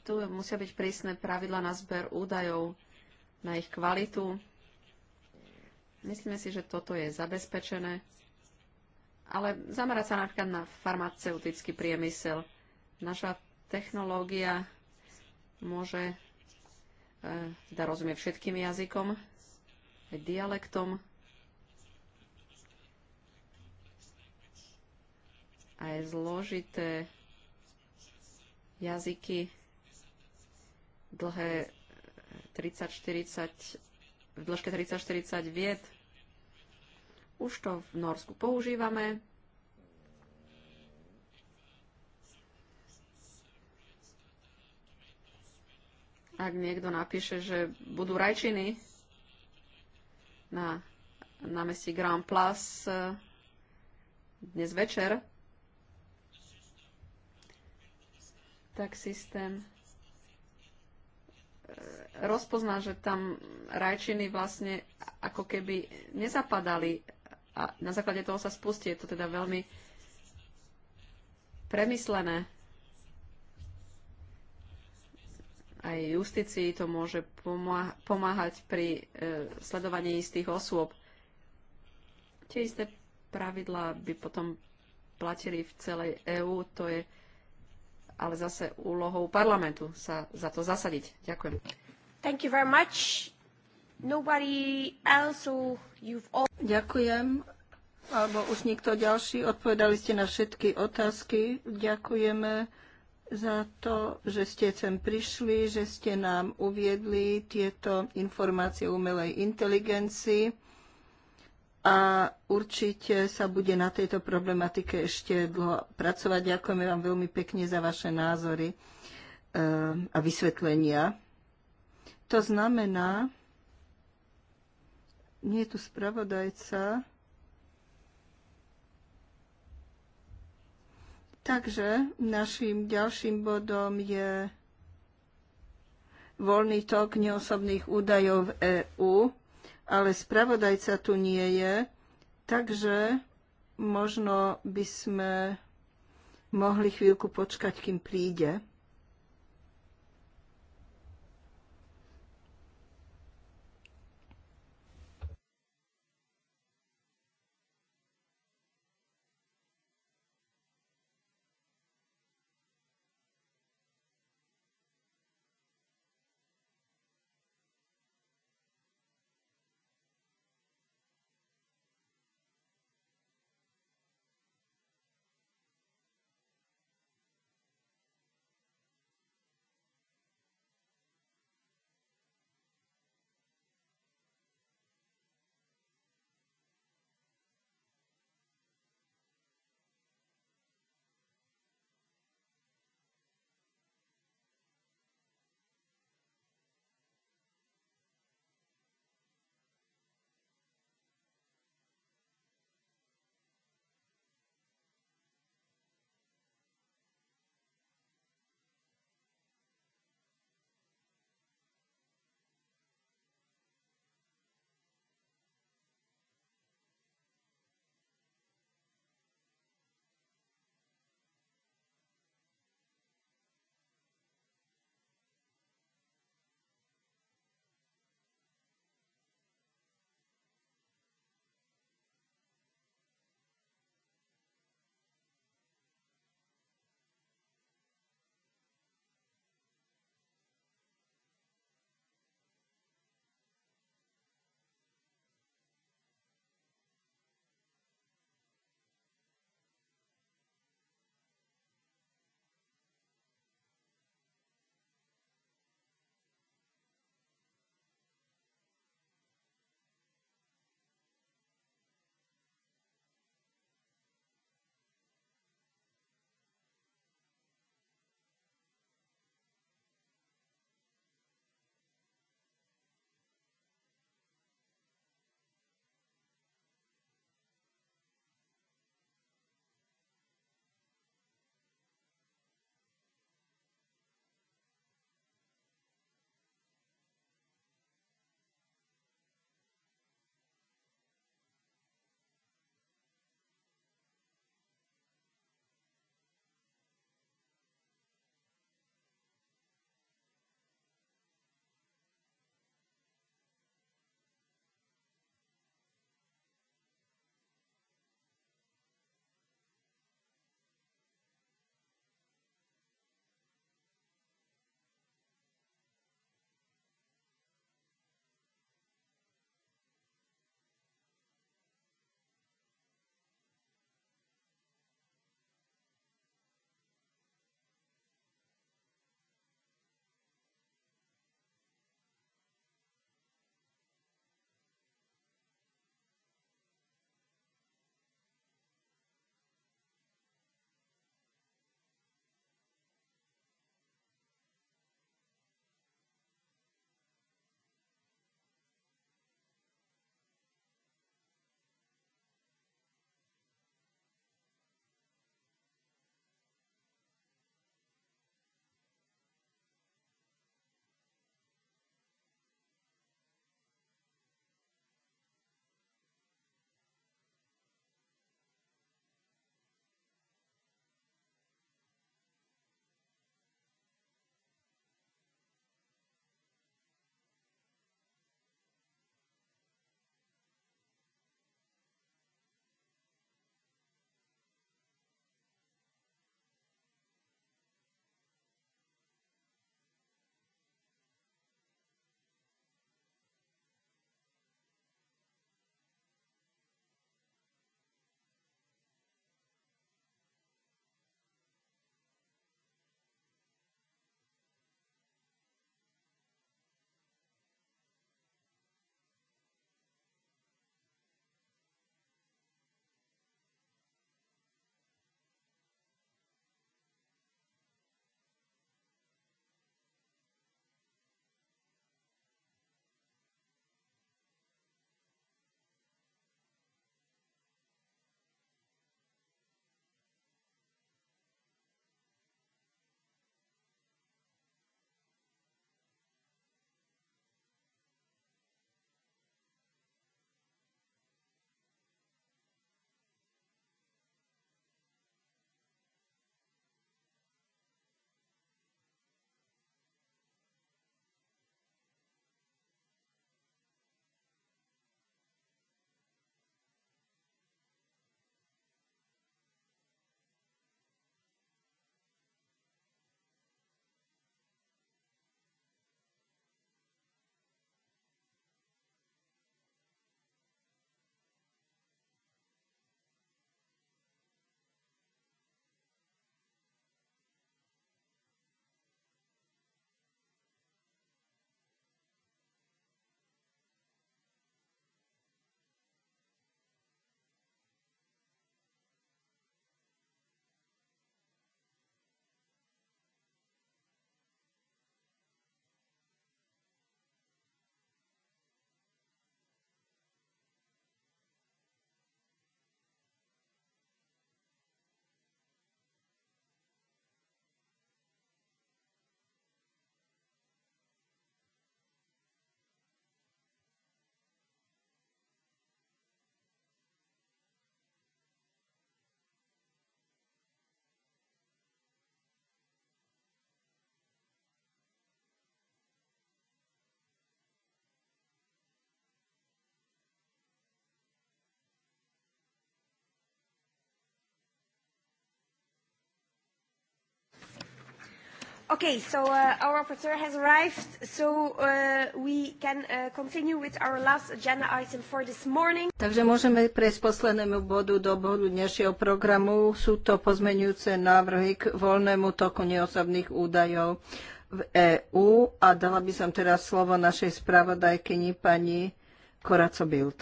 Tu musia byť prísne pravidla na zber údajov, na ich kvalitu. Myslíme si, že toto je zabezpečené ale zamerať sa napríklad na farmaceutický priemysel. Naša technológia môže teda eh, rozumie všetkým jazykom, aj dialektom, aj zložité jazyky, dlhé 30-40, eh, v dĺžke 30-40 vied, už to v Norsku používame. Ak niekto napíše, že budú rajčiny na námestí Grand Place eh, dnes večer, tak systém eh, rozpozná, že tam rajčiny vlastne ako keby nezapadali a na základe toho sa spustí. Je to teda veľmi premyslené. Aj justícii to môže pomáhať pri e, sledovaní istých osôb. Tie isté pravidlá by potom platili v celej EÚ, to je ale zase úlohou parlamentu sa za to zasadiť. Ďakujem. Thank you very much. Nobody else, you've all... Ďakujem. Alebo už niekto ďalší. Odpovedali ste na všetky otázky. Ďakujeme za to, že ste sem prišli, že ste nám uviedli tieto informácie o umelej inteligencii a určite sa bude na tejto problematike ešte dlho pracovať. Ďakujeme vám veľmi pekne za vaše názory eh, a vysvetlenia. To znamená, nie je tu spravodajca. Takže našim ďalším bodom je voľný tok neosobných údajov v EÚ, ale spravodajca tu nie je, takže možno by sme mohli chvíľku počkať, kým príde. Okay, so uh, our rapporteur has arrived, so uh, we can uh, continue with our last agenda item for this morning. Takže môžeme prejsť poslednému bodu do bodu dnešného programu. Sú to pozmeňujúce návrhy k voľnému toku neosobných údajov v EÚ a dala by som teraz slovo našej spravodajkyni pani Koraco Bild.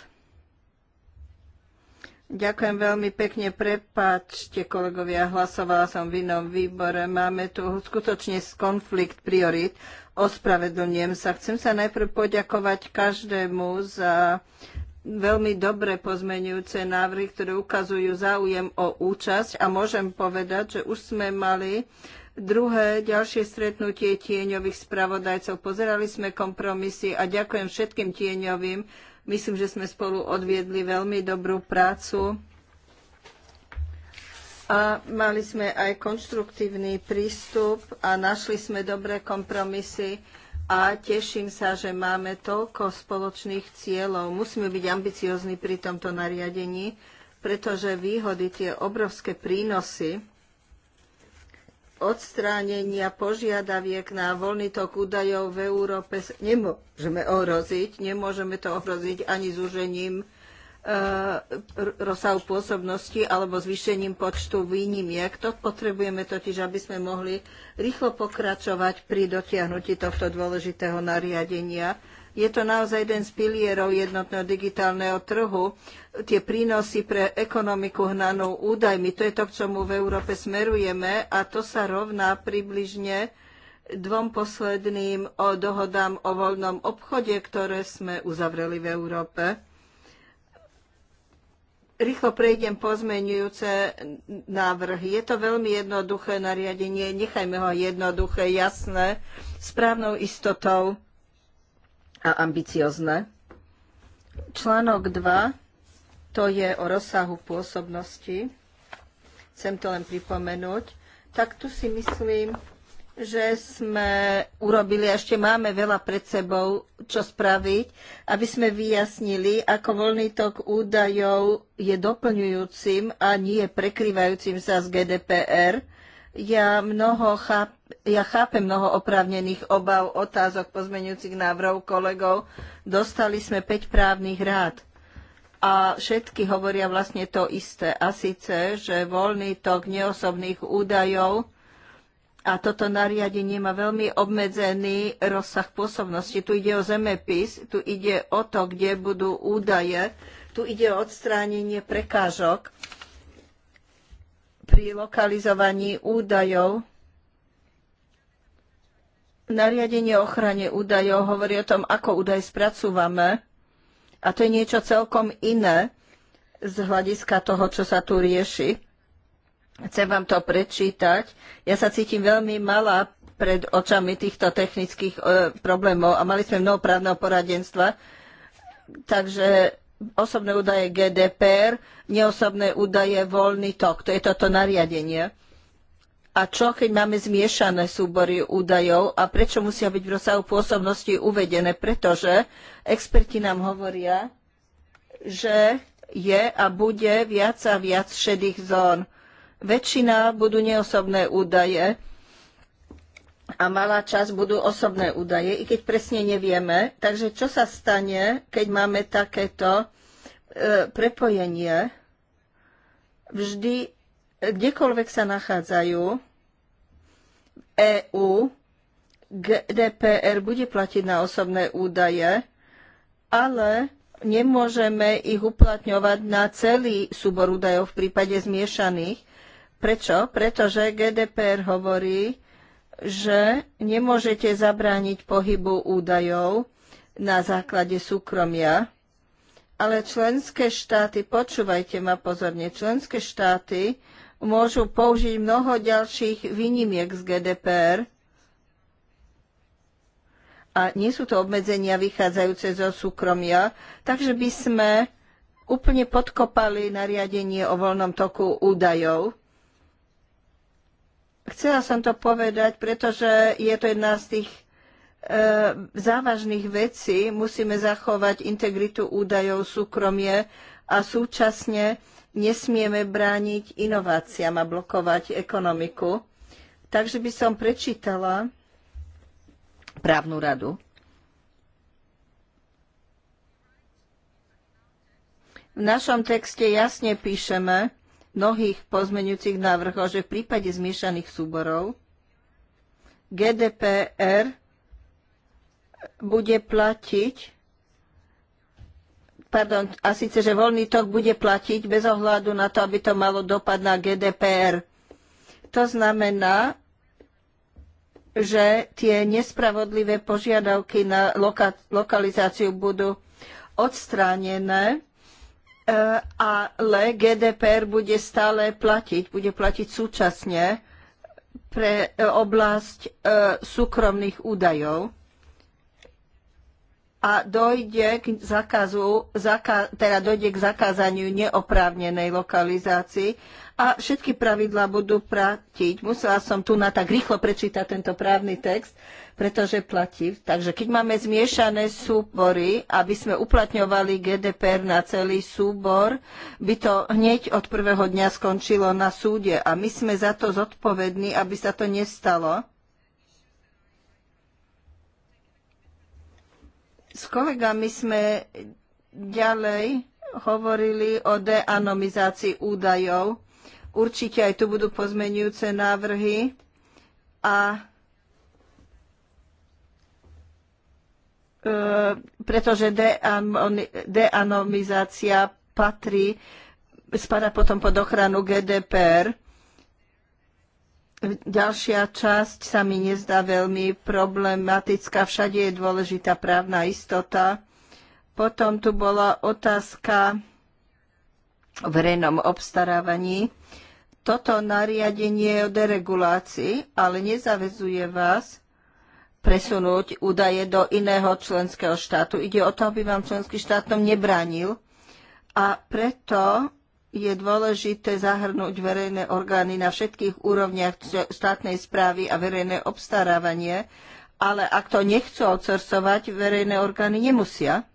Ďakujem veľmi pekne. Prepačte, kolegovia, hlasovala som v inom výbore. Máme tu skutočne konflikt priorit. Ospravedlňujem sa. Chcem sa najprv poďakovať každému za veľmi dobre pozmenujúce návrhy, ktoré ukazujú záujem o účasť a môžem povedať, že už sme mali Druhé, ďalšie stretnutie tieňových spravodajcov. Pozerali sme kompromisy a ďakujem všetkým tieňovým, Myslím, že sme spolu odviedli veľmi dobrú prácu a mali sme aj konštruktívny prístup a našli sme dobré kompromisy a teším sa, že máme toľko spoločných cieľov. Musíme byť ambiciozni pri tomto nariadení, pretože výhody, tie obrovské prínosy, odstránenia požiadaviek na voľný tok údajov v Európe nemôžeme ohroziť. Nemôžeme to ohroziť ani zúžením e, rozsahu pôsobnosti alebo zvýšením počtu výnimiek. To potrebujeme totiž, aby sme mohli rýchlo pokračovať pri dotiahnutí tohto dôležitého nariadenia je to naozaj jeden z pilierov jednotného digitálneho trhu. Tie prínosy pre ekonomiku hnanú údajmi, to je to, k čomu v Európe smerujeme a to sa rovná približne dvom posledným o dohodám o voľnom obchode, ktoré sme uzavreli v Európe. Rýchlo prejdem pozmenujúce návrhy. Je to veľmi jednoduché nariadenie, nechajme ho jednoduché, jasné, správnou istotou a ambiciozne. Článok 2, to je o rozsahu pôsobnosti. Chcem to len pripomenúť. Tak tu si myslím, že sme urobili, a ešte máme veľa pred sebou, čo spraviť, aby sme vyjasnili, ako voľný tok údajov je doplňujúcim a nie prekrývajúcim sa z GDPR ja, mnoho cháp, ja chápem mnoho oprávnených obav, otázok, pozmeňujúcich návrhov kolegov. Dostali sme 5 právnych rád a všetky hovoria vlastne to isté. A síce, že voľný tok neosobných údajov a toto nariadenie má veľmi obmedzený rozsah pôsobnosti. Tu ide o zemepis, tu ide o to, kde budú údaje, tu ide o odstránenie prekážok pri lokalizovaní údajov. Nariadenie o ochrane údajov hovorí o tom, ako údaj spracúvame. A to je niečo celkom iné z hľadiska toho, čo sa tu rieši. Chcem vám to prečítať. Ja sa cítim veľmi malá pred očami týchto technických e, problémov a mali sme mnoho právneho poradenstva. Takže osobné údaje GDPR, neosobné údaje voľný tok. To je toto nariadenie. A čo, keď máme zmiešané súbory údajov a prečo musia byť v rozsahu pôsobnosti uvedené? Pretože experti nám hovoria, že je a bude viac a viac šedých zón. Väčšina budú neosobné údaje, a malá časť budú osobné údaje, i keď presne nevieme. Takže čo sa stane, keď máme takéto e, prepojenie? Vždy, e, kdekoľvek sa nachádzajú, EU, GDPR bude platiť na osobné údaje, ale nemôžeme ich uplatňovať na celý súbor údajov v prípade zmiešaných. Prečo? Pretože GDPR hovorí, že nemôžete zabrániť pohybu údajov na základe súkromia, ale členské štáty, počúvajte ma pozorne, členské štáty môžu použiť mnoho ďalších výnimiek z GDPR, a nie sú to obmedzenia vychádzajúce zo súkromia, takže by sme úplne podkopali nariadenie o voľnom toku údajov. Chcela som to povedať, pretože je to jedna z tých e, závažných vecí musíme zachovať integritu údajov, súkromie a súčasne nesmieme brániť inováciám a blokovať ekonomiku. Takže by som prečítala právnu radu. V našom texte jasne píšeme, mnohých pozmeňujúcich návrhov, že v prípade zmiešaných súborov GDPR bude platiť pardon, a síce, že voľný tok bude platiť bez ohľadu na to, aby to malo dopad na GDPR. To znamená, že tie nespravodlivé požiadavky na lokalizáciu budú odstránené E, ale GDPR bude stále platiť, bude platiť súčasne pre e, oblasť e, súkromných údajov a dojde k, zakazu, zaka, teda dojde k zakázaniu neoprávnenej lokalizácii a všetky pravidlá budú platiť. Musela som tu na tak rýchlo prečítať tento právny text, pretože platí. Takže keď máme zmiešané súbory, aby sme uplatňovali GDPR na celý súbor, by to hneď od prvého dňa skončilo na súde a my sme za to zodpovední, aby sa to nestalo. S kolegami sme ďalej hovorili o deanomizácii údajov Určite aj tu budú pozmenujúce návrhy a e, pretože deanomizácia patrí, spada potom pod ochranu GDPR. Ďalšia časť sa mi nezdá veľmi problematická. Všade je dôležitá právna istota. Potom tu bola otázka o verejnom obstarávaní. E, toto nariadenie je o deregulácii, ale nezavezuje vás presunúť údaje do iného členského štátu. Ide o to, aby vám členský štát tom nebránil. A preto je dôležité zahrnúť verejné orgány na všetkých úrovniach štátnej správy a verejné obstarávanie, ale ak to nechcú outsourcovať, verejné orgány nemusia.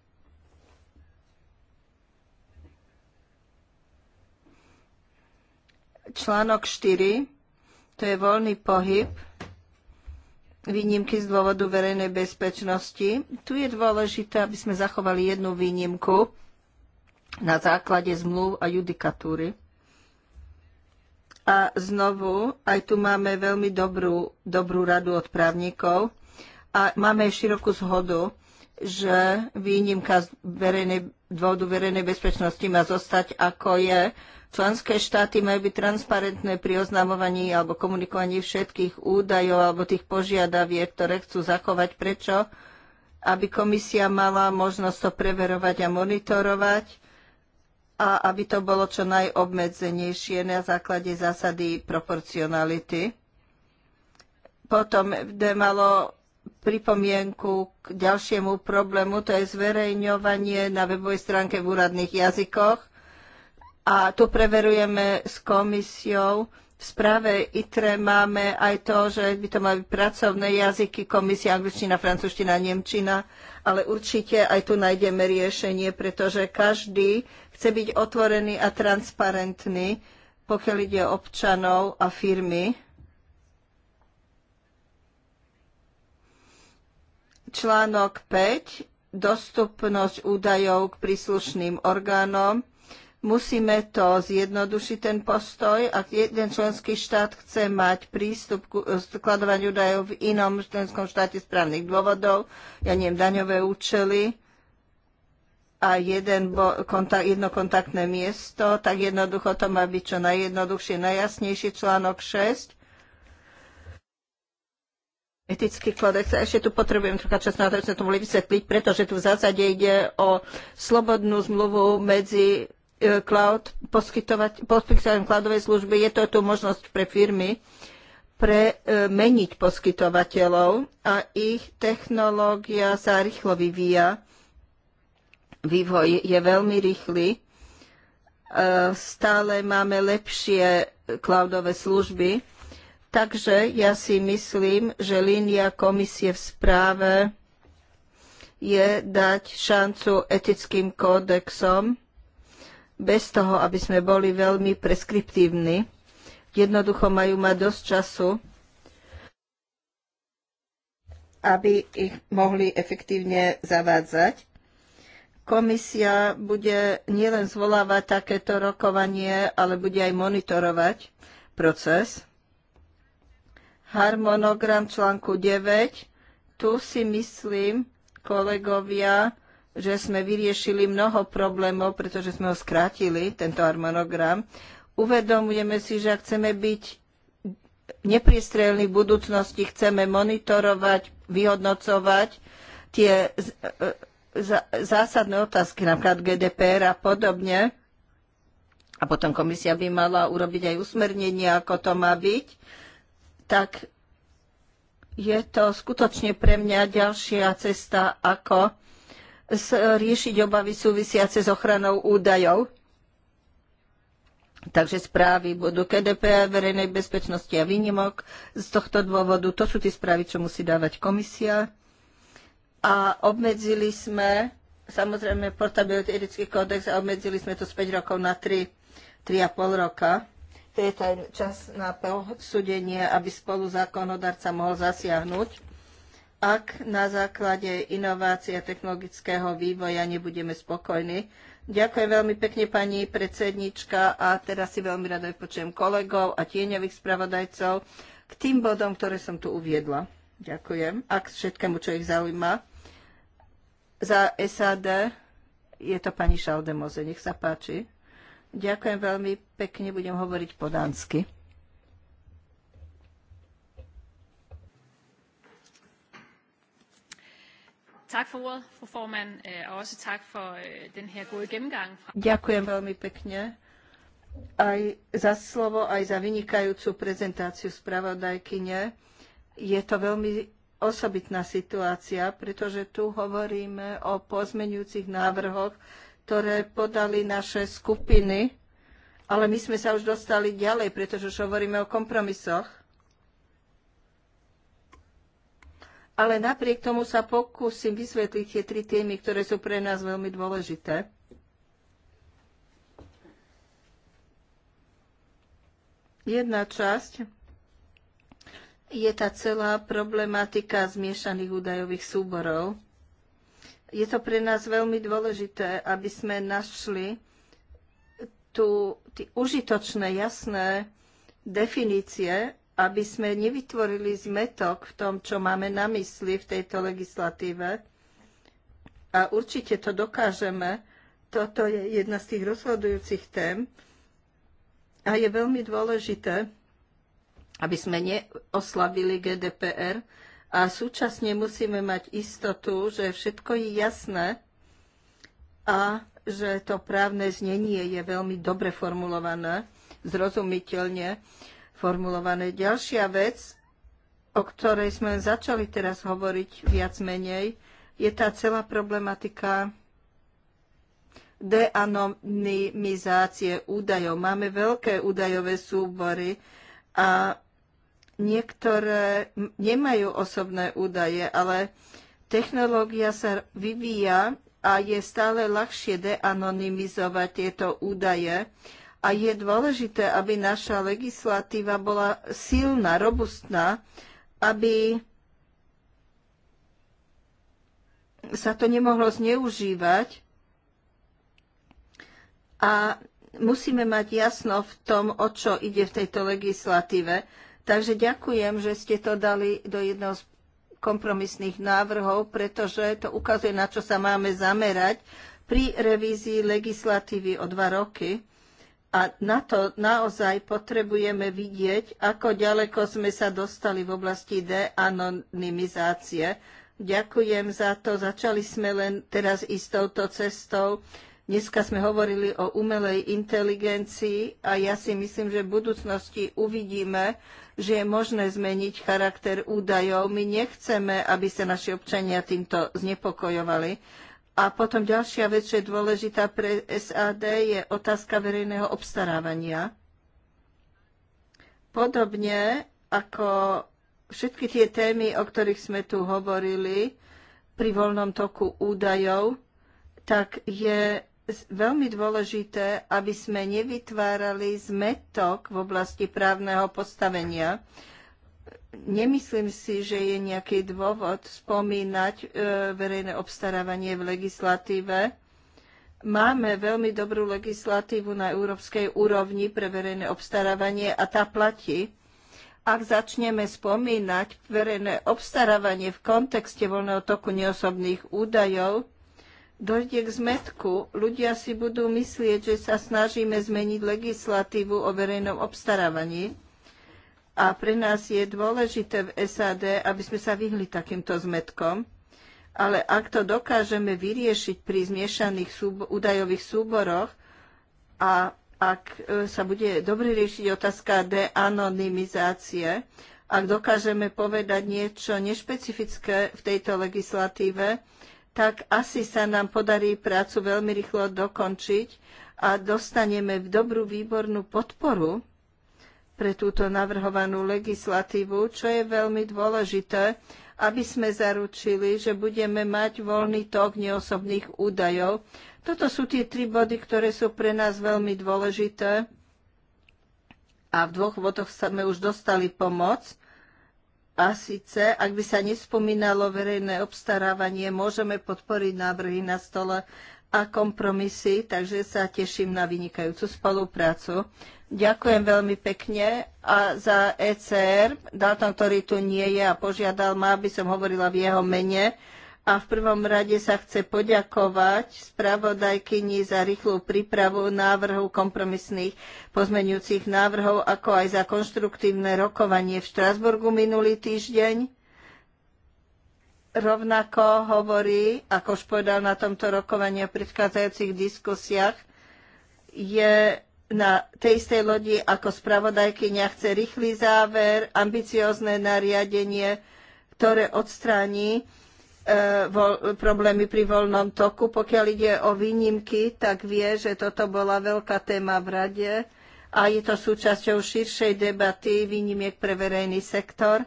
Článok 4, to je voľný pohyb, výnimky z dôvodu verejnej bezpečnosti. Tu je dôležité, aby sme zachovali jednu výnimku na základe zmluv a judikatúry. A znovu, aj tu máme veľmi dobrú, dobrú radu od právnikov a máme širokú zhodu, že výnimka z verejnej dôvodu verejnej bezpečnosti má zostať ako je. Členské štáty majú byť transparentné pri oznamovaní alebo komunikovaní všetkých údajov alebo tých požiadaviek, ktoré chcú zachovať. Prečo? Aby komisia mala možnosť to preverovať a monitorovať a aby to bolo čo najobmedzenejšie na základe zásady proporcionality. Potom by malo pripomienku k ďalšiemu problému, to je zverejňovanie na webovej stránke v úradných jazykoch. A tu preverujeme s komisiou. V správe ITRE máme aj to, že by to mali pracovné jazyky, komisia angličtina, francúzština, nemčina, ale určite aj tu nájdeme riešenie, pretože každý chce byť otvorený a transparentný, pokiaľ ide o občanov a firmy Článok 5. Dostupnosť údajov k príslušným orgánom. Musíme to zjednodušiť, ten postoj. Ak jeden členský štát chce mať prístup k skladovaniu údajov v inom členskom štáte správnych dôvodov, ja neviem, daňové účely, a jeden bo, kontakt, jedno kontaktné miesto, tak jednoducho to má byť čo najjednoduchšie, najjasnejšie článok 6 etický kódex. A ešte tu potrebujem trocha času na to, aby sme to mohli vysvetliť, pretože tu v zásade ide o slobodnú zmluvu medzi e, cloud, poskytovať cloudovej služby. Je to tu možnosť pre firmy premeniť e, poskytovateľov a ich technológia sa rýchlo vyvíja. Vývoj je veľmi rýchly. E, stále máme lepšie cloudové služby Takže ja si myslím, že línia komisie v správe je dať šancu etickým kódexom bez toho, aby sme boli veľmi preskriptívni. Jednoducho majú mať dosť času, aby ich mohli efektívne zavádzať. Komisia bude nielen zvolávať takéto rokovanie, ale bude aj monitorovať proces harmonogram článku 9. Tu si myslím, kolegovia, že sme vyriešili mnoho problémov, pretože sme ho skrátili, tento harmonogram. Uvedomujeme si, že ak chceme byť nepriestrelní v budúcnosti, chceme monitorovať, vyhodnocovať tie e, e, zásadné otázky, napríklad GDPR a podobne. A potom komisia by mala urobiť aj usmernenie, ako to má byť tak je to skutočne pre mňa ďalšia cesta, ako riešiť obavy súvisiace s ochranou údajov. Takže správy budú KDP, verejnej bezpečnosti a výnimok. Z tohto dôvodu to sú tie správy, čo musí dávať komisia. A obmedzili sme, samozrejme, portability etický kódex a obmedzili sme to z 5 rokov na 3, 3,5 roka to je ten čas na posúdenie, aby spolu zákonodarca mohol zasiahnuť. Ak na základe inovácie technologického vývoja nebudeme spokojní. Ďakujem veľmi pekne pani predsednička a teraz si veľmi rada počujem kolegov a tieňových spravodajcov k tým bodom, ktoré som tu uviedla. Ďakujem. A k všetkému, čo ich zaujíma. Za SAD je to pani Šaldemoze. Nech sa páči. Ďakujem veľmi pekne, budem hovoriť po dánsky. Tak for ordet, fru formand, og også tak for øh, den her gode gennemgang. Ďakujem veľmi pekne aj za slovo, aj za vynikajúcu prezentáciu spravodajkyne. Je to veľmi osobitná situácia, pretože tu hovoríme o pozmenujúcich návrhoch, ktoré podali naše skupiny, ale my sme sa už dostali ďalej, pretože už hovoríme o kompromisoch. Ale napriek tomu sa pokúsim vysvetliť tie tri témy, ktoré sú pre nás veľmi dôležité. Jedna časť je tá celá problematika zmiešaných údajových súborov. Je to pre nás veľmi dôležité, aby sme našli tu tí užitočné, jasné definície, aby sme nevytvorili zmetok v tom, čo máme na mysli v tejto legislatíve. A určite to dokážeme. Toto je jedna z tých rozhodujúcich tém. A je veľmi dôležité, aby sme neoslabili GDPR, a súčasne musíme mať istotu, že všetko je jasné a že to právne znenie je veľmi dobre formulované, zrozumiteľne formulované. Ďalšia vec, o ktorej sme začali teraz hovoriť viac menej, je tá celá problematika deanonymizácie údajov. Máme veľké údajové súbory a Niektoré nemajú osobné údaje, ale technológia sa vyvíja a je stále ľahšie deanonymizovať tieto údaje. A je dôležité, aby naša legislatíva bola silná, robustná, aby sa to nemohlo zneužívať. A musíme mať jasno v tom, o čo ide v tejto legislatíve. Takže ďakujem, že ste to dali do jedného z kompromisných návrhov, pretože to ukazuje, na čo sa máme zamerať pri revízii legislatívy o dva roky. A na to naozaj potrebujeme vidieť, ako ďaleko sme sa dostali v oblasti deanonymizácie. Ďakujem za to. Začali sme len teraz ísť touto cestou. Dneska sme hovorili o umelej inteligencii a ja si myslím, že v budúcnosti uvidíme, že je možné zmeniť charakter údajov. My nechceme, aby sa naši občania týmto znepokojovali. A potom ďalšia vec, čo je dôležitá pre SAD, je otázka verejného obstarávania. Podobne ako všetky tie témy, o ktorých sme tu hovorili pri voľnom toku údajov, tak je veľmi dôležité, aby sme nevytvárali zmetok v oblasti právneho postavenia. Nemyslím si, že je nejaký dôvod spomínať e, verejné obstarávanie v legislatíve. Máme veľmi dobrú legislatívu na európskej úrovni pre verejné obstarávanie a tá platí ak začneme spomínať verejné obstarávanie v kontexte voľného toku neosobných údajov, dojde k zmetku. Ľudia si budú myslieť, že sa snažíme zmeniť legislatívu o verejnom obstarávaní. A pre nás je dôležité v SAD, aby sme sa vyhli takýmto zmetkom. Ale ak to dokážeme vyriešiť pri zmiešaných súbo- údajových súboroch a ak e, sa bude dobre riešiť otázka deanonymizácie, ak dokážeme povedať niečo nešpecifické v tejto legislatíve, tak asi sa nám podarí prácu veľmi rýchlo dokončiť a dostaneme v dobrú výbornú podporu pre túto navrhovanú legislatívu, čo je veľmi dôležité, aby sme zaručili, že budeme mať voľný tok neosobných údajov. Toto sú tie tri body, ktoré sú pre nás veľmi dôležité a v dvoch bodoch sme už dostali pomoc. A síce, ak by sa nespomínalo verejné obstarávanie, môžeme podporiť návrhy na stole a kompromisy, takže sa teším na vynikajúcu spoluprácu. Ďakujem veľmi pekne a za ECR, Dalton, ktorý tu nie je a požiadal ma, aby som hovorila v jeho mene, a v prvom rade sa chce poďakovať spravodajkyni za rýchlu prípravu návrhu kompromisných pozmeňujúcich návrhov, ako aj za konštruktívne rokovanie v Štrasburgu minulý týždeň. Rovnako hovorí, ako už povedal na tomto rokovaní o predchádzajúcich diskusiách, je na tej istej lodi ako spravodajkyňa chce rýchly záver, ambiciózne nariadenie, ktoré odstráni E, problémy pri voľnom toku. Pokiaľ ide o výnimky, tak vie, že toto bola veľká téma v rade a je to súčasťou širšej debaty výnimiek pre verejný sektor.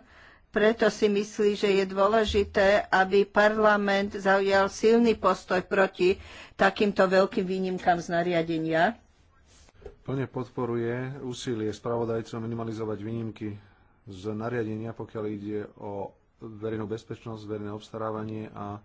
Preto si myslí, že je dôležité, aby parlament zaujal silný postoj proti takýmto veľkým výnimkám z nariadenia. Plne podporuje úsilie spravodajcov minimalizovať výnimky z nariadenia, pokiaľ ide o verejnú bezpečnosť, verejné obstarávanie a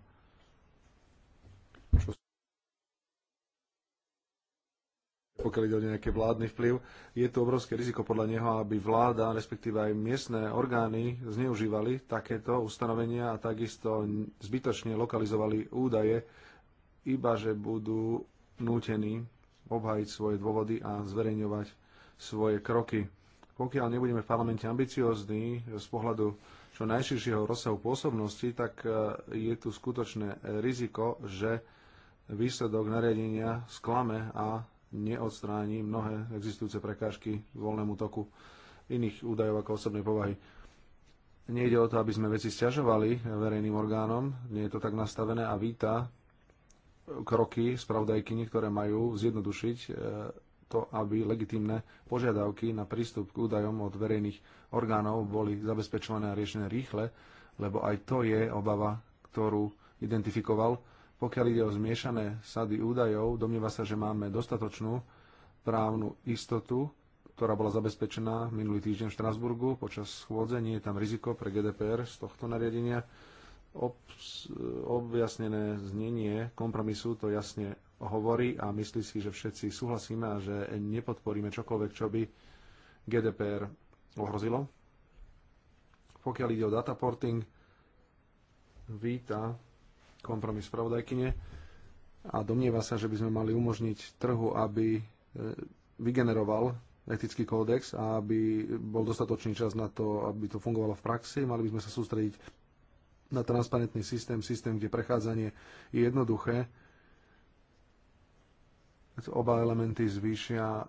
pokiaľ ide o nejaký vládny vplyv. Je tu obrovské riziko podľa neho, aby vláda, respektíve aj miestne orgány zneužívali takéto ustanovenia a takisto zbytočne lokalizovali údaje, iba že budú nútení obhajiť svoje dôvody a zverejňovať svoje kroky. Pokiaľ nebudeme v parlamente ambiciozní z pohľadu čo najširšieho rozsahu pôsobnosti, tak e, je tu skutočné riziko, že výsledok nariadenia sklame a neodstráni mnohé existujúce prekážky voľnému toku iných údajov ako osobnej povahy. Nejde o to, aby sme veci stiažovali verejným orgánom, nie je to tak nastavené a víta kroky spravodajky, ktoré majú zjednodušiť e, to, aby legitimné požiadavky na prístup k údajom od verejných orgánov boli zabezpečované a riešené rýchle, lebo aj to je obava, ktorú identifikoval. Pokiaľ ide o zmiešané sady údajov, domnieva sa, že máme dostatočnú právnu istotu, ktorá bola zabezpečená minulý týždeň v Štrasburgu počas schôdze. Nie je tam riziko pre GDPR z tohto nariadenia. E, objasnené znenie kompromisu to jasne hovorí a myslí si, že všetci súhlasíme a že nepodporíme čokoľvek, čo by GDPR ohrozilo. Pokiaľ ide o data porting, víta kompromis spravodajkyne a domnieva sa, že by sme mali umožniť trhu, aby e, vygeneroval etický kódex a aby bol dostatočný čas na to, aby to fungovalo v praxi. Mali by sme sa sústrediť na transparentný systém, systém, kde prechádzanie je jednoduché oba elementy zvýšia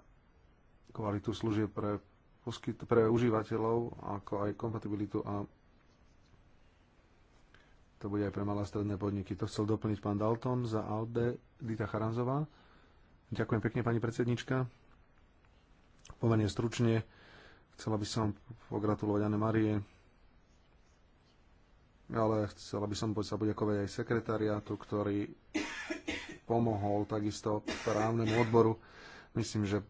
kvalitu služieb pre, poskyt, pre užívateľov, ako aj kompatibilitu a to bude aj pre malé stredné podniky. To chcel doplniť pán Dalton za ALDE, Dita Charanzová. Ďakujem pekne, pani predsednička. Pomerne stručne chcela by som pogratulovať Anne Marie, ale chcela by som sa poďakovať aj sekretariátu, ktorý pomohol takisto právnemu odboru. Myslím, že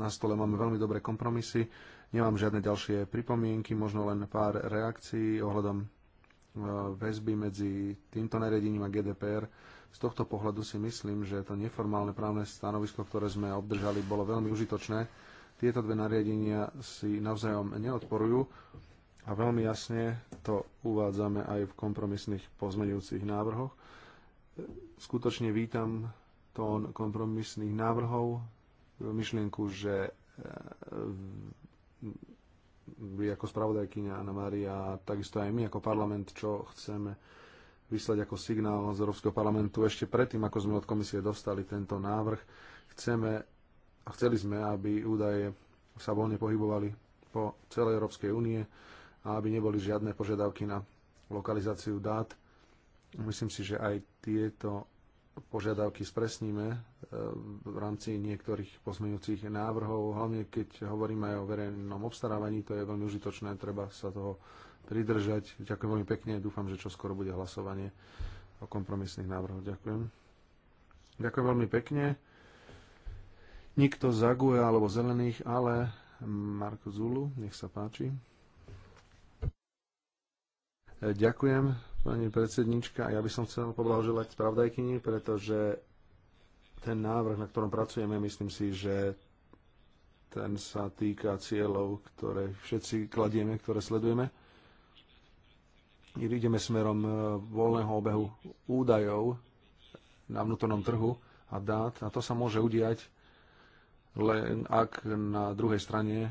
na stole máme veľmi dobré kompromisy. Nemám žiadne ďalšie pripomienky, možno len pár reakcií ohľadom e, väzby medzi týmto nariadením a GDPR. Z tohto pohľadu si myslím, že to neformálne právne stanovisko, ktoré sme obdržali, bolo veľmi užitočné. Tieto dve nariadenia si navzájom neodporujú a veľmi jasne to uvádzame aj v kompromisných pozmeňujúcich návrhoch. Skutočne vítam tón kompromisných návrhov, myšlienku, že eh, vy ako spravodajkyňa Anna Maria, takisto aj my ako parlament, čo chceme vyslať ako signál z Európskeho parlamentu ešte predtým, ako sme od komisie dostali tento návrh. Chceme a chceli sme, aby údaje sa voľne pohybovali po celej Európskej únie a aby neboli žiadne požiadavky na lokalizáciu dát Myslím si, že aj tieto požiadavky spresníme eh, v rámci niektorých pozmeňujúcich návrhov. Hlavne keď hovoríme aj o verejnom obstarávaní, to je veľmi užitočné, treba sa toho pridržať. Ďakujem veľmi pekne, dúfam, že čoskoro bude hlasovanie o kompromisných návrhoch. Ďakujem. Ďakujem veľmi pekne. Nikto z GUE alebo zelených, ale Marko Zulu, nech sa páči. Ďakujem pani predsednička. Ja by som chcel poblahoželať spravodajkyni, pretože ten návrh, na ktorom pracujeme, myslím si, že ten sa týka cieľov, ktoré všetci kladieme, ktoré sledujeme. Ideme smerom e, voľného obehu údajov na vnútornom trhu a dát. A to sa môže udiať len ak na druhej strane e,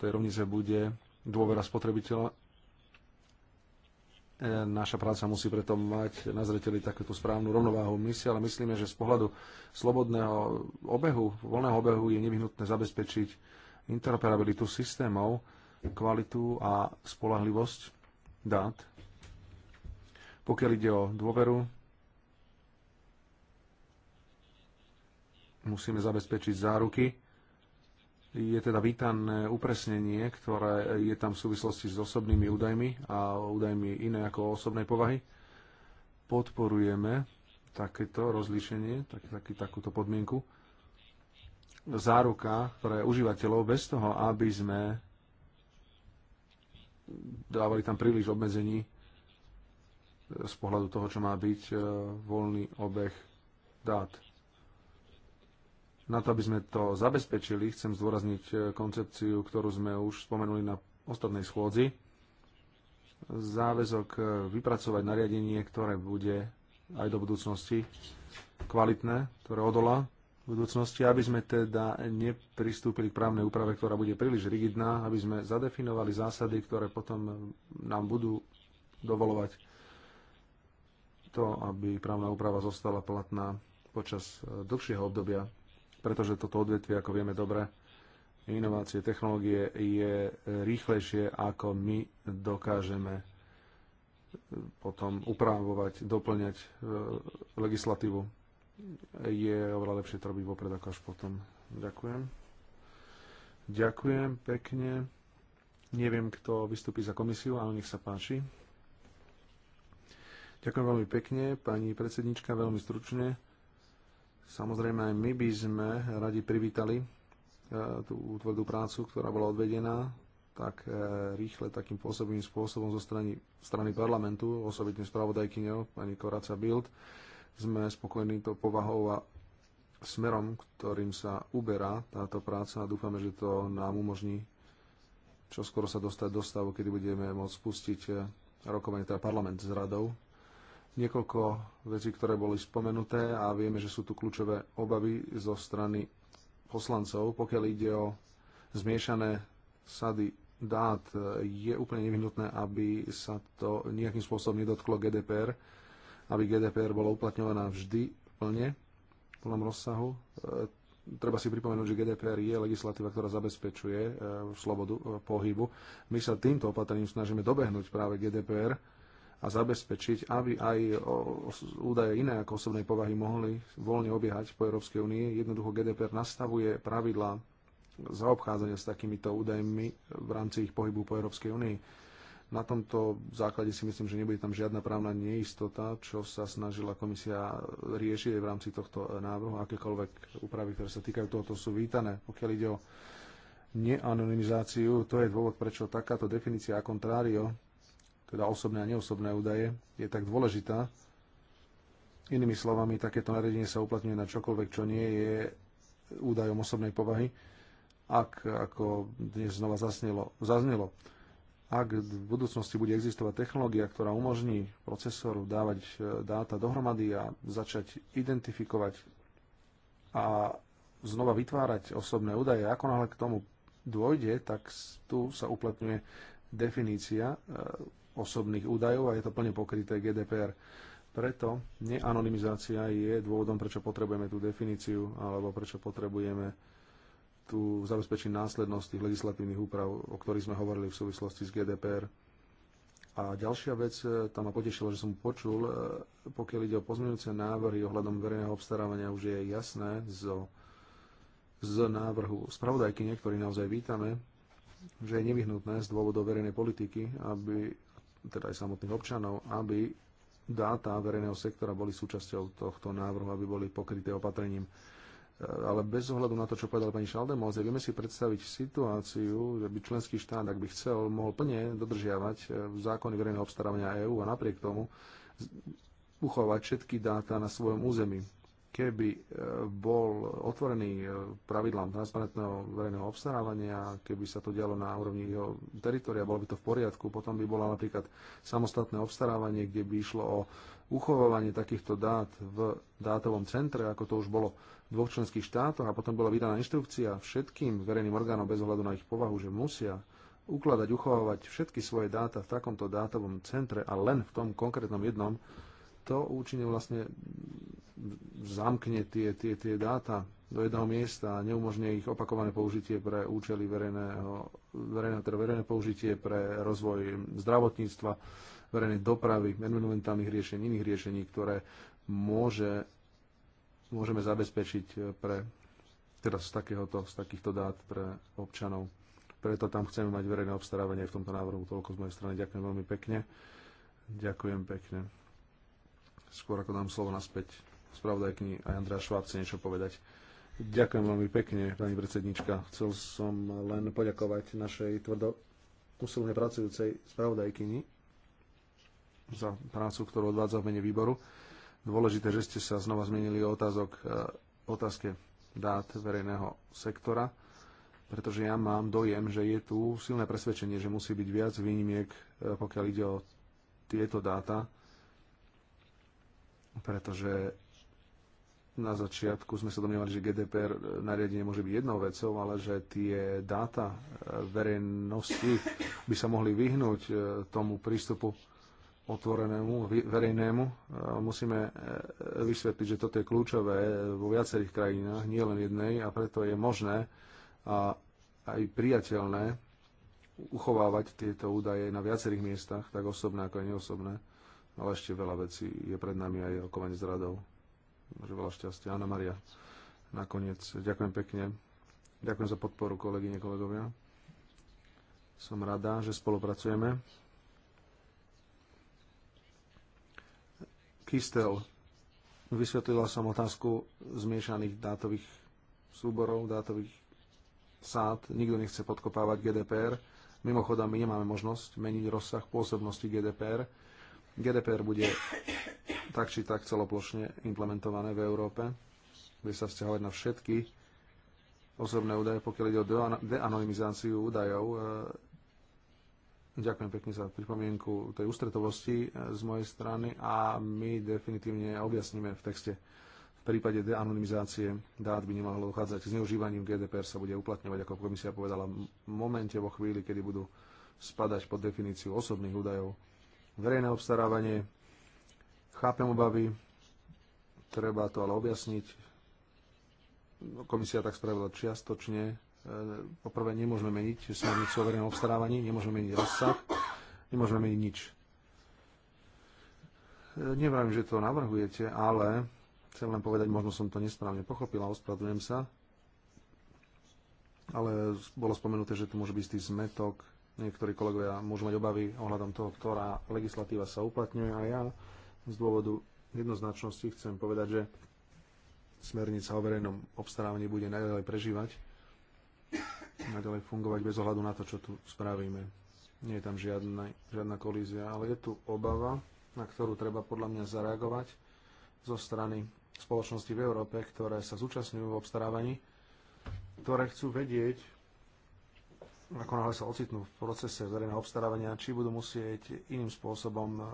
tej rovnice bude dôvera spotrebiteľa E, naša práca musí preto mať na zreteli takúto správnu rovnováhu. misie, ale myslíme, že z pohľadu slobodného obehu, voľného obehu je nevyhnutné zabezpečiť interoperabilitu systémov, kvalitu a spolahlivosť dát. Pokiaľ ide o dôveru, musíme zabezpečiť záruky je teda vítané upresnenie, ktoré je tam v súvislosti s osobnými údajmi a údajmi iné ako osobnej povahy. Podporujeme takéto rozlíšenie, tak, taký, takúto podmienku. Záruka pre užívateľov bez toho, aby sme dávali tam príliš obmedzení e, z pohľadu toho, čo má byť e, voľný obeh dát. Na to, aby sme to zabezpečili, chcem zdôrazniť e, koncepciu, ktorú sme už spomenuli na ostatnej schôdzi. Záväzok e, vypracovať nariadenie, ktoré bude aj do budúcnosti kvalitné, ktoré odolá v budúcnosti, aby sme teda nepristúpili k právnej úprave, ktorá bude príliš rigidná, aby sme zadefinovali zásady, ktoré potom nám budú dovolovať to, aby právna úprava zostala platná počas e, dlhšieho obdobia pretože toto odvetvie, ako vieme dobre, inovácie, technológie je rýchlejšie, ako my dokážeme potom upravovať, doplňať e, legislatívu. Je oveľa lepšie to robiť vopred ako až potom. Ďakujem. Ďakujem pekne. Neviem, kto vystúpi za komisiu, ale nech sa páči. Ďakujem veľmi pekne, pani predsednička, veľmi stručne. Samozrejme aj my by sme radi privítali e, tú tvrdú prácu, ktorá bola odvedená tak e, rýchle, takým pôsobným spôsobom zo strany, strany parlamentu, osobitne spravodajkyňou, pani Koraca Bild. Sme spokojní to povahou a smerom, ktorým sa uberá táto práca a dúfame, že to nám umožní čo skoro sa dostať do stavu, kedy budeme môcť spustiť e, rokovanie teda parlament s radou Niekoľko vecí, ktoré boli spomenuté a vieme, že sú tu kľúčové obavy zo strany poslancov, pokiaľ ide o zmiešané sady dát. Je úplne nevyhnutné, aby sa to nejakým spôsobom nedotklo GDPR, aby GDPR bola uplatňovaná vždy plne, v plnom rozsahu. E, treba si pripomenúť, že GDPR je legislatíva, ktorá zabezpečuje e, slobodu e, pohybu. My sa týmto opatrením snažíme dobehnúť práve GDPR, a zabezpečiť, aby aj údaje iné ako osobnej povahy mohli voľne obiehať po Európskej únie. Jednoducho GDPR nastavuje pravidlá zaobchádzania s takýmito údajmi v rámci ich pohybu po Európskej únii. Na tomto základe si myslím, že nebude tam žiadna právna neistota, čo sa snažila komisia riešiť aj v rámci tohto návrhu. Akékoľvek úpravy, ktoré sa týkajú tohoto, sú vítané. Pokiaľ ide o neanonymizáciu, to je dôvod, prečo takáto definícia a kontrário teda osobné a neosobné údaje, je tak dôležitá. Inými slovami, takéto nariadenie sa uplatňuje na čokoľvek, čo nie je údajom osobnej povahy, ak, ako dnes znova zasnelo, zaznelo, ak v budúcnosti bude existovať technológia, ktorá umožní procesoru dávať e, dáta dohromady a začať identifikovať a znova vytvárať osobné údaje, ako náhle k tomu dôjde, tak tu sa uplatňuje definícia e, osobných údajov a je to plne pokryté GDPR. Preto neanonymizácia je dôvodom, prečo potrebujeme tú definíciu alebo prečo potrebujeme tu zabezpečiť následnosť tých legislatívnych úprav, o ktorých sme hovorili v súvislosti s GDPR. A ďalšia vec, e, tam ma potešilo, že som počul, e, pokiaľ ide o pozmeňujúce návrhy ohľadom verejného obstarávania, už je jasné zo, z návrhu spravodajky, ktorý naozaj vítame, že je nevyhnutné z dôvodov verejnej politiky, aby teda aj samotných občanov, aby dáta verejného sektora boli súčasťou tohto návrhu, aby boli pokryté opatrením. E, ale bez ohľadu na to, čo povedal pani Šaldemoz, vieme si predstaviť situáciu, že by členský štát, ak by chcel, mohol plne dodržiavať e, zákony verejného obstarávania EÚ a napriek tomu uchovať všetky dáta na svojom území keby e, bol otvorený e, pravidlám transparentného verejného obstarávania, keby sa to dialo na úrovni jeho teritoria, bolo by to v poriadku, potom by bola napríklad samostatné obstarávanie, kde by išlo o uchovávanie takýchto dát v dátovom centre, ako to už bolo v dvoch členských štátoch a potom bola vydaná inštrukcia všetkým verejným orgánom bez ohľadu na ich povahu, že musia ukladať, uchovávať všetky svoje dáta v takomto dátovom centre a len v tom konkrétnom jednom, to účinne vlastne zamkne tie, tie, tie dáta do jedného miesta a neumožňuje ich opakované použitie pre účely verejného, verejného, teda verejné použitie pre rozvoj zdravotníctva, verejnej dopravy, environmentálnych riešení, iných riešení, ktoré môže, môžeme zabezpečiť pre, teda z, takéhoto, z takýchto dát pre občanov. Preto tam chceme mať verejné obstarávanie v tomto návrhu. Toľko z mojej strany. Ďakujem veľmi pekne. Ďakujem pekne. Skôr ako dám slovo naspäť spravodajkyni aj Andrea chce niečo povedať. Ďakujem veľmi pekne, pani predsednička. Chcel som len poďakovať našej tvrdo úsilne pracujúcej spravodajkyni za prácu, ktorú odvádza v mene výboru. Dôležité, že ste sa znova zmenili o otázok, e, otázke dát verejného sektora, pretože ja mám dojem, že je tu silné presvedčenie, že musí byť viac výnimiek, e, pokiaľ ide o tieto dáta, pretože na začiatku sme sa domnievali, že GDPR nariadenie môže byť jednou vecou, ale že tie dáta eh, verejnosti by sa mohli vyhnúť eh, tomu prístupu otvorenému, verejnému. Eh, musíme vysvetliť, že toto je kľúčové vo viacerých krajinách, nie len jednej, a preto je možné a aj priateľné uchovávať tieto údaje na viacerých miestach, tak osobné ako aj neosobné. Ale ešte veľa vecí je pred nami aj rokovanie s radou. Takže veľa šťastia. Anna Maria, nakoniec, ďakujem pekne. Ďakujem za podporu, kolegyne, kolegovia. Som rada, že spolupracujeme. Kistel, vysvetlila som otázku zmiešaných dátových súborov, dátových sád. Nikto nechce podkopávať GDPR. Mimochodom, my nemáme možnosť meniť rozsah pôsobnosti GDPR. GDPR bude tak či tak celoplošne implementované v Európe. Bude sa vzťahovať na všetky osobné údaje, pokiaľ ide o deanonymizáciu údajov. E, ďakujem pekne za pripomienku tej ústretovosti e, z mojej strany a my definitívne objasníme v texte. V prípade deanonymizácie dát by nemalo dochádzať k zneužívaním. GDPR sa bude uplatňovať, ako komisia povedala, v momente, vo chvíli, kedy budú spadať pod definíciu osobných údajov. Verejné obstarávanie, Chápem obavy, treba to ale objasniť. Komisia tak spravila čiastočne. E, poprvé, nemôžeme meniť smernicu o verejnom obstarávaní, nemôžeme meniť rozsah, nemôžeme meniť nič. E, Nevrám, že to navrhujete, ale chcem len povedať, možno som to nesprávne pochopila, ospravedlňujem sa. Ale bolo spomenuté, že tu môže byť zmetok. Niektorí kolegovia môžu mať obavy ohľadom toho, ktorá legislatíva sa uplatňuje a ja z dôvodu jednoznačnosti chcem povedať, že smernica o verejnom obstarávaní bude naďalej prežívať, naďalej fungovať bez ohľadu na to, čo tu spravíme. Nie je tam žiadna, žiadna kolízia, ale je tu obava, na ktorú treba podľa mňa zareagovať zo strany spoločnosti v Európe, ktoré sa zúčastňujú v obstarávaní, ktoré chcú vedieť, ako náhle sa ocitnú v procese verejného obstarávania, či budú musieť iným spôsobom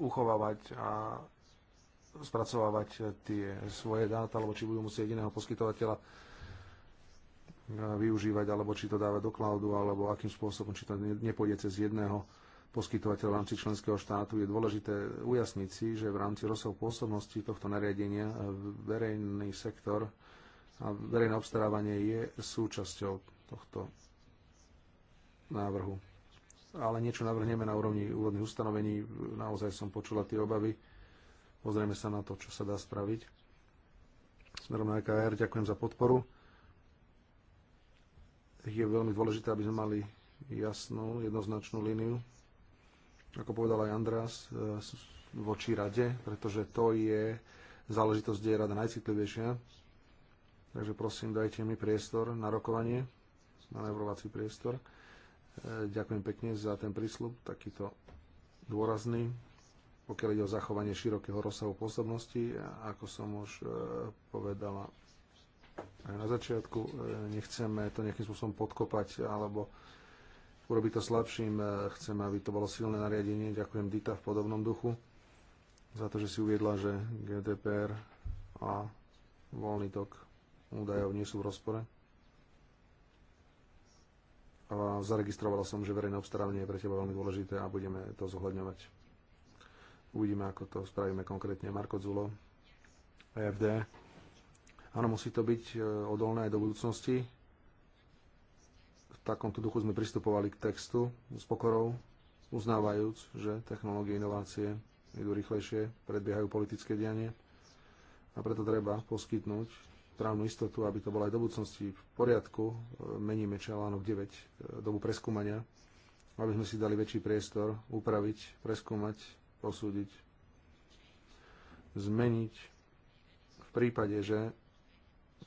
uchovávať a spracovávať tie svoje dáta, alebo či budú musieť iného poskytovateľa e, využívať, alebo či to dáva do cloudu, alebo akým spôsobom, či to nepôjde cez jedného poskytovateľa v rámci členského štátu. Je dôležité ujasniť si, že v rámci rozsahu pôsobnosti tohto nariadenia verejný sektor a verejné obstarávanie je súčasťou tohto návrhu ale niečo navrhneme na úrovni úvodných ustanovení. Naozaj som počula tie obavy. Pozrieme sa na to, čo sa dá spraviť. Smerom na EKR ďakujem za podporu. Je veľmi dôležité, aby sme mali jasnú, jednoznačnú líniu. Ako povedal aj András, e, voči rade, pretože to je záležitosť, kde je rada najcitlivejšia. Takže prosím, dajte mi priestor na rokovanie, manevrovací priestor. E, ďakujem pekne za ten prísľub, takýto dôrazný, pokiaľ ide o zachovanie širokého rozsahu pôsobnosti. Ako som už e, povedala aj na začiatku, e, nechceme to nejakým spôsobom podkopať alebo urobiť to slabším. Chceme, aby to bolo silné nariadenie. Ďakujem Dita v podobnom duchu za to, že si uviedla, že GDPR a voľný tok údajov nie sú v rozpore. Zaregistroval som, že verejné obstarávanie je pre teba veľmi dôležité a budeme to zohľadňovať. Uvidíme, ako to spravíme konkrétne. Marko Zulo, EFD. Áno, musí to byť e, odolné aj do budúcnosti. V takomto duchu sme pristupovali k textu s pokorou, uznávajúc, že technológie inovácie idú rýchlejšie, predbiehajú politické dianie a preto treba poskytnúť právnu istotu, aby to bolo aj do budúcnosti v poriadku. E, meníme článok 9, e, dobu preskúmania, aby sme si dali väčší priestor upraviť, preskúmať, posúdiť, zmeniť v prípade, že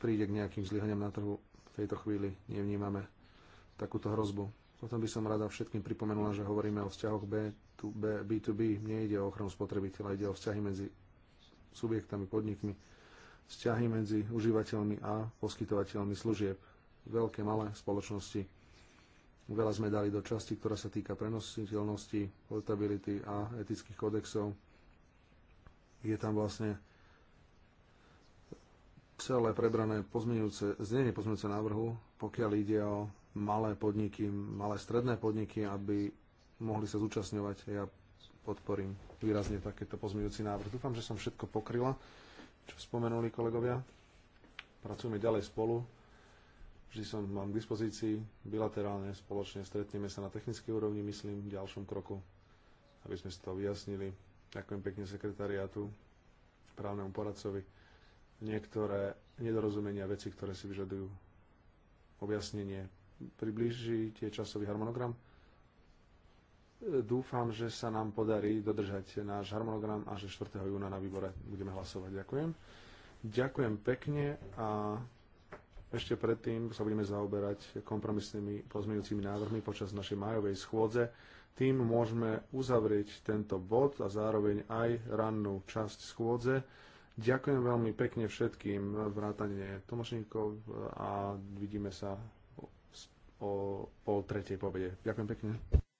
príde k nejakým zlyhaniam na trhu. V tejto chvíli nevnímame takúto hrozbu. Potom by som rada všetkým pripomenula, že hovoríme o vzťahoch B2B. B2B nejde o ochranu spotrebiteľa, ide o vzťahy medzi subjektami, podnikmi, vzťahy medzi užívateľmi a poskytovateľmi služieb. Veľké, malé spoločnosti. Veľa sme dali do časti, ktorá sa týka prenositeľnosti, portability a etických kodexov. Je tam vlastne celé prebrané pozmeňujúce, znenie pozmeňujúce návrhu, pokiaľ ide o malé podniky, malé stredné podniky, aby mohli sa zúčastňovať. Ja podporím výrazne takéto pozmeňujúci návrh. Dúfam, že som všetko pokryla čo spomenuli kolegovia. Pracujeme ďalej spolu. Vždy som mám k dispozícii bilaterálne, spoločne stretneme sa na technickej úrovni, myslím, v ďalšom kroku, aby sme si to vyjasnili. Ďakujem pekne sekretariátu, právnemu poradcovi. Niektoré nedorozumenia veci, ktoré si vyžadujú objasnenie, priblížite časový harmonogram. Dúfam, že sa nám podarí dodržať náš harmonogram a že 4. júna na výbore budeme hlasovať. Ďakujem. Ďakujem pekne a ešte predtým sa budeme zaoberať kompromisnými pozmeňujúcimi návrhmi počas našej majovej schôdze. Tým môžeme uzavrieť tento bod a zároveň aj rannú časť schôdze. Ďakujem veľmi pekne všetkým vrátane tlmočníkov a vidíme sa o pol tretej pobede. Ďakujem pekne.